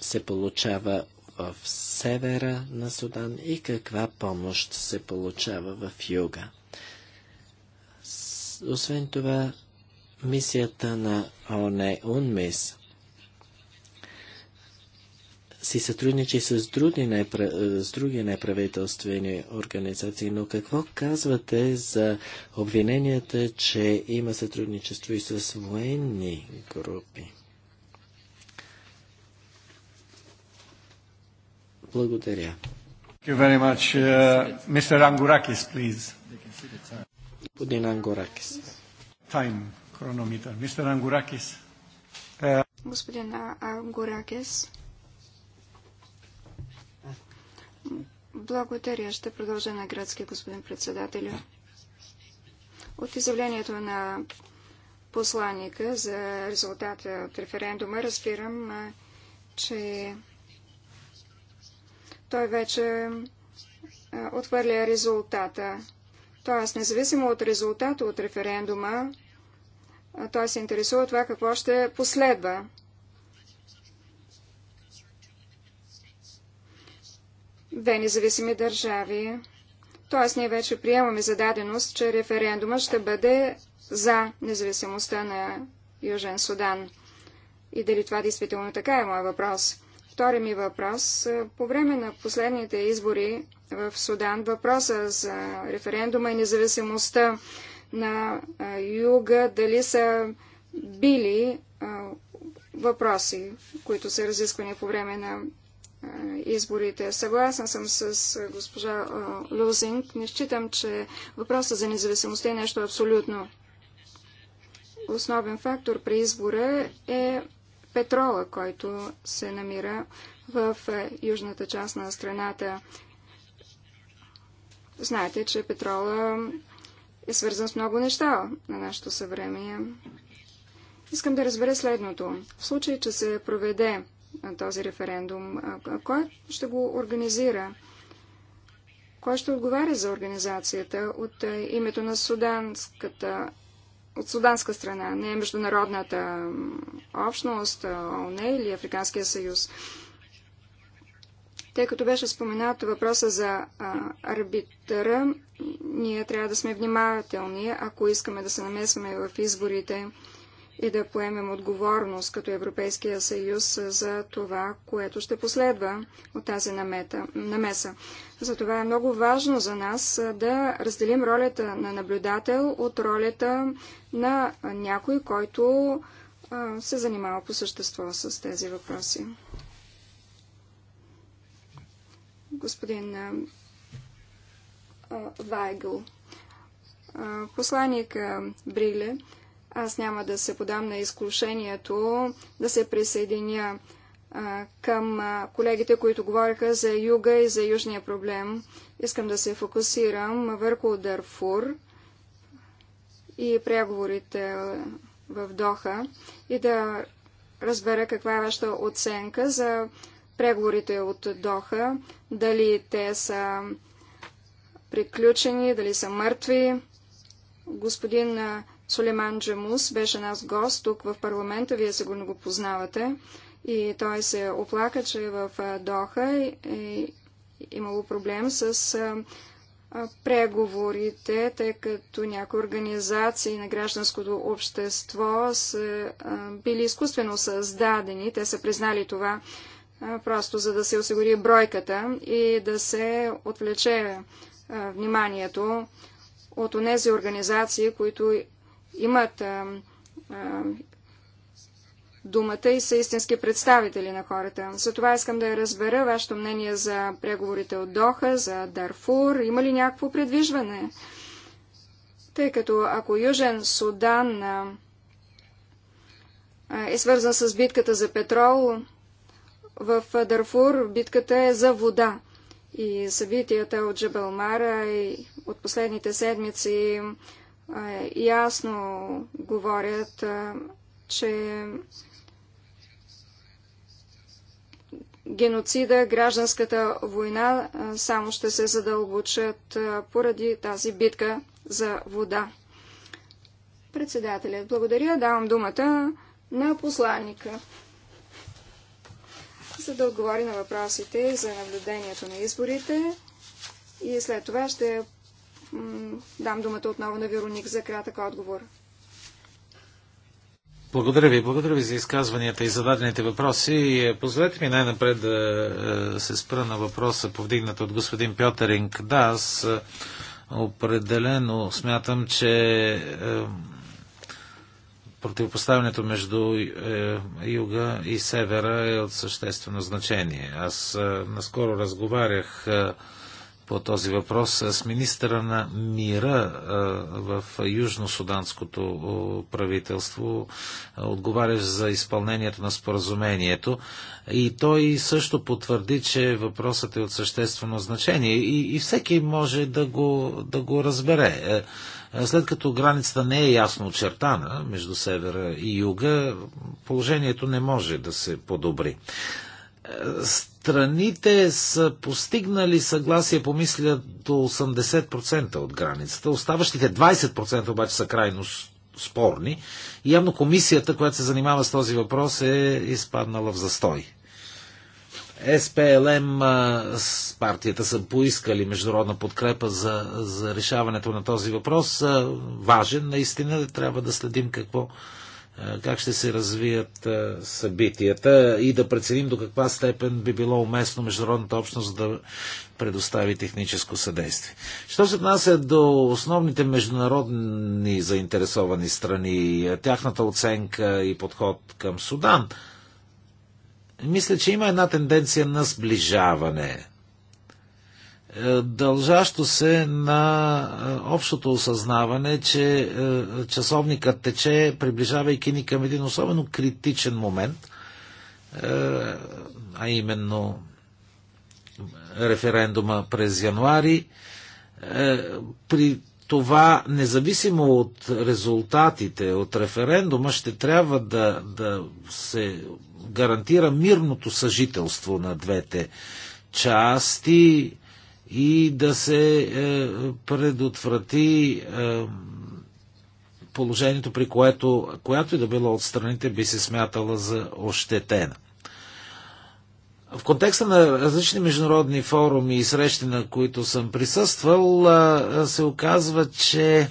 се получава в севера на Судан и каква помощ се получава в юга. Освен това, мисията на ОНЕ УНМИС си сътрудничи с други, непра... с други неправителствени организации, но какво казвате за обвиненията, че има сътрудничество и с военни групи? Благодаря. Мистер Ангуракис, uh, Господин Ангуракис. Time chronometer. Мистер Ангуракис. Господин Ангуракис. Благодаря. Ще продължа на градски, господин председателю. От изявлението на посланника за резултата от референдума разбирам, че той вече отвърля резултата. Тоест, независимо от резултата от референдума, той се интересува това какво ще последва. Две независими държави. Тоест, ние вече приемаме зададеност, че референдума ще бъде за независимостта на Южен Судан. И дали това действително така е моят въпрос. Втори ми въпрос. Е, по време на последните избори в Судан въпроса за референдума и независимостта на е, юга, дали са били е, въпроси, които са разисквани по време на изборите. Съгласна съм с госпожа Лузинг. Не считам, че въпросът за независимостта е нещо абсолютно. Основен фактор при избора е петрола, който се намира в е, южната част на страната. Знаете, че петрола е свързан с много неща на нашето съвремение. Искам да разбера следното. В случай, че се проведе този референдум, кой ще го организира? Кой ще отговаря за организацията от е, името на суданската от суданска страна, не международната общност, ОНЕ или Африканския съюз. Тъй като беше споменато въпроса за а, арбитъра, ние трябва да сме внимателни, ако искаме да се намесваме в изборите и да поемем отговорност като Европейския съюз за това, което ще последва от тази намета, намеса. Затова е много важно за нас да разделим ролята на наблюдател от ролята на някой, който се занимава по същество с тези въпроси. Господин Вайгл, посланник Бриле, аз няма да се подам на изкушението да се присъединя а, към а, колегите, които говориха за юга и за южния проблем. Искам да се фокусирам върху Дарфур и преговорите в Доха и да разбера каква е вашата оценка за преговорите от Доха, дали те са приключени, дали са мъртви. Господин Сулейман Джамус беше нас гост тук в парламента, вие сигурно го познавате. И той се оплака, че е в Доха е имало проблем с преговорите, тъй като някои организации на гражданското общество са били изкуствено създадени. Те са признали това просто за да се осигури бройката и да се отвлече вниманието от онези организации, които имат а, а, думата и са истински представители на хората. За това искам да разбера вашето мнение за преговорите от Доха, за Дарфур. Има ли някакво предвижване? Тъй като ако Южен Судан а, е свързан с битката за петрол, в Дарфур битката е за вода. И събитията от Джабалмара и от последните седмици ясно говорят, че геноцида, гражданската война само ще се задълбочат поради тази битка за вода. Председателят, благодаря. Давам думата на посланника, за да отговори на въпросите за наблюдението на изборите и след това ще дам думата отново на Вероник за кратък отговор. Благодаря ви. Благодаря ви за изказванията и зададените въпроси. Е, позволете ми най-напред да е, се спра на въпроса, повдигнат от господин Пьотеринг. Да, аз е, определено смятам, че противопоставянето между юга и севера е от съществено значение. Аз наскоро разговарях по този въпрос с министра на мира в Южно-Суданското правителство, отговарящ за изпълнението на споразумението. И той също потвърди, че въпросът е от съществено значение и, и всеки може да го, да го разбере. Е, след като границата не е ясно очертана между севера и юга, положението не може да се подобри страните са постигнали съгласие, помисля, до 80% от границата. Оставащите 20% обаче са крайно спорни. И явно комисията, която се занимава с този въпрос, е изпаднала в застой. СПЛМ с партията са поискали международна подкрепа за, за решаването на този въпрос. Важен, наистина, трябва да следим какво как ще се развият събитията и да преценим до каква степен би било уместно международната общност да предостави техническо съдействие. Що се отнася до основните международни заинтересовани страни, тяхната оценка и подход към Судан, мисля, че има една тенденция на сближаване е, дължащо се на е, общото осъзнаване, че е, часовникът тече, приближавайки ни към един особено критичен момент, а именно референдума през януари. При това, независимо от резултатите от референдума, ще трябва да, да се гарантира мирното съжителство на двете части и да се е, предотврати е, положението, при което която и да била от страните би се смятала за ощетена. В контекста на различни международни форуми и срещи, на които съм присъствал, е, се оказва, че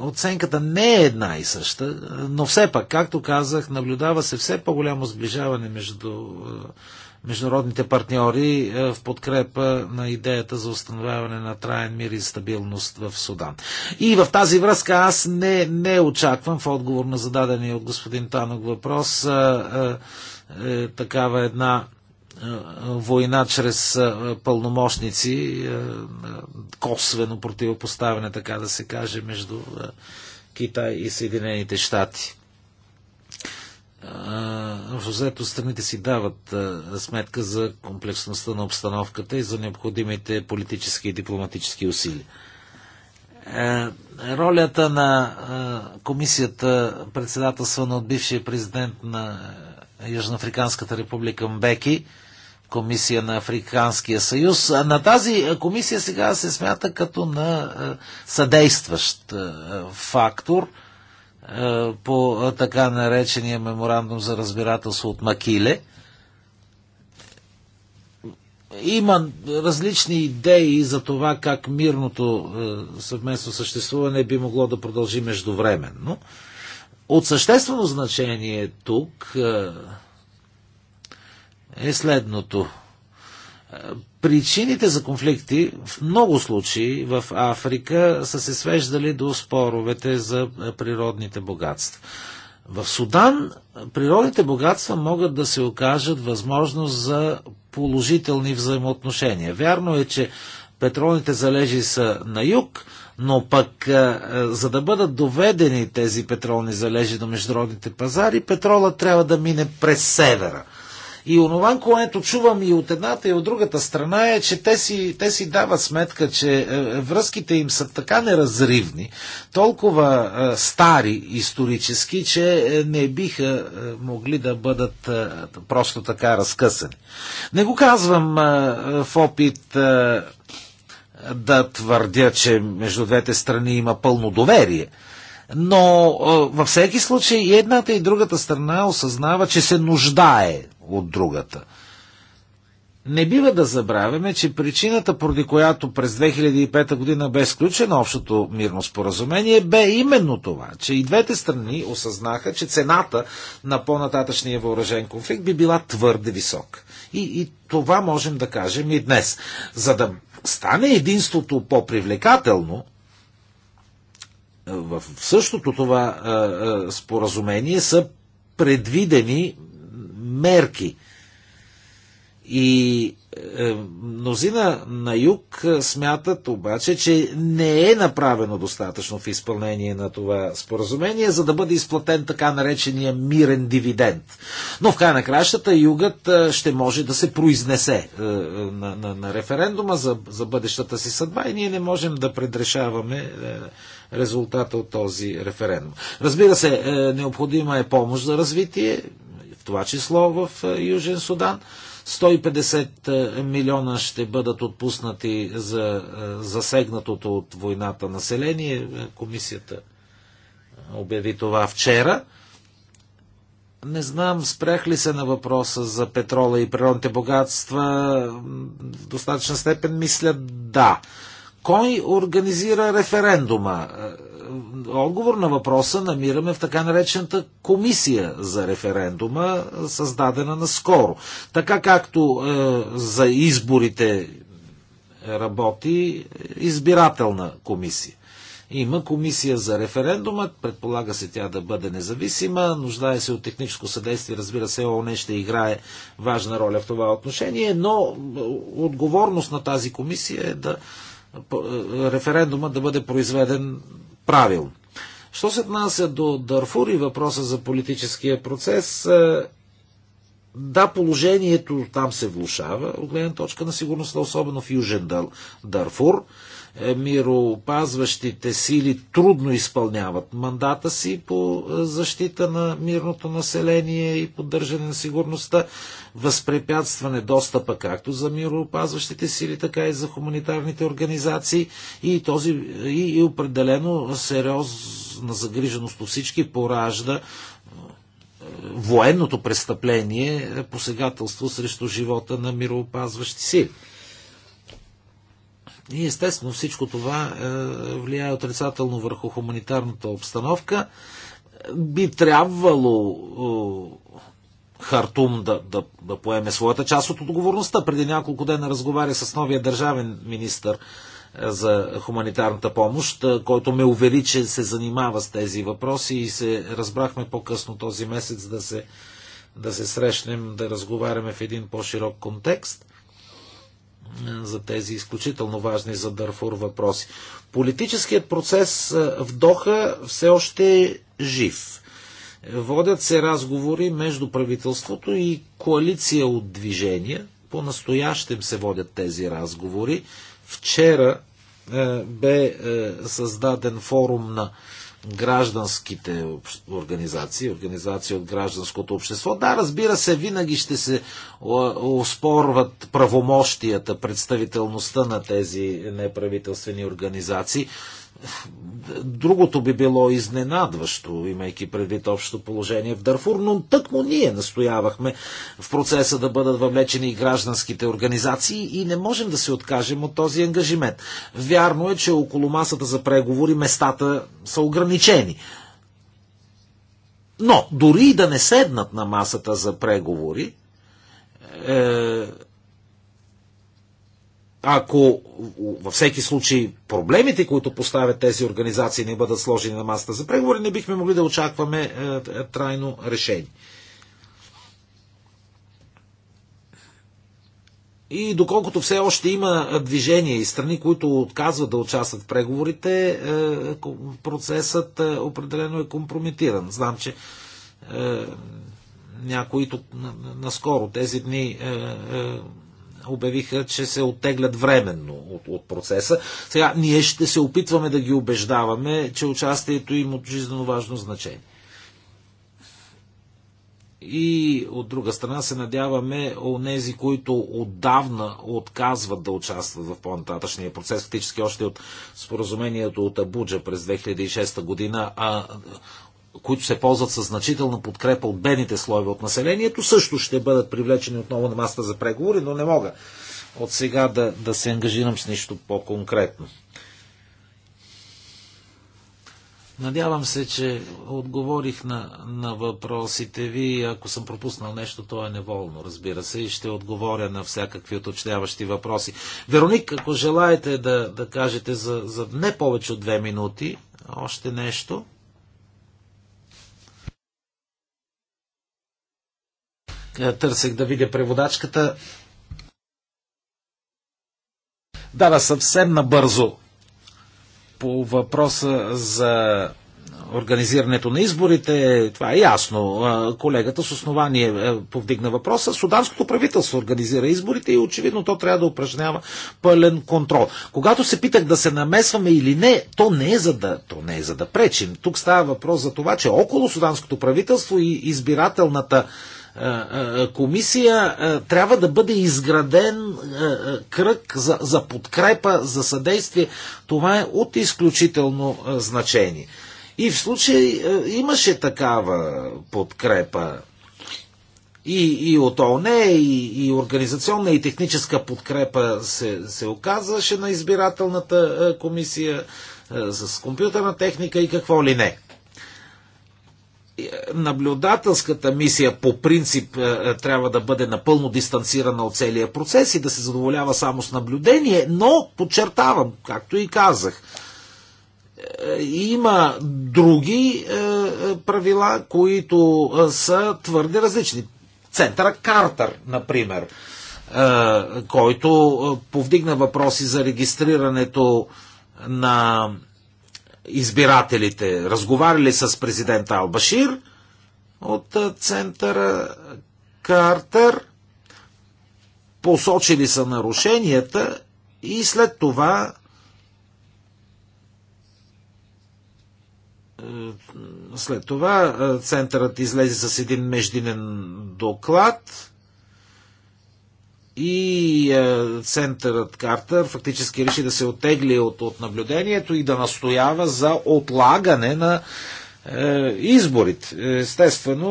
оценката не е една и съща, но все пак, както казах, наблюдава се все по-голямо сближаване между международните партньори е, в подкрепа на идеята за установяване на траен мир и стабилност в Судан. И в тази връзка аз не, не очаквам в отговор на зададения от господин Танок въпрос а, а, а, такава една е, война чрез е, пълномощници, косвено противопоставяне, така да се каже, между Китай и Съединените щати. В взето страните си дават сметка за комплексността на обстановката и за необходимите политически и дипломатически усилия. Е, ролята на комисията, председателствана от бившия президент на Южноафриканската република Мбеки, комисия на Африканския съюз. На тази комисия сега се смята като на съдействащ фактор – е, по е, така наречения меморандум за разбирателство от Макиле. Има различни идеи за това как мирното е, съвместно съществуване би могло да продължи междувременно. От съществено значение тук е следното – Причините за конфликти в много случаи в Африка са се свеждали до споровете за природните богатства. В Судан природните богатства могат да се окажат възможност за положителни взаимоотношения. Вярно е, че петролните залежи са на юг, но пък е, за да бъдат доведени тези петролни залежи до международните пазари, петрола трябва да мине през севера. И онова, което чувам и от едната и от другата страна е, че те си, те си дават сметка, че е, връзките им са така неразривни, толкова е, стари исторически, че е, не биха могли да бъдат просто така разкъсани. Не го казвам в опит да твърдя, че между двете страни има пълно доверие – но във всеки случай и едната и другата страна осъзнава, че се нуждае от другата. Не бива да забравяме, че причината, поради която през 2005 година бе сключено общото мирно споразумение, бе именно това, че и двете страни осъзнаха, че цената на по-нататъчния въоръжен конфликт би била твърде висока. И, и това можем да кажем и днес. За да стане единството по-привлекателно, в същото това споразумение са предвидени мерки. И е, мнозина на юг е, смятат обаче, че не е направено достатъчно в изпълнение на това споразумение, за да бъде изплатен така наречения мирен дивиденд. Но в край на кращата югът е, ще може да се произнесе на, на, на референдума за, за бъдещата си съдба и ние не можем да предрешаваме резултата от този референдум. Разбира се, необходима е помощ за развитие, в това число в Южен Судан. 150 е, милиона ще бъдат отпуснати за е, засегнатото от войната население. Е, комисията обяви това вчера. Не знам, спрях ли се на въпроса за петрола и природните богатства. В достатъчна степен мисля да. Кой организира референдума? отговор на въпроса намираме в така наречената комисия за референдума, създадена наскоро. Така както е, за изборите работи избирателна комисия. Има комисия за референдума, предполага се тя да бъде независима, нуждае се от техническо съдействие, разбира се, ООН ще играе важна роля в това отношение, но отговорност на тази комисия е да е, референдума да бъде произведен правилно. Що се отнася до Дарфур и въпроса за политическия процес, е, да, положението там се влушава от гледна точка на сигурността, особено в Южен Дарфур, е, мироопазващите сили трудно изпълняват мандата си по е, защита на мирното население и поддържане на сигурността, възпрепятстване достъпа както за мироопазващите сили, така и за хуманитарните организации и, този, и, и определено сериозна загриженост у всички поражда е, военното престъпление, посегателство срещу живота на мироопазващи сили. И естествено всичко това е, влияе отрицателно върху хуманитарната обстановка. Би трябвало Хартум да, да, да поеме своята част от отговорността. Преди няколко дена разговаря с новия държавен министр е, за хуманитарната помощ, е, който ме увери, че се занимава с тези въпроси и се разбрахме по-късно този месец да се, да се срещнем, да разговаряме в един по-широк контекст за тези изключително важни за Дърфур въпроси. Политическият процес в Доха все още е жив. Водят се разговори между правителството и коалиция от движения. По-настоящем се водят тези разговори. Вчера бе създаден форум на гражданските организации, организации от гражданското общество. Да, разбира се, винаги ще се оспорват правомощията, представителността на тези неправителствени организации, Другото би било изненадващо, имайки предвид общо положение в Дарфур, но тъкмо ние настоявахме в процеса да бъдат въвлечени и гражданските организации и не можем да се откажем от този ангажимент. Вярно е, че около масата за преговори местата са ограничени. Но дори и да не седнат на масата за преговори, е, ако във всеки случай проблемите, които поставят тези организации, не бъдат сложени на масата за преговори, не бихме могли да очакваме е, е трайно решение. И доколкото все още има движение и страни, които отказват да участват в преговорите, е, процесът е, определено е компрометиран. Знам, че е, някои тук наскоро тези дни обявиха, че се оттеглят временно от, от процеса. Сега ние ще се опитваме да ги убеждаваме, че участието им от жизненно важно значение. И от друга страна се надяваме нези, които отдавна отказват да участват в по-нататъчния процес, фактически още от споразумението от Абуджа през 2006 година, а които се ползват с значителна подкрепа от бедните слоеве от населението, също ще бъдат привлечени отново на масата за преговори, но не мога от сега да, да се ангажирам с нищо по-конкретно. Надявам се, че отговорих на, на въпросите ви. Ако съм пропуснал нещо, то е неволно, разбира се, и ще отговоря на всякакви уточняващи въпроси. Вероник, ако желаете да, да кажете за, за не повече от две минути още нещо. Е, търсех да видя преводачката. Да, да, съвсем набързо. По въпроса за организирането на изборите, това е ясно. Е, колегата с основание е, повдигна въпроса. Суданското правителство организира изборите и очевидно то трябва да упражнява пълен контрол. Когато се питах да се намесваме или не, то не е за да, то не е за да пречим. Тук става въпрос за това, че около суданското правителство и избирателната комисия трябва да бъде изграден кръг за, за подкрепа, за съдействие. Това е от изключително значение. И в случай имаше такава подкрепа и, и от ОНЕ, и, и организационна и техническа подкрепа се, се оказваше на избирателната комисия с компютърна техника и какво ли не наблюдателската мисия по принцип е, е, трябва да бъде напълно дистанцирана от целия процес и да се задоволява само с наблюдение, но, подчертавам, както и казах, е, има други правила, които са твърде различни. Центъра Картер, например, който повдигна въпроси за регистрирането на избирателите, разговаряли с президента Албашир от центъра Картер, посочили са нарушенията и след това е, след това е, центърът излезе с един междинен доклад, и е, центърът Картер фактически реши да се отегли от, от наблюдението и да настоява за отлагане на е, изборите. Естествено,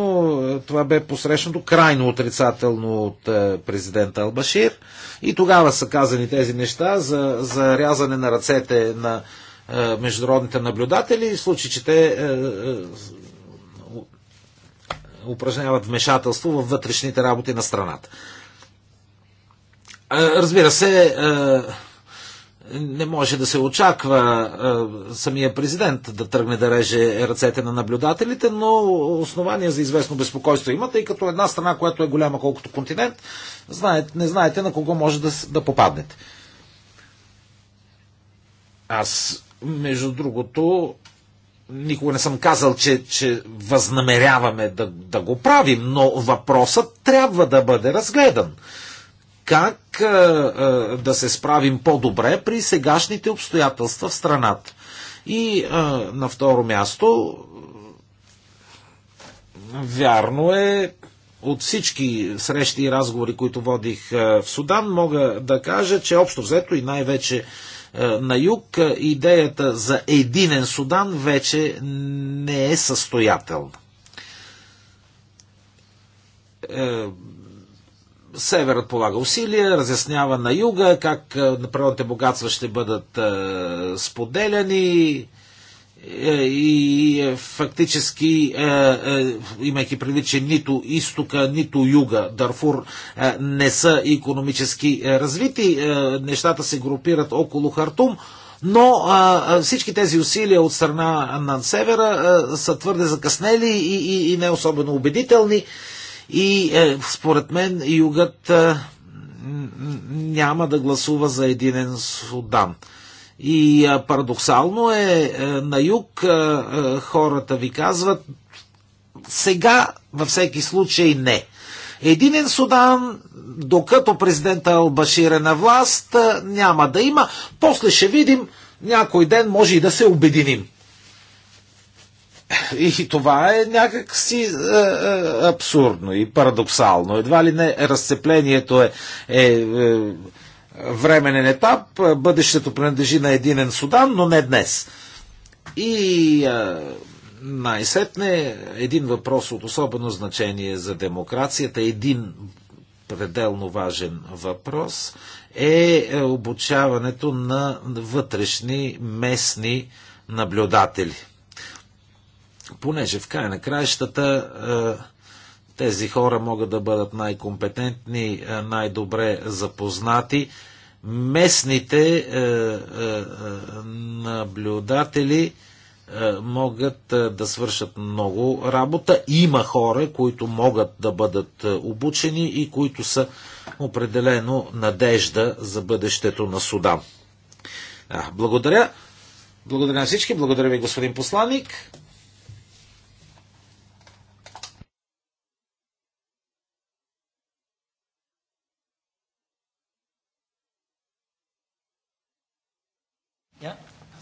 е, това бе посрещнато крайно отрицателно от е, президента Албашир и тогава са казани тези неща за, за рязане на ръцете на е, международните наблюдатели в случай, че те е, е, упражняват вмешателство във вътрешните работи на страната. Разбира се, не може да се очаква самия президент да тръгне да реже ръцете на наблюдателите, но основания за известно безпокойство има, тъй като една страна, която е голяма колкото континент, не знаете на кого може да, да попаднете. Аз, между другото, никога не съм казал, че, че възнамеряваме да, да го правим, но въпросът трябва да бъде разгледан как а, а, да се справим по-добре при сегашните обстоятелства в страната. И а, на второ място, вярно е, от всички срещи и разговори, които водих в Судан, мога да кажа, че общо взето и най-вече на юг идеята за единен Судан вече не е състоятелна е, Северът полага усилия, разяснява на юга как природните е, богатства ще бъдат е, споделяни е, и фактически, имайки предвид, че нито изтока, нито юга, Дарфур, не са економически развити, нещата се групират около Хартум, но всички тези усилия от страна на севера са твърде закъснели и, и, и не особено убедителни и е, според мен югът е, няма да гласува за единен Судан. И е, парадоксално е, е на юг е, е, хората ви казват сега във всеки случай не. Единен Судан, докато президента Албашир е на власт, е, няма да има. После ще видим, някой ден може и да се обединим. И това е някакси е, е, абсурдно и парадоксално. Едва ли не разцеплението е, е, е временен етап, бъдещето принадлежи на единен Судан, но не днес. И е, най-сетне един въпрос от особено значение за демокрацията, един пределно важен въпрос е, е обучаването на вътрешни местни наблюдатели – понеже в края на краищата е, тези хора могат да бъдат най-компетентни, е, най-добре запознати. Местните е, наблюдатели могат да свършат много работа. Има хора, които могат да бъдат обучени и които са определено надежда за бъдещето на Судан. Благодаря. Благодаря на всички. Благодаря ви, господин посланник.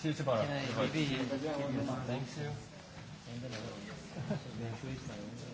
See you tomorrow. Thank you.